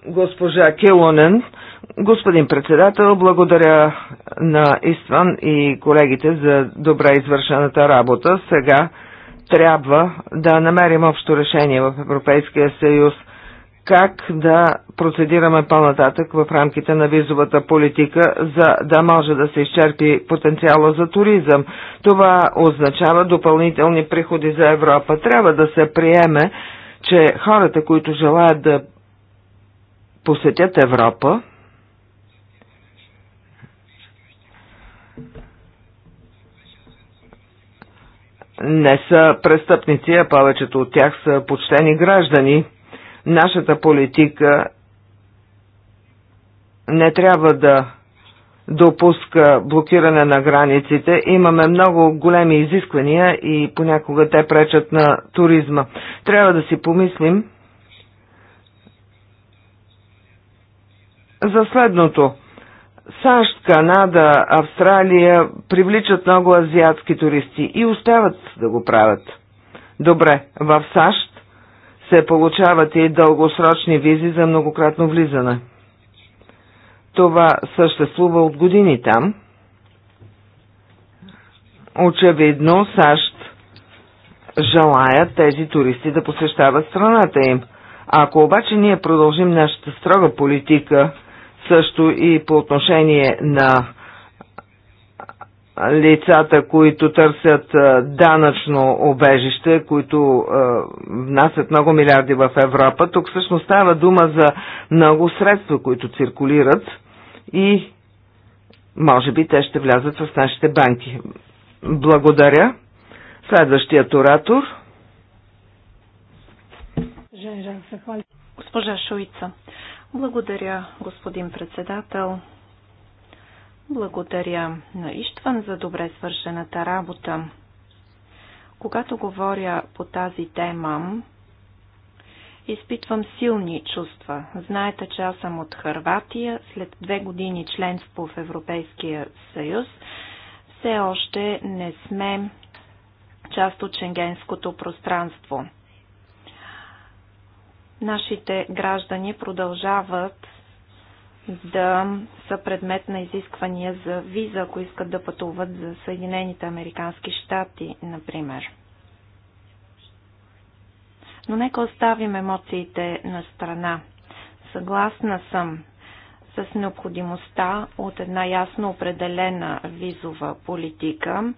Speaker 3: Госпожа Келонен. Господин председател, благодаря на Истван и колегите за добре извършената работа. Сега трябва да намерим общо решение в Европейския съюз – как да процедираме по-нататък в рамките на визовата политика, за да може да се изчерпи потенциала за туризъм. Това означава допълнителни приходи за Европа. Трябва да се приеме, че хората, които желаят да посетят Европа, не са престъпници, а повечето от тях са почтени граждани. Нашата политика не трябва да допуска блокиране на границите. Имаме много големи изисквания и понякога те пречат на туризма. Трябва да си помислим за следното. САЩ, Канада, Австралия привличат много азиатски туристи и остават да го правят. Добре, в САЩ се получават и дългосрочни визи за многократно влизане. Това съществува от години там. Очевидно САЩ желаят тези туристи да посещават страната им. Ако обаче ние продължим нашата строга политика, също и по отношение на лицата, които търсят данъчно обежище, които внасят много милиарди в Европа. Тук всъщност става дума за много средства, които циркулират и може би те ще влязат в нашите банки. Благодаря. Следващият оратор.
Speaker 1: Госпожа Шуица. Благодаря, господин председател. Благодаря на Иштван за добре свършената работа. Когато говоря по тази тема, изпитвам силни чувства. Знаете, че аз съм от Харватия, след две години членство в Европейския съюз. Все още не сме част от шенгенското пространство. Нашите граждани продължават да са предмет на изисквания за виза, ако искат да пътуват за Съединените Американски щати, например. Но нека оставим емоциите на страна. Съгласна съм с необходимостта от една ясно определена визова политика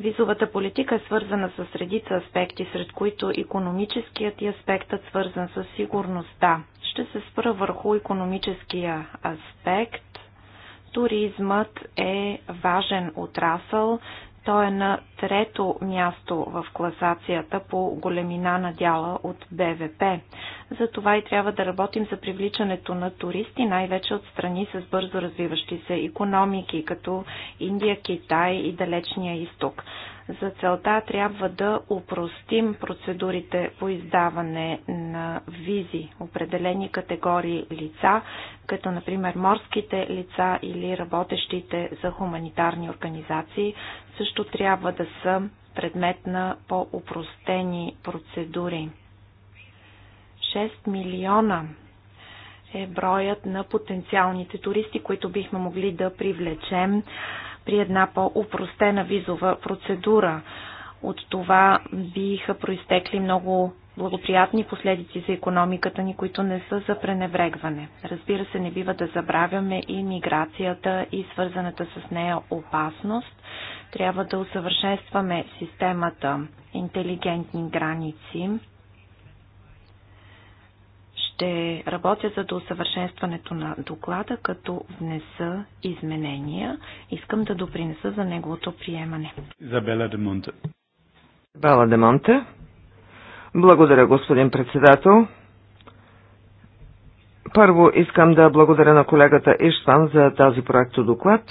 Speaker 1: Визовата политика е свързана с редица аспекти, сред които економическият и аспектът свързан с сигурността. Ще се спра върху економическия аспект. Туризмът е важен отрасъл той е на трето място в класацията по големина на дяла от БВП. Затова и трябва да работим за привличането на туристи, най-вече от страни с бързо развиващи се економики, като Индия, Китай и Далечния изток. За целта трябва да упростим процедурите по издаване на визи определени категории лица, като например морските лица или работещите за хуманитарни организации, също трябва да са предмет на по-упростени процедури. 6 милиона е броят на потенциалните туристи, които бихме могли да привлечем при една по-упростена визова процедура. От това биха проистекли много благоприятни последици за економиката ни, които не са за пренебрегване. Разбира се, не бива да забравяме и миграцията и свързаната с нея опасност. Трябва да усъвършенстваме системата интелигентни граници, ще работя за до усъвършенстването на доклада, като внеса изменения. Искам да допринеса за неговото приемане.
Speaker 3: Изабела Демонте. Изабела Демонте. Благодаря, господин председател. Първо искам да благодаря на колегата Иштан за тази проекто доклад.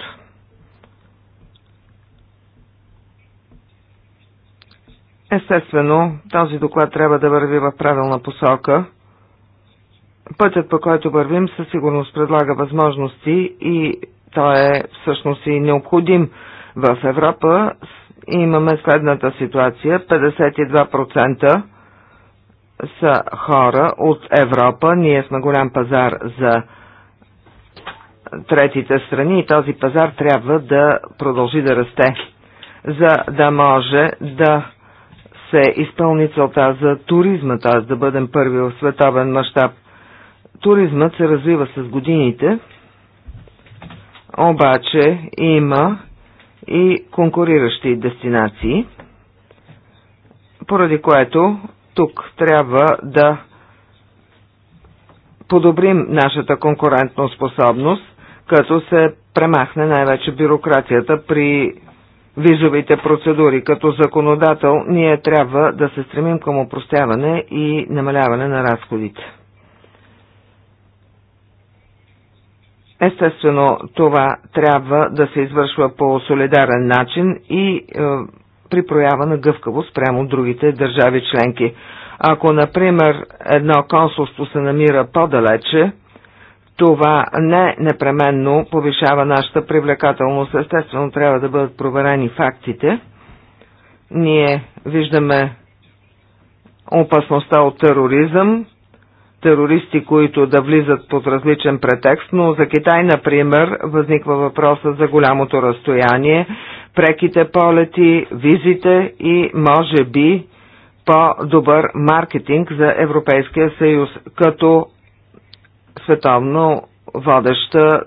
Speaker 3: Естествено, този доклад трябва да върви в правилна посока – Пътят, по който вървим, със сигурност предлага възможности и той е всъщност и необходим. В Европа имаме следната ситуация. 52% са хора от Европа. Ние сме голям пазар за третите страни и този пазар трябва да продължи да расте, за да може да се изпълни целта за туризма, т.е. да бъдем първи в световен мащаб туризмът се развива с годините, обаче има и конкуриращи дестинации, поради което тук трябва да подобрим нашата конкурентна способност, като се премахне най-вече бюрокрацията при визовите процедури. Като законодател ние трябва да се стремим към упростяване и намаляване на разходите. Естествено, това трябва да се извършва по солидарен начин и е, при проява на гъвкавост прямо другите държави членки. Ако, например, едно консулство се намира по-далече, това не непременно повишава нашата привлекателност. Естествено, трябва да бъдат проверени фактите. Ние виждаме опасността от тероризъм, терористи, които да влизат под различен претекст, но за Китай, например, възниква въпроса за голямото разстояние, преките полети, визите и, може би, по-добър маркетинг за Европейския съюз, като световно водеща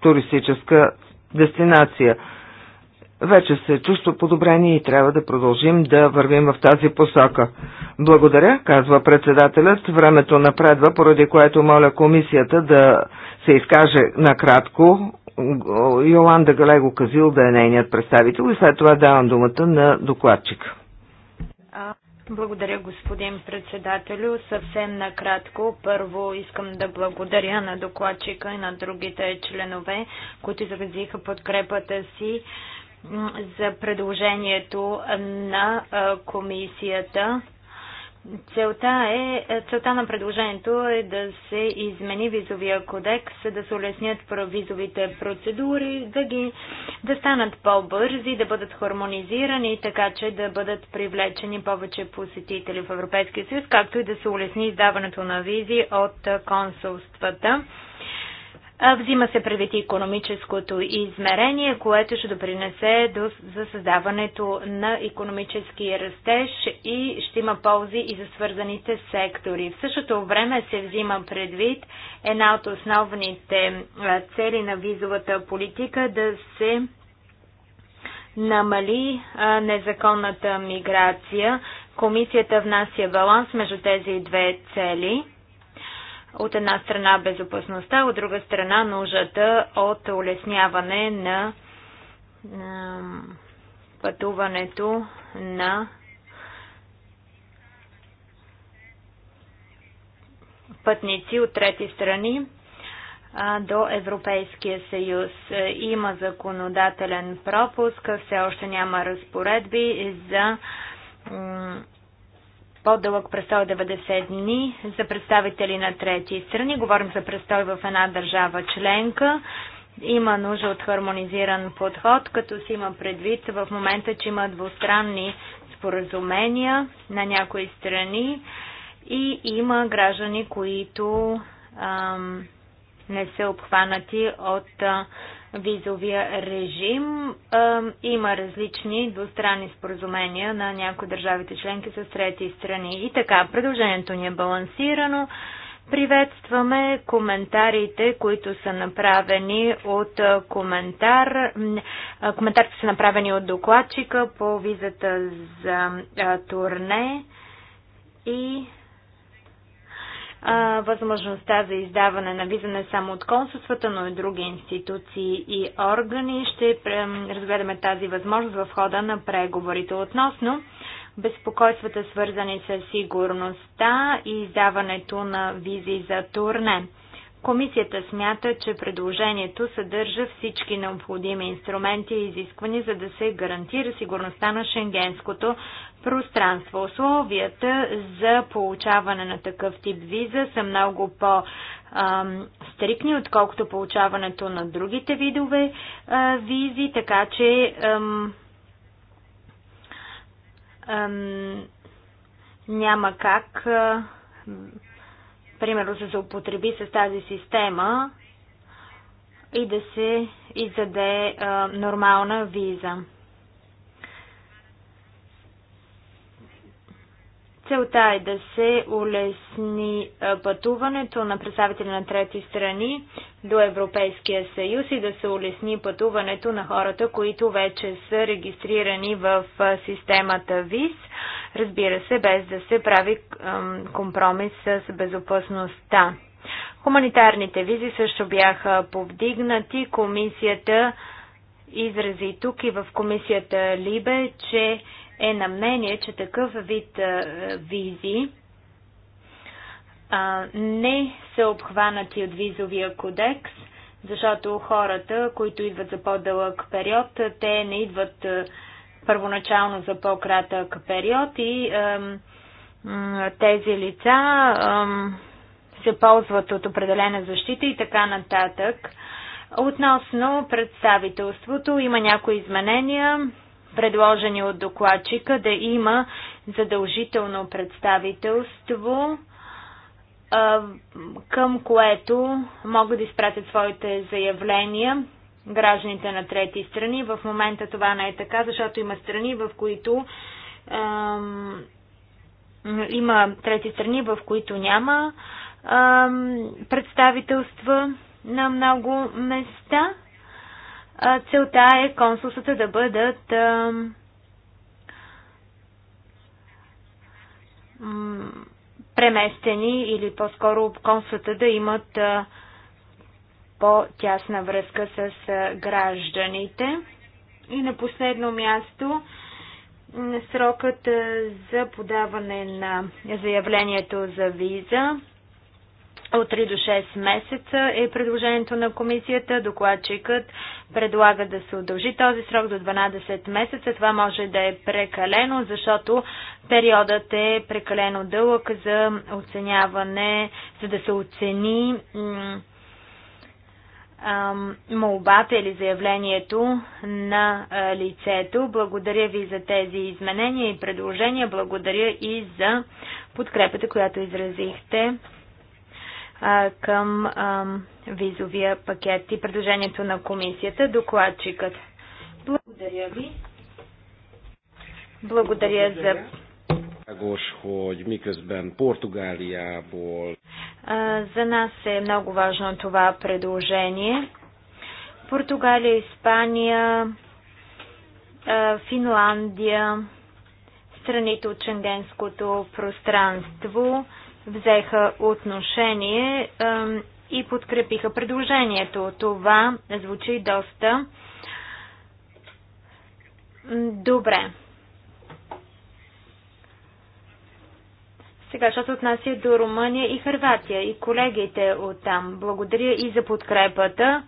Speaker 3: туристическа дестинация – вече се чувства подобрение и трябва да продължим да вървим в тази посока. Благодаря, казва председателят. Времето напредва, поради което моля комисията да се изкаже накратко. Йоланда Галего Казил да е нейният представител и след това давам думата на докладчик.
Speaker 2: Благодаря, господин председателю. Съвсем накратко, първо искам да благодаря на докладчика и на другите членове, които изразиха подкрепата си за предложението на комисията. Целта, е, целта на предложението е да се измени визовия кодекс, да се улеснят визовите процедури, да, ги, да станат по-бързи, да бъдат хармонизирани, така че да бъдат привлечени повече посетители в Европейския съюз, както и да се улесни издаването на визи от консулствата. Взима се предвид економическото измерение, което ще допринесе до, за създаването на економически растеж и ще има ползи и за свързаните сектори. В същото време се взима предвид една от основните цели на визовата политика да се намали незаконната миграция. Комисията внася баланс между тези две цели – от една страна безопасността, от друга страна нуждата от улесняване на пътуването на пътници от трети страни до Европейския съюз. Има законодателен пропуск, все още няма разпоредби за по-дълъг престой 90 дни за представители на трети страни. Говорим за престой в една държава членка. Има нужда от хармонизиран подход, като си има предвид в момента, че има двустранни споразумения на някои страни и има граждани, които ам, не са обхванати от а, визовия режим. Е, има различни двустранни споразумения на някои държавите членки с трети страни. И така, предложението ни е балансирано. Приветстваме коментарите, които са направени от е, коментар. Е, коментарите са направени от докладчика по визата за турне и а, възможността за издаване на виза не само от консулствата, но и други институции и органи. Ще разгледаме тази възможност в хода на преговорите относно безпокойствата свързани с сигурността и издаването на визи за турне. Комисията смята, че предложението съдържа всички необходими инструменти и изисквания, за да се гарантира сигурността на шенгенското пространство. Условията за получаване на такъв тип виза са много по-стрикни, отколкото получаването на другите видове визи, така че ам, ам, няма как. А, примерно се заупотреби с тази система и да се издаде а, нормална виза. Целта е да се улесни пътуването на представители на трети страни до Европейския съюз и да се улесни пътуването на хората, които вече са регистрирани в системата ВИС разбира се, без да се прави компромис с безопасността. Хуманитарните визи също бяха повдигнати. Комисията изрази тук и в комисията Либе, че е на мнение, че такъв вид визи не са обхванати от визовия кодекс, защото хората, които идват за по-дълъг период, те не идват първоначално за по-кратък период и тези лица се ползват от определена защита и така нататък. Относно представителството има някои изменения, предложени от докладчика да има задължително представителство, към което могат да изпратят своите заявления гражданите на трети страни. В момента това не е така, защото има страни, в които ем, има трети страни, в които няма ем, представителства на много места. Целта е консулствата да бъдат ем, преместени или по-скоро консулствата да имат ем, по-тясна връзка с гражданите. И на последно място срокът за подаване на заявлението за виза от 3 до 6 месеца е предложението на комисията. Докладчикът предлага да се удължи този срок до 12 месеца. Това може да е прекалено, защото периодът е прекалено дълъг за оценяване, за да се оцени молбата или заявлението на лицето. Благодаря ви за тези изменения и предложения. Благодаря и за подкрепата, която изразихте към визовия пакет и предложението на комисията. Докладчикът. Благодаря ви. Благодаря за
Speaker 3: Világos, hogy miközben Portugáliából...
Speaker 2: За нас е много важно това предложение. Португалия, Испания, Финландия, страните от шенгенското пространство взеха отношение и подкрепиха предложението. Това звучи доста добре. Сега, що се отнася до Румъния и Харватия и колегите от там. Благодаря и за подкрепата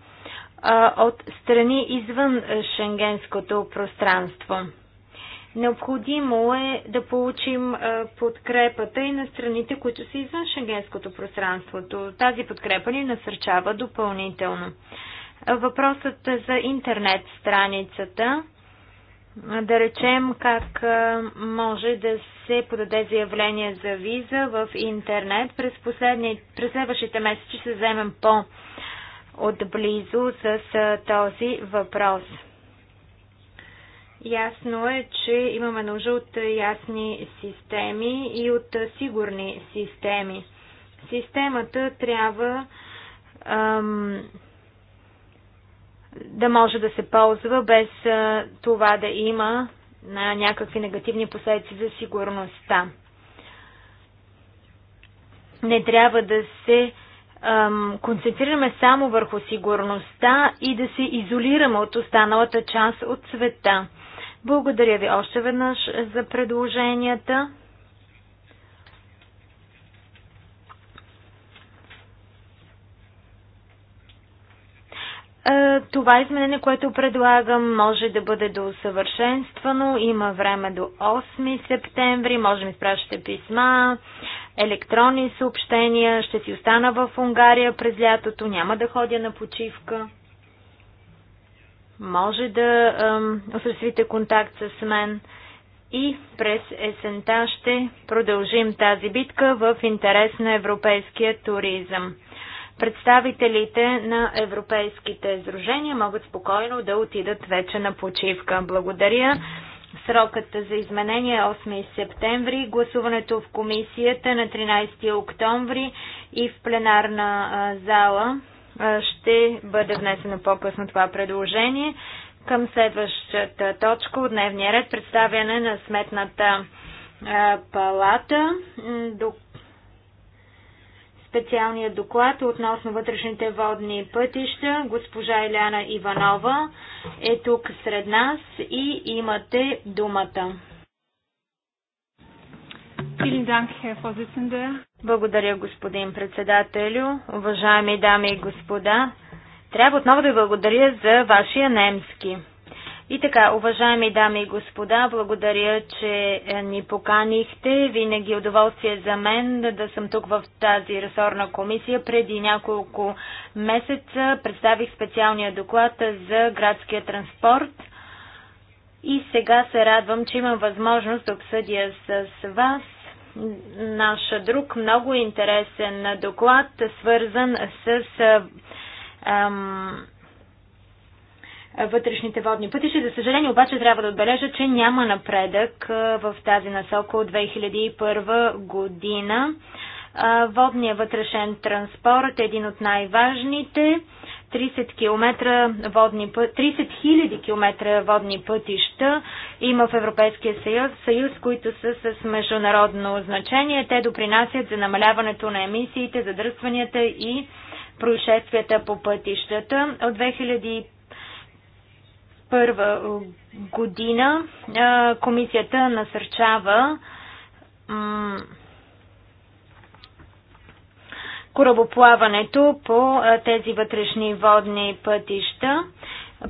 Speaker 2: а, от страни извън е, шенгенското пространство. Необходимо е да получим а, е, подкрепата и на страните, които са извън шенгенското пространство. Тази подкрепа ни насърчава допълнително. Въпросът за интернет страницата да речем как може да се подаде заявление за виза в интернет. През, последни, през следващите месеци се вземем по-отблизо с този въпрос. Ясно е, че имаме нужда от ясни системи и от сигурни системи. Системата трябва ам, да може да се ползва без това да има на някакви негативни последици за сигурността. Не трябва да се ем, концентрираме само върху сигурността и да се изолираме от останалата част от света. Благодаря ви още веднъж за предложенията. Е, това изменение, което предлагам, може да бъде доусъвършенствано. Има време до 8 септември. Може да ми спрашате писма, електронни съобщения. Ще си остана в Унгария през лятото. Няма да ходя на почивка. Може да осъществите контакт с мен. И през есента ще продължим тази битка в интерес на европейския туризъм. Представителите на европейските изружения могат спокойно да отидат вече на почивка. Благодаря. Срокът за изменение е 8 септември, гласуването в комисията на 13 октомври и в пленарна зала ще бъде внесено по-късно това предложение. Към следващата точка от дневния ред представяне на сметната палата. До специалния доклад относно вътрешните водни пътища. Госпожа Иляна Иванова е тук сред нас и имате думата. Благодаря, господин председателю. Уважаеми дами и господа, трябва отново да ви благодаря за вашия немски. И така, уважаеми дами и господа, благодаря, че е, ни поканихте. Винаги е удоволствие за мен да съм тук в тази ресорна комисия. Преди няколко месеца представих специалния доклад за градския транспорт. И сега се радвам, че имам възможност да обсъдя с вас наш друг много интересен доклад, свързан с ам, вътрешните водни пътища. За съжаление обаче трябва да отбележа, че няма напредък в тази насока от 2001 година. Водният вътрешен транспорт е един от най-важните. 30 км водни път, 30 000 км водни пътища има в Европейския съюз, съюз, които са с международно значение. Те допринасят за намаляването на емисиите, задръстванията и происшествията по пътищата. От 2005 2021 година комисията насърчава корабоплаването по тези вътрешни водни пътища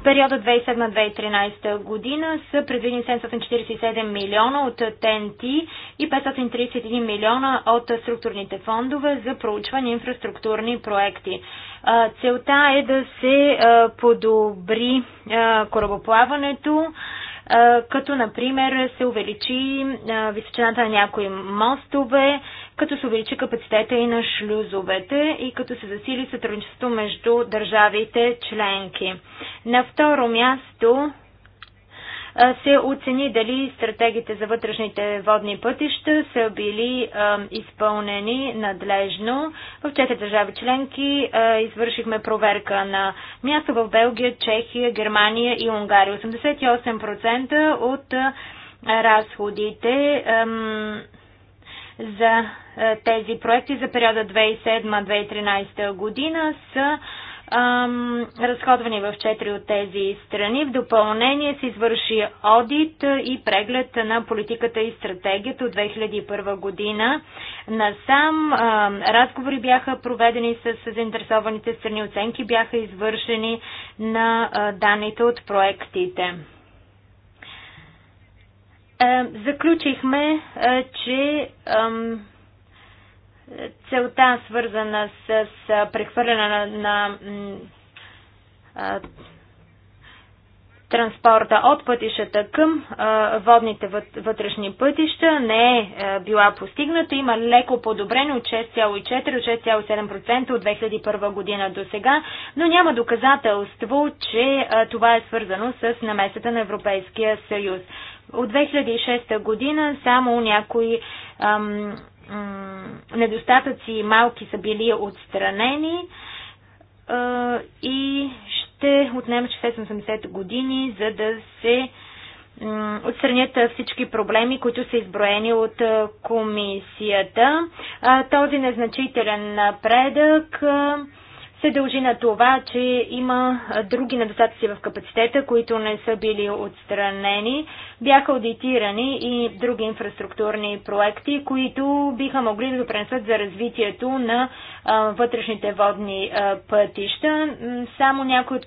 Speaker 2: периода 2007-2013 година са предвидени 747 милиона от ТНТ и 531 милиона от структурните фондове за проучване на инфраструктурни проекти. Целта е да се подобри корабоплаването, като например се увеличи височината на някои мостове, като се увеличи капацитета и на шлюзовете и като се засили сътрудничество между държавите членки. На второ място се оцени дали стратегите за вътрешните водни пътища са били изпълнени надлежно. В четири държави членки извършихме проверка на място в Белгия, Чехия, Германия и Унгария. 88% от разходите за тези проекти за периода 2007-2013 година са ам, разходвани в четири от тези страни. В допълнение се извърши одит и преглед на политиката и стратегията от 2001 година. Насам ам, разговори бяха проведени с заинтересованите страни, оценки бяха извършени на а, данните от проектите. Заключихме, че целта, свързана с прехвърляне на, на транспорта от пътищата към а, водните вътрешни пътища, не е а, била постигната. Има леко подобрение от 6,4-6,7% от 2001 година до сега, но няма доказателство, че това е свързано с намесата на Европейския съюз. От 2006 година само някои ам, недостатъци малки са били отстранени и ще отнема 680 години, за да се отстранят всички проблеми, които са изброени от комисията. Този незначителен напредък се дължи на това, че има други недостатъци в капацитета, които не са били отстранени. Бяха аудитирани и други инфраструктурни проекти, които биха могли да допренесат за развитието на вътрешните водни пътища. Само някои от,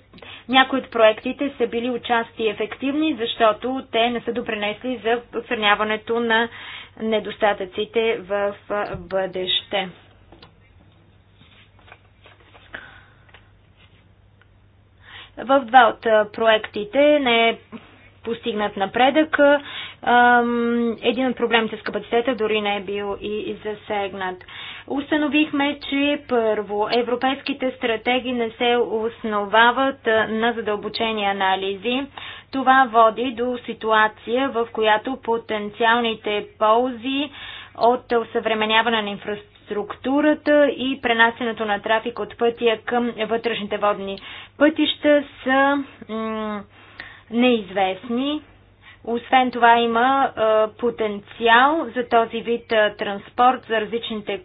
Speaker 2: някои от проектите са били участи ефективни, защото те не са допренесли за отстраняването на недостатъците в бъдеще. В два от проектите не е постигнат напредък. Един от проблемите с капацитета дори не е бил и засегнат. Установихме, че първо, европейските стратегии не се основават на задълбочени анализи. Това води до ситуация, в която потенциалните ползи от съвременяване на инфраструктурата инфраструктурата и пренасенето на трафик от пътя към вътрешните водни пътища са неизвестни. Освен това има а, потенциал за този вид а, транспорт за различните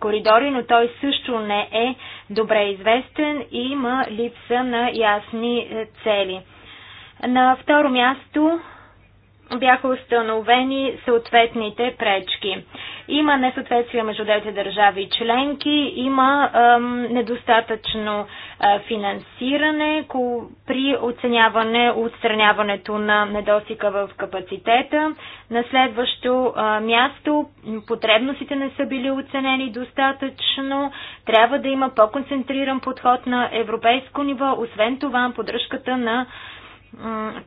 Speaker 2: коридори, но той също не е добре известен и има липса на ясни е, цели. На второ място бяха установени съответните пречки. Има несъответствие между двете държави и членки, има ем, недостатъчно е, финансиране ко, при оценяване отстраняването на недостига в капацитета. На следващо е, място потребностите не са били оценени достатъчно. Трябва да има по-концентриран подход на европейско ниво. Освен това, поддръжката на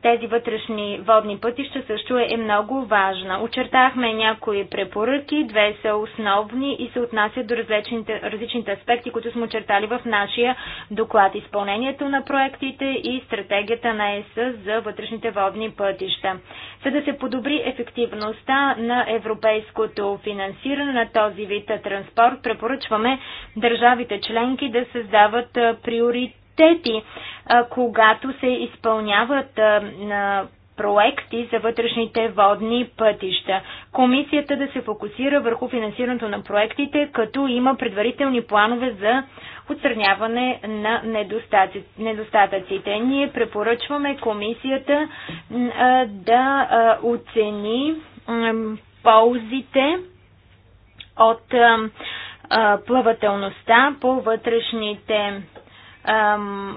Speaker 2: тези вътрешни водни пътища също е много важна. Очертахме някои препоръки, две са основни и се отнасят до различните, различните аспекти, които сме очертали в нашия доклад. Изпълнението на проектите и стратегията на ЕС за вътрешните водни пътища. За да се подобри ефективността на европейското финансиране на този вид транспорт, препоръчваме държавите членки да създават приоритет приоритети, когато се изпълняват проекти за вътрешните водни пътища. Комисията да се фокусира върху финансирането на проектите, като има предварителни планове за отстраняване на недостатъците. Ние препоръчваме комисията да оцени ползите от плавателността по вътрешните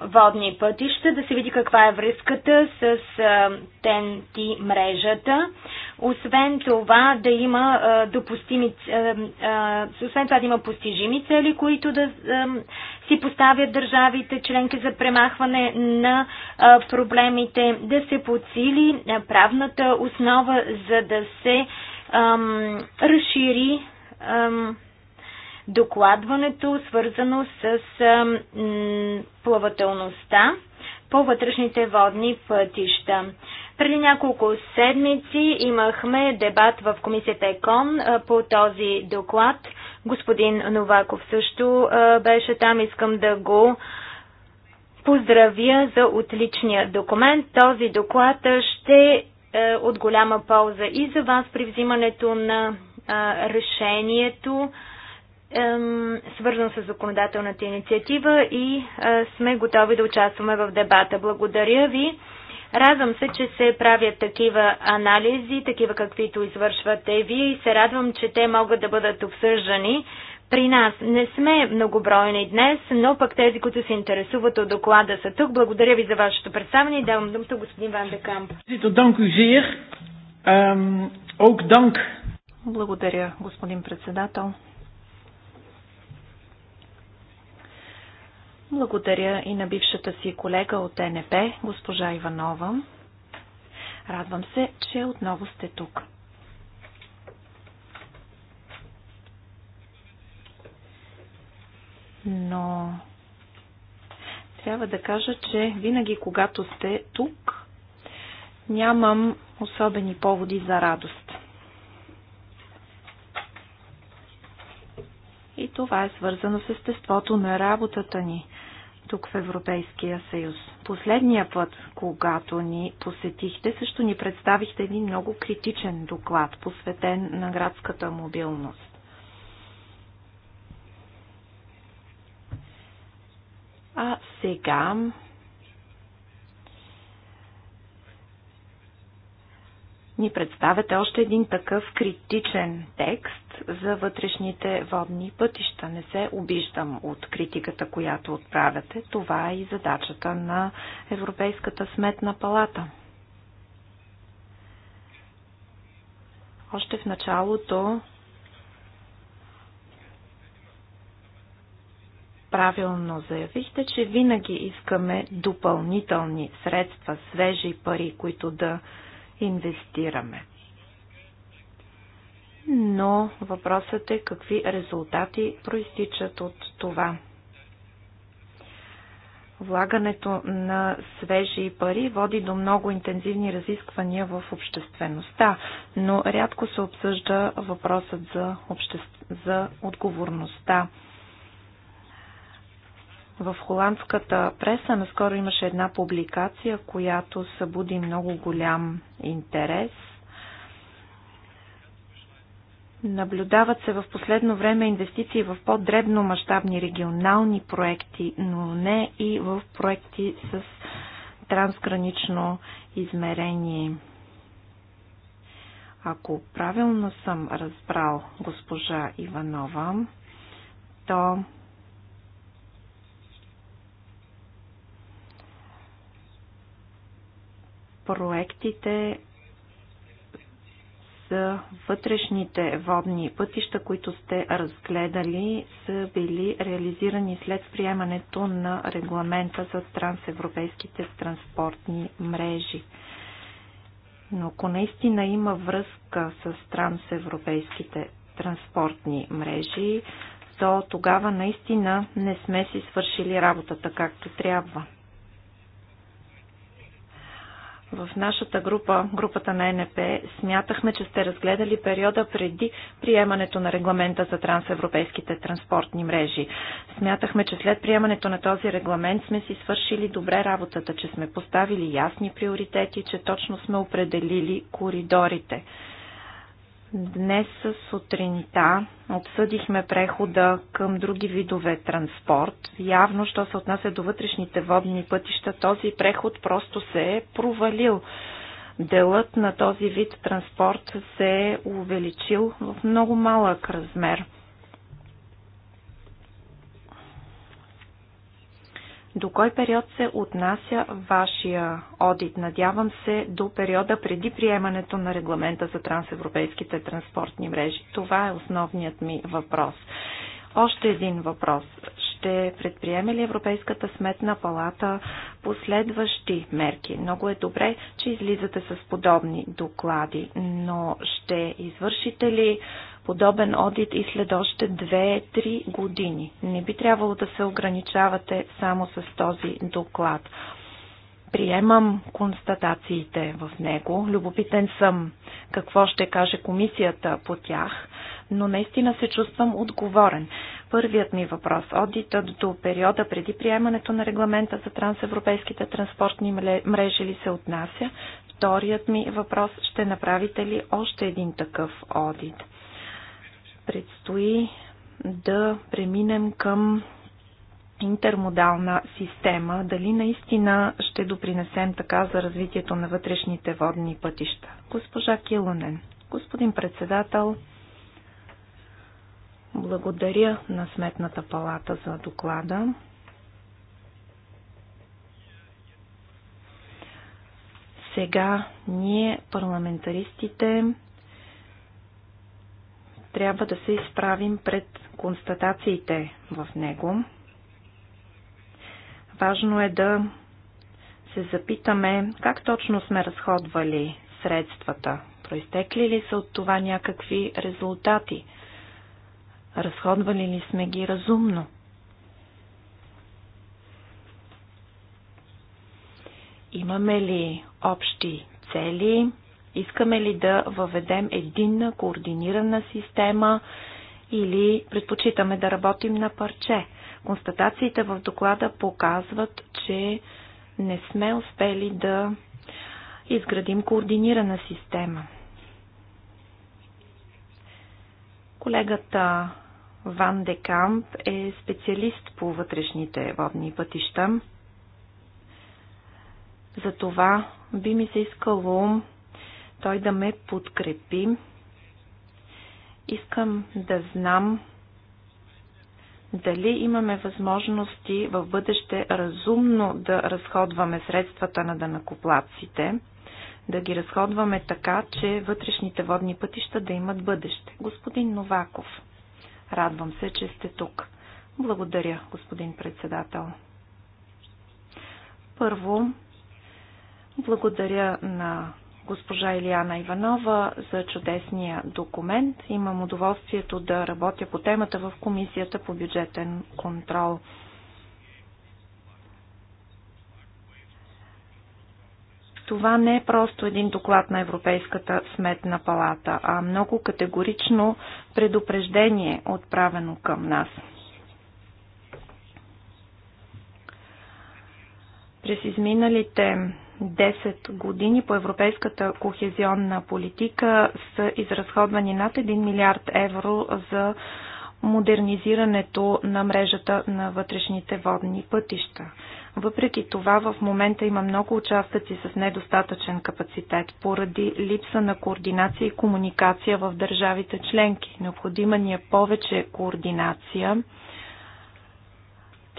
Speaker 2: водни пътища, да се види каква е връзката с ТНТ мрежата. Освен това да има допустими, освен това да има постижими цели, които да си поставят държавите членки за премахване на проблемите, да се подсили правната основа, за да се разшири докладването, свързано с плавателността по вътрешните водни пътища. Преди няколко седмици имахме дебат в комисията ЕКОН по този доклад. Господин Новаков също беше там. Искам да го поздравя за отличния документ. Този доклад ще е от голяма полза и за вас при взимането на решението свързан с законодателната инициатива и е, сме готови да участваме в дебата. Благодаря ви. Радвам се, че се правят такива анализи, такива каквито извършвате вие и се радвам, че те могат да бъдат обсъждани при нас. Не сме многобройни днес, но пък тези, които се интересуват от доклада са тук. Благодаря ви за вашето представяне и давам думата господин Ван Декамп.
Speaker 1: Благодаря, господин председател. Благодаря и на бившата си колега от НП, госпожа Иванова. Радвам се, че отново сте тук. Но трябва да кажа, че винаги когато сте тук, нямам особени поводи за радост. И това е свързано с естеството на работата ни – тук в Европейския съюз. Последния път, когато ни посетихте, също ни представихте един много критичен доклад, посветен на градската мобилност. А сега ни представяте още един такъв критичен текст за вътрешните водни пътища. Не се обиждам от критиката, която отправяте. Това е и задачата на Европейската сметна палата. Още в началото правилно заявихте, че винаги искаме допълнителни средства, свежи пари, които да инвестираме. Но въпросът е какви резултати проистичат от това. Влагането на свежи пари води до много интензивни разисквания в обществеността, но рядко се обсъжда въпросът за, обществ... за отговорността в холандската преса наскоро имаше една публикация, която събуди много голям интерес. Наблюдават се в последно време инвестиции в по-дребно мащабни регионални проекти, но не и в проекти с трансгранично измерение. Ако правилно съм разбрал госпожа Иванова, то проектите за вътрешните водни пътища, които сте разгледали, са били реализирани след приемането на регламента за трансевропейските транспортни мрежи. Но ако наистина има връзка с трансевропейските транспортни мрежи, то тогава наистина не сме си свършили работата както трябва. В нашата група, групата на НП, смятахме, че сте разгледали периода преди приемането на регламента за трансевропейските транспортни мрежи. Смятахме, че след приемането на този регламент сме си свършили добре работата, че сме поставили ясни приоритети, че точно сме определили коридорите. Днес сутринта обсъдихме прехода към други видове транспорт. Явно, що се отнася до вътрешните водни пътища, този преход просто се е провалил. Делът на този вид транспорт се е увеличил в много малък размер – До кой период се отнася вашия одит? Надявам се до периода преди приемането на регламента за трансевропейските транспортни мрежи. Това е основният ми въпрос. Още един въпрос. Ще предприеме ли Европейската сметна палата последващи мерки? Много е добре, че излизате с подобни доклади, но ще извършите ли подобен одит и след още 2-3 години. Не би трябвало да се ограничавате само с този доклад. Приемам констатациите в него. Любопитен съм какво ще каже комисията по тях, но наистина се чувствам отговорен. Първият ми въпрос. Одитът до периода преди приемането на регламента за трансевропейските транспортни мрежи ли се отнася? Вторият ми въпрос. Ще направите ли още един такъв одит? Предстои да преминем към интермодална система, дали наистина ще допринесем така за развитието на вътрешните водни пътища. Госпожа Килонен, господин председател, благодаря на Сметната палата за доклада. Сега ние, парламентаристите, трябва да се изправим пред констатациите в него. Важно е да се запитаме как точно сме разходвали средствата. Произтекли ли са от това някакви резултати? Разходвали ли сме ги разумно? Имаме ли общи цели? Искаме ли да въведем единна координирана система или предпочитаме да работим на парче? Констатациите в доклада показват, че не сме успели да изградим координирана система. Колегата Ван де Камп е специалист по вътрешните водни пътища. Затова би ми се искало той да ме подкрепи. Искам да знам дали имаме възможности в бъдеще разумно да разходваме средствата на данакоплаците, да ги разходваме така, че вътрешните водни пътища да имат бъдеще. Господин Новаков, радвам се, че сте тук. Благодаря, господин председател. Първо, благодаря на госпожа Илиана Иванова за чудесния документ. Имам удоволствието да работя по темата в Комисията по бюджетен контрол. Това не е просто един доклад на Европейската сметна палата, а много категорично предупреждение отправено към нас. През изминалите 10 години по европейската кохезионна политика са изразходвани над 1 милиард евро за модернизирането на мрежата на вътрешните водни пътища. Въпреки това в момента има много участъци с недостатъчен капацитет поради липса на координация и комуникация в държавите членки. Необходима ни е повече координация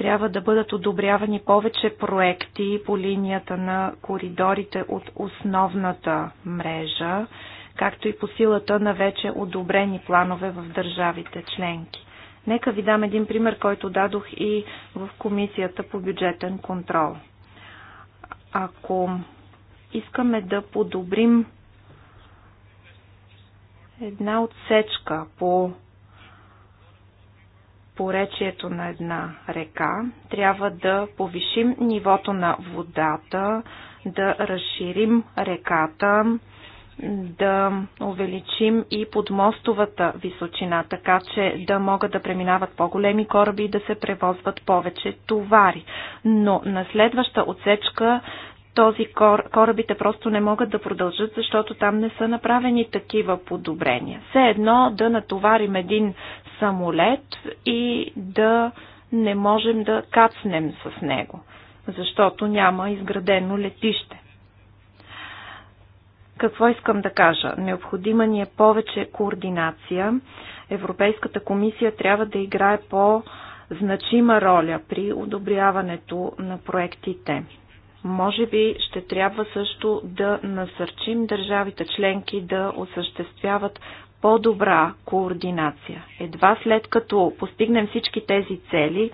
Speaker 1: трябва да бъдат одобрявани повече проекти по линията на коридорите от основната мрежа, както и по силата на вече одобрени планове в държавите членки. Нека ви дам един пример, който дадох и в Комисията по бюджетен контрол. Ако искаме да подобрим една отсечка по поречието на една река, трябва да повишим нивото на водата, да разширим реката, да увеличим и подмостовата височина, така че да могат да преминават по-големи кораби и да се превозват повече товари. Но на следваща отсечка този кор, корабите просто не могат да продължат, защото там не са направени такива подобрения. Все едно да натоварим един самолет и да не можем да кацнем с него, защото няма изградено летище. Какво искам да кажа? Необходима ни е повече координация. Европейската комисия трябва да играе по-значима роля при одобряването на проектите. Може би ще трябва също да насърчим държавите членки да осъществяват по-добра координация. Едва след като постигнем всички тези цели,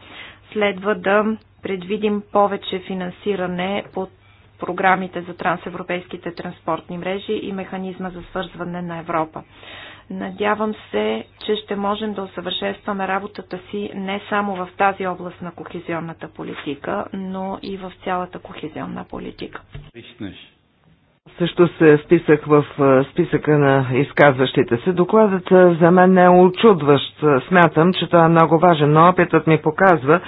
Speaker 1: следва да предвидим повече финансиране под програмите за трансевропейските транспортни мрежи и механизма за свързване на Европа. Надявам се, че ще можем да усъвършенстваме работата си не само в тази област на кохезионната политика, но и в цялата кохезионна политика. Виждаш
Speaker 3: също се списах в списъка на изказващите се. Докладът за мен не е очудващ. Смятам, че това е много важен, но опитът ми показва,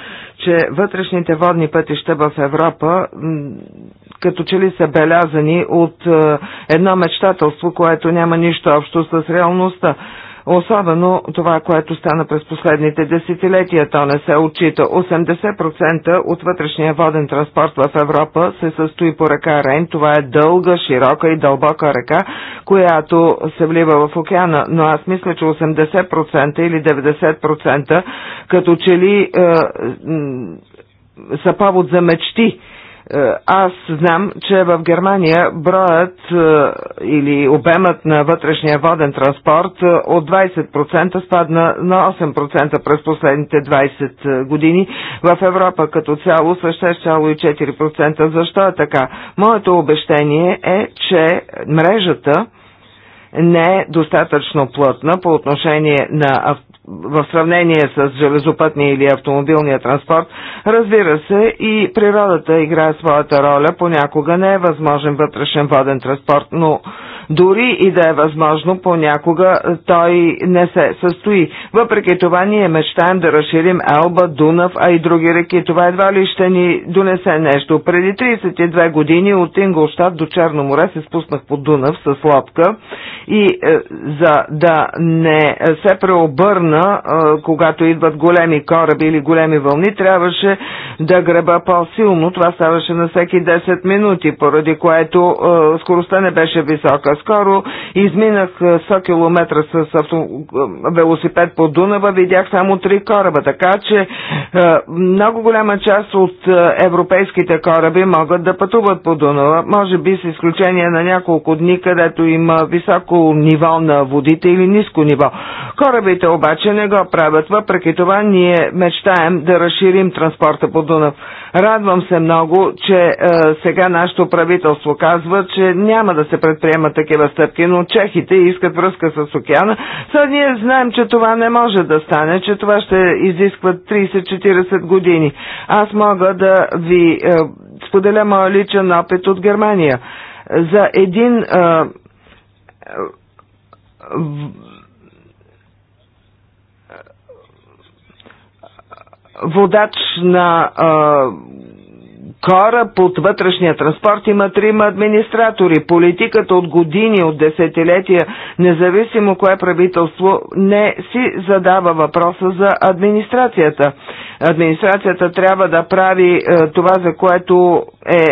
Speaker 3: че вътрешните водни пътища в Европа като че ли са белязани от едно мечтателство, което няма нищо общо с реалността. Особено това, което стана през последните десетилетия, то не се отчита. 80% от вътрешния воден транспорт в Европа се състои по река Рейн. Това е дълга, широка и дълбока река, която се влива в океана. Но аз мисля, че 80% или 90% като че ли е, са повод за мечти е, аз знам, че в Германия броят е, или обемът на вътрешния воден транспорт е, от 20% спадна на 8% през последните 20 години. В Европа като цяло с 6,4%. Защо е така? Моето обещение е, че мрежата не е достатъчно плътна по отношение на в сравнение с железопътния или автомобилния транспорт, разбира се, и природата играе своята роля. Понякога не е възможен вътрешен воден транспорт, но дори и да е възможно, понякога той не се състои. Въпреки това ние мечтаем да разширим Елба, Дунав, а и други реки. Това едва ли ще ни донесе нещо. Преди 32 години от Инголштад до Черно море се спуснах по Дунав с лодка и е, за да не се преобърна, е, когато идват големи кораби или големи вълни, трябваше да греба по-силно. Това ставаше на всеки 10 минути, поради което е, скоростта не беше висока. Наскоро изминах 100 е, км с авто... Е, велосипед по Дунава, видях само три кораба, така че е, много голяма част от европейските кораби могат да пътуват по Дунава, може би с изключение на няколко дни, където има високо ниво на водите или ниско ниво. Корабите обаче не го правят, въпреки това ние мечтаем да разширим транспорта по Дунав. Радвам се много, че е, сега нашето правителство казва, че няма да се предприемат такива стъпки, но чехите искат връзка с океана. Сега ние знаем, че това не може да стане, че това ще изисква 30-40 години. Аз мога да ви е, споделя моя личен опит от Германия. За един е, е, водач на а, кораб от вътрешния транспорт има трима администратори. Политиката от години, от десетилетия, независимо кое правителство, не си задава въпроса за администрацията. Администрацията трябва да прави а, това, за което е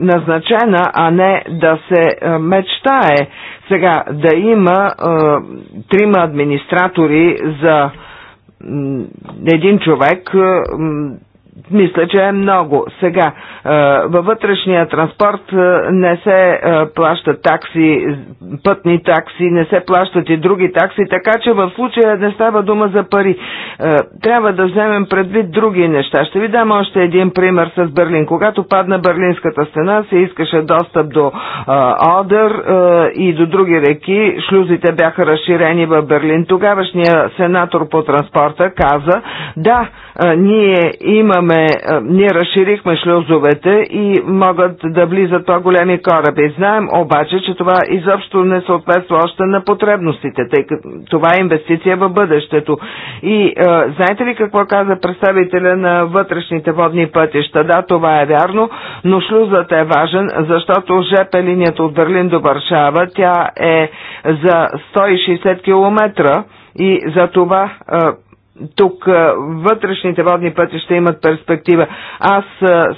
Speaker 3: назначена, а не да се а, мечтае. Сега да има а, трима администратори за един човек мисля, че е много. Сега, е, във вътрешния транспорт е, не се е, плащат такси, пътни такси, не се плащат и други такси, така че в случая не става дума за пари. Трябва да вземем предвид други неща. Ще ви дам още един пример с Берлин. Когато падна Берлинската стена, се искаше достъп до Одер и до други реки. Шлюзите бяха разширени в Берлин. Тогавашният сенатор по транспорта каза, да, ние имаме имаме, ние разширихме шлюзовете и могат да влизат по-големи кораби. Знаем обаче, че това изобщо не съответства още на потребностите, тъй като това е инвестиция в бъдещето. И е, знаете ли какво каза представителя на вътрешните водни пътища? Да, това е вярно, но шлюзът е важен, защото ЖП линията от Берлин до Варшава, тя е за 160 км и за това е, тук вътрешните водни пътища имат перспектива. Аз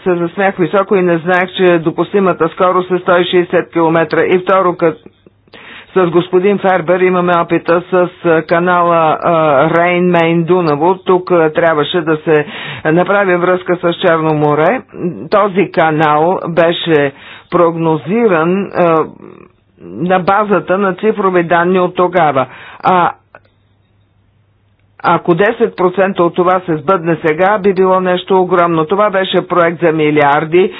Speaker 3: се засмях високо и не знаех, че допустимата скорост е 160 км. И второ, с господин Фербер имаме опита с канала Рейн Мейн Дунаво. Тук трябваше да се направи връзка с Черно море. Този канал беше прогнозиран на базата на цифрови данни от тогава. А ако 10% от това се сбъдне сега, би било нещо огромно. Това беше проект за милиарди.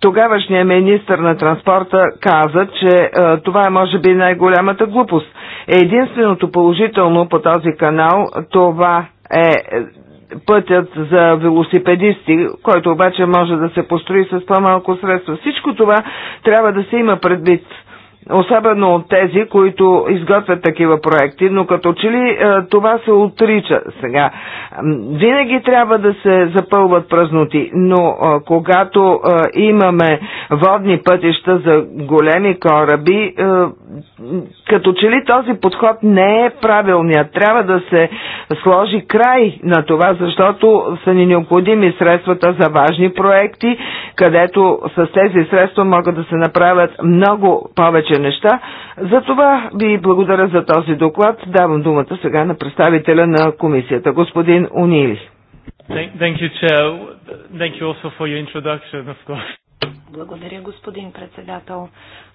Speaker 3: Тогавашният министр на транспорта каза, че е, това е може би най-голямата глупост. Единственото положително по този канал това е, е пътят за велосипедисти, който обаче може да се построи с по-малко средства. Всичко това трябва да се има предвид особено от тези, които изготвят такива проекти, но като че ли е, това се отрича сега. Винаги трябва да се запълват празноти, но е, когато е, имаме водни пътища за големи кораби, като че ли този подход не е правилният. Трябва да се сложи край на това, защото са ни необходими средствата за важни проекти, където с тези средства могат да се направят много повече повече неща. За това ви благодаря за този доклад. Давам думата сега на представителя на комисията, господин Унили.
Speaker 1: Благодаря, господин председател.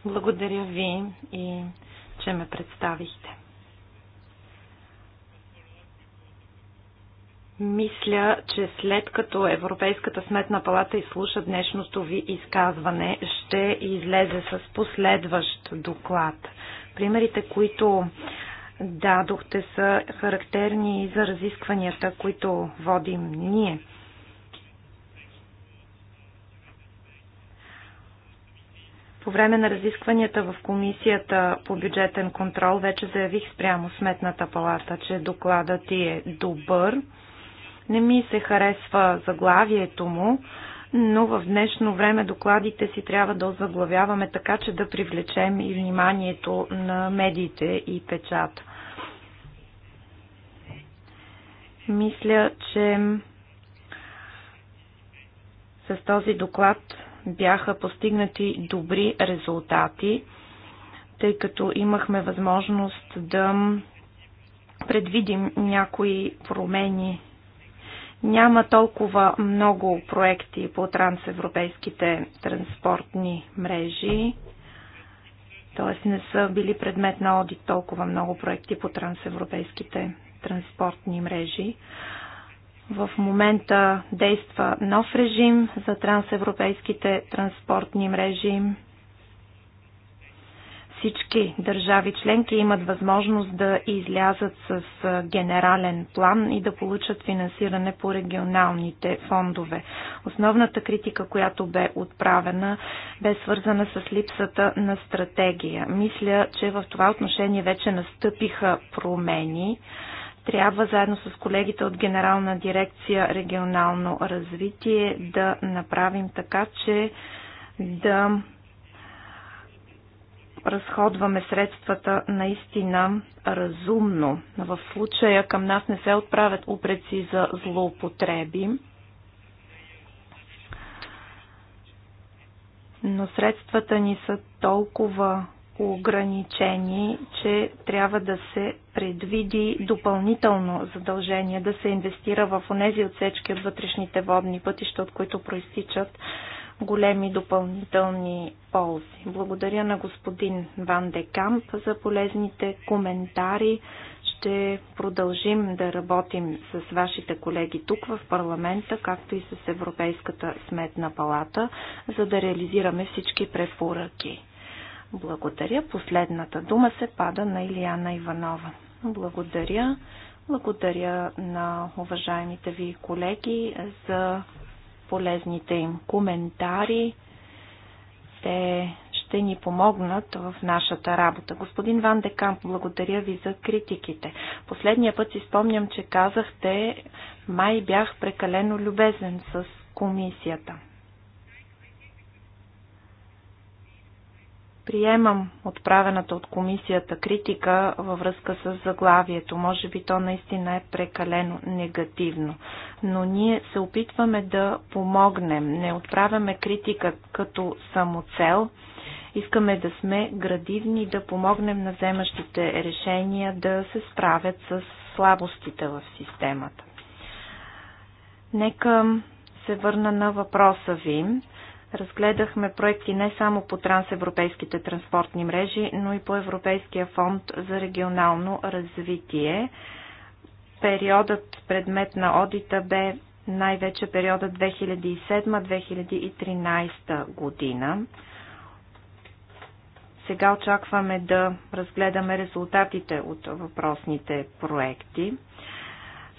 Speaker 1: Благодаря ви и че ме представихте. Мисля, че след като Европейската сметна палата изслуша днешното ви изказване, ще излезе с последващ доклад. Примерите, които дадохте, са характерни и за разискванията, които водим ние. По време на разискванията в комисията по бюджетен контрол вече заявих спрямо сметната палата, че докладът ти е добър. Не ми се харесва заглавието му, но в днешно време докладите си трябва да заглавяваме така, че да привлечем и вниманието на медиите и печата. Мисля, че с този доклад бяха постигнати добри резултати, тъй като имахме възможност да предвидим някои промени няма толкова много проекти по трансевропейските транспортни мрежи, т.е. не са били предмет на одит толкова много проекти по трансевропейските транспортни мрежи. В момента действа нов режим за трансевропейските транспортни мрежи. Всички държави членки имат възможност да излязат с генерален план и да получат финансиране по регионалните фондове. Основната критика, която бе отправена, бе свързана с липсата на стратегия. Мисля, че в това отношение вече настъпиха промени трябва заедно с колегите от Генерална дирекция регионално развитие да направим така, че да разходваме средствата наистина разумно. В случая към нас не се отправят упреци за злоупотреби, но средствата ни са толкова ограничени, че трябва да се предвиди допълнително задължение да се инвестира в онези отсечки от вътрешните водни пътища, от които проистичат големи допълнителни ползи. Благодаря на господин Ван де Камп за полезните коментари. Ще продължим да работим с вашите колеги тук в парламента, както и с Европейската сметна палата, за да реализираме всички препоръки. Благодаря. Последната дума се пада на Илияна Иванова. Благодаря. Благодаря на уважаемите ви колеги за полезните им коментари. Те ще ни помогнат в нашата работа. Господин Ван Декамп, благодаря ви за критиките. Последния път си спомням, че казахте, май бях прекалено любезен с комисията. Приемам отправената от комисията критика във връзка с заглавието. Може би то наистина е прекалено негативно. Но ние се опитваме да помогнем. Не отправяме критика като самоцел. Искаме да сме градивни, да помогнем на вземащите решения да се справят с слабостите в системата. Нека се върна на въпроса ви. Разгледахме проекти не само по трансевропейските транспортни мрежи, но и по Европейския фонд за регионално развитие. Периодът предмет на одита бе най-вече периода 2007-2013 година. Сега очакваме да разгледаме резултатите от въпросните проекти.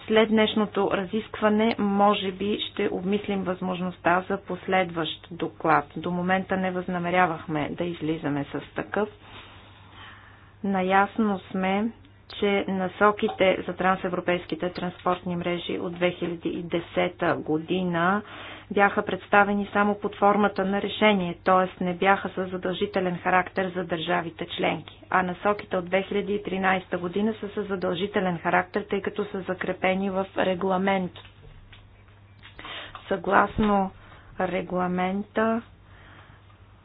Speaker 1: След днешното разискване, може би ще обмислим възможността за последващ доклад. До момента не възнамерявахме да излизаме с такъв. Наясно сме, че насоките за трансевропейските транспортни мрежи от 2010 година бяха представени само под формата на решение, т.е. не бяха със задължителен характер за държавите членки, а насоките от 2013 година са със задължителен характер, тъй като са закрепени в регламент. Съгласно регламента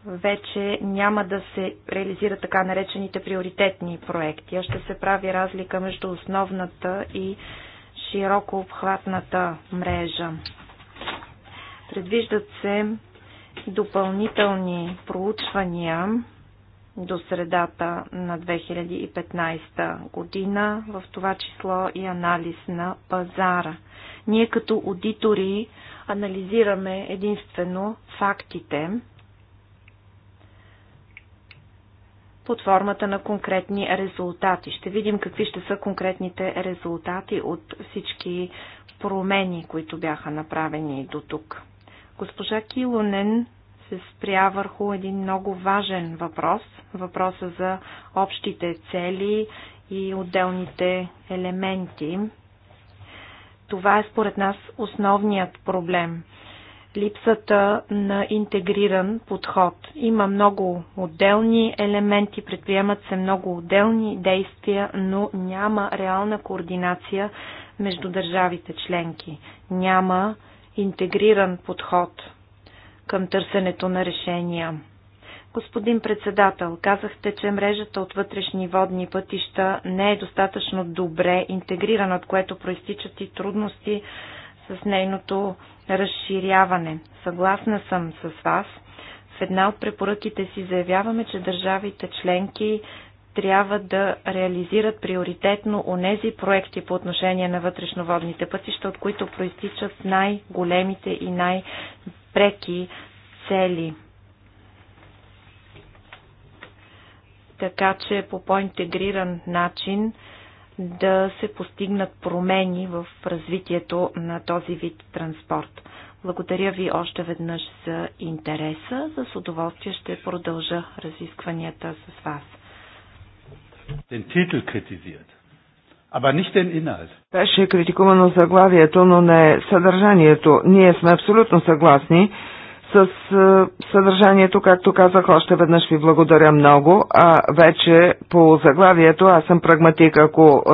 Speaker 1: вече няма да се реализират така наречените приоритетни проекти, а ще се прави разлика между основната и широко обхватната мрежа. Предвиждат се допълнителни проучвания до средата на 2015 година, в това число и анализ на пазара. Ние като аудитори анализираме единствено фактите, под формата на конкретни резултати. Ще видим какви ще са конкретните резултати от всички промени, които бяха направени до тук. Госпожа Килонен се спря върху един много важен въпрос, въпроса за общите цели и отделните елементи. Това е според нас основният проблем – липсата на интегриран подход. Има много отделни елементи, предприемат се много отделни действия, но няма реална координация между държавите членки. Няма интегриран подход към търсенето на решения. Господин председател, казахте, че мрежата от вътрешни водни пътища не е достатъчно добре интегрирана, от което проистичат и трудности с нейното разширяване. Съгласна съм с вас. В една от препоръките си заявяваме, че държавите членки трябва да реализират приоритетно онези проекти по отношение на вътрешноводните пътища, от които проистичат най-големите и най-преки цели. Така че по по-интегриран начин да се постигнат промени в развитието на този вид транспорт. Благодаря ви още веднъж за интереса. С удоволствие ще продължа разискванията с вас. Den Titel kritisiert, aber nicht den Inhalt.
Speaker 3: Беше критикувано заглавието, но не съдържанието. Ние сме абсолютно съгласни, с е, съдържанието, както казах, още веднъж ви благодаря много, а вече по заглавието, аз съм прагматик, ако е,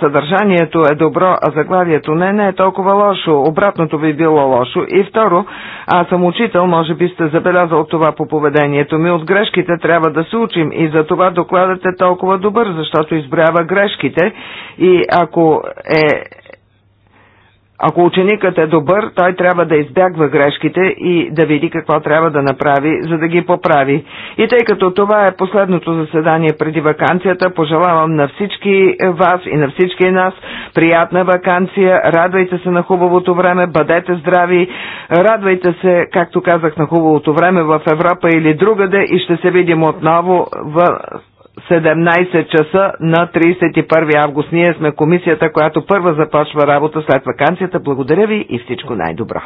Speaker 3: съдържанието е добро, а заглавието не, не е толкова лошо, обратното би било лошо. И второ, аз съм учител, може би сте забелязал това по поведението ми, от грешките трябва да се учим и за това докладът е толкова добър, защото избрява грешките и ако е ако ученикът е добър, той трябва да избягва грешките и да види какво трябва да направи, за да ги поправи. И тъй като това е последното заседание преди вакансията, пожелавам на всички вас и на всички нас приятна вакансия, радвайте се на хубавото време, бъдете здрави, радвайте се, както казах, на хубавото време в Европа или другаде и ще се видим отново в 17 часа на 31 август. Ние сме комисията, която първа започва работа след вакансията. Благодаря ви и всичко най-добро.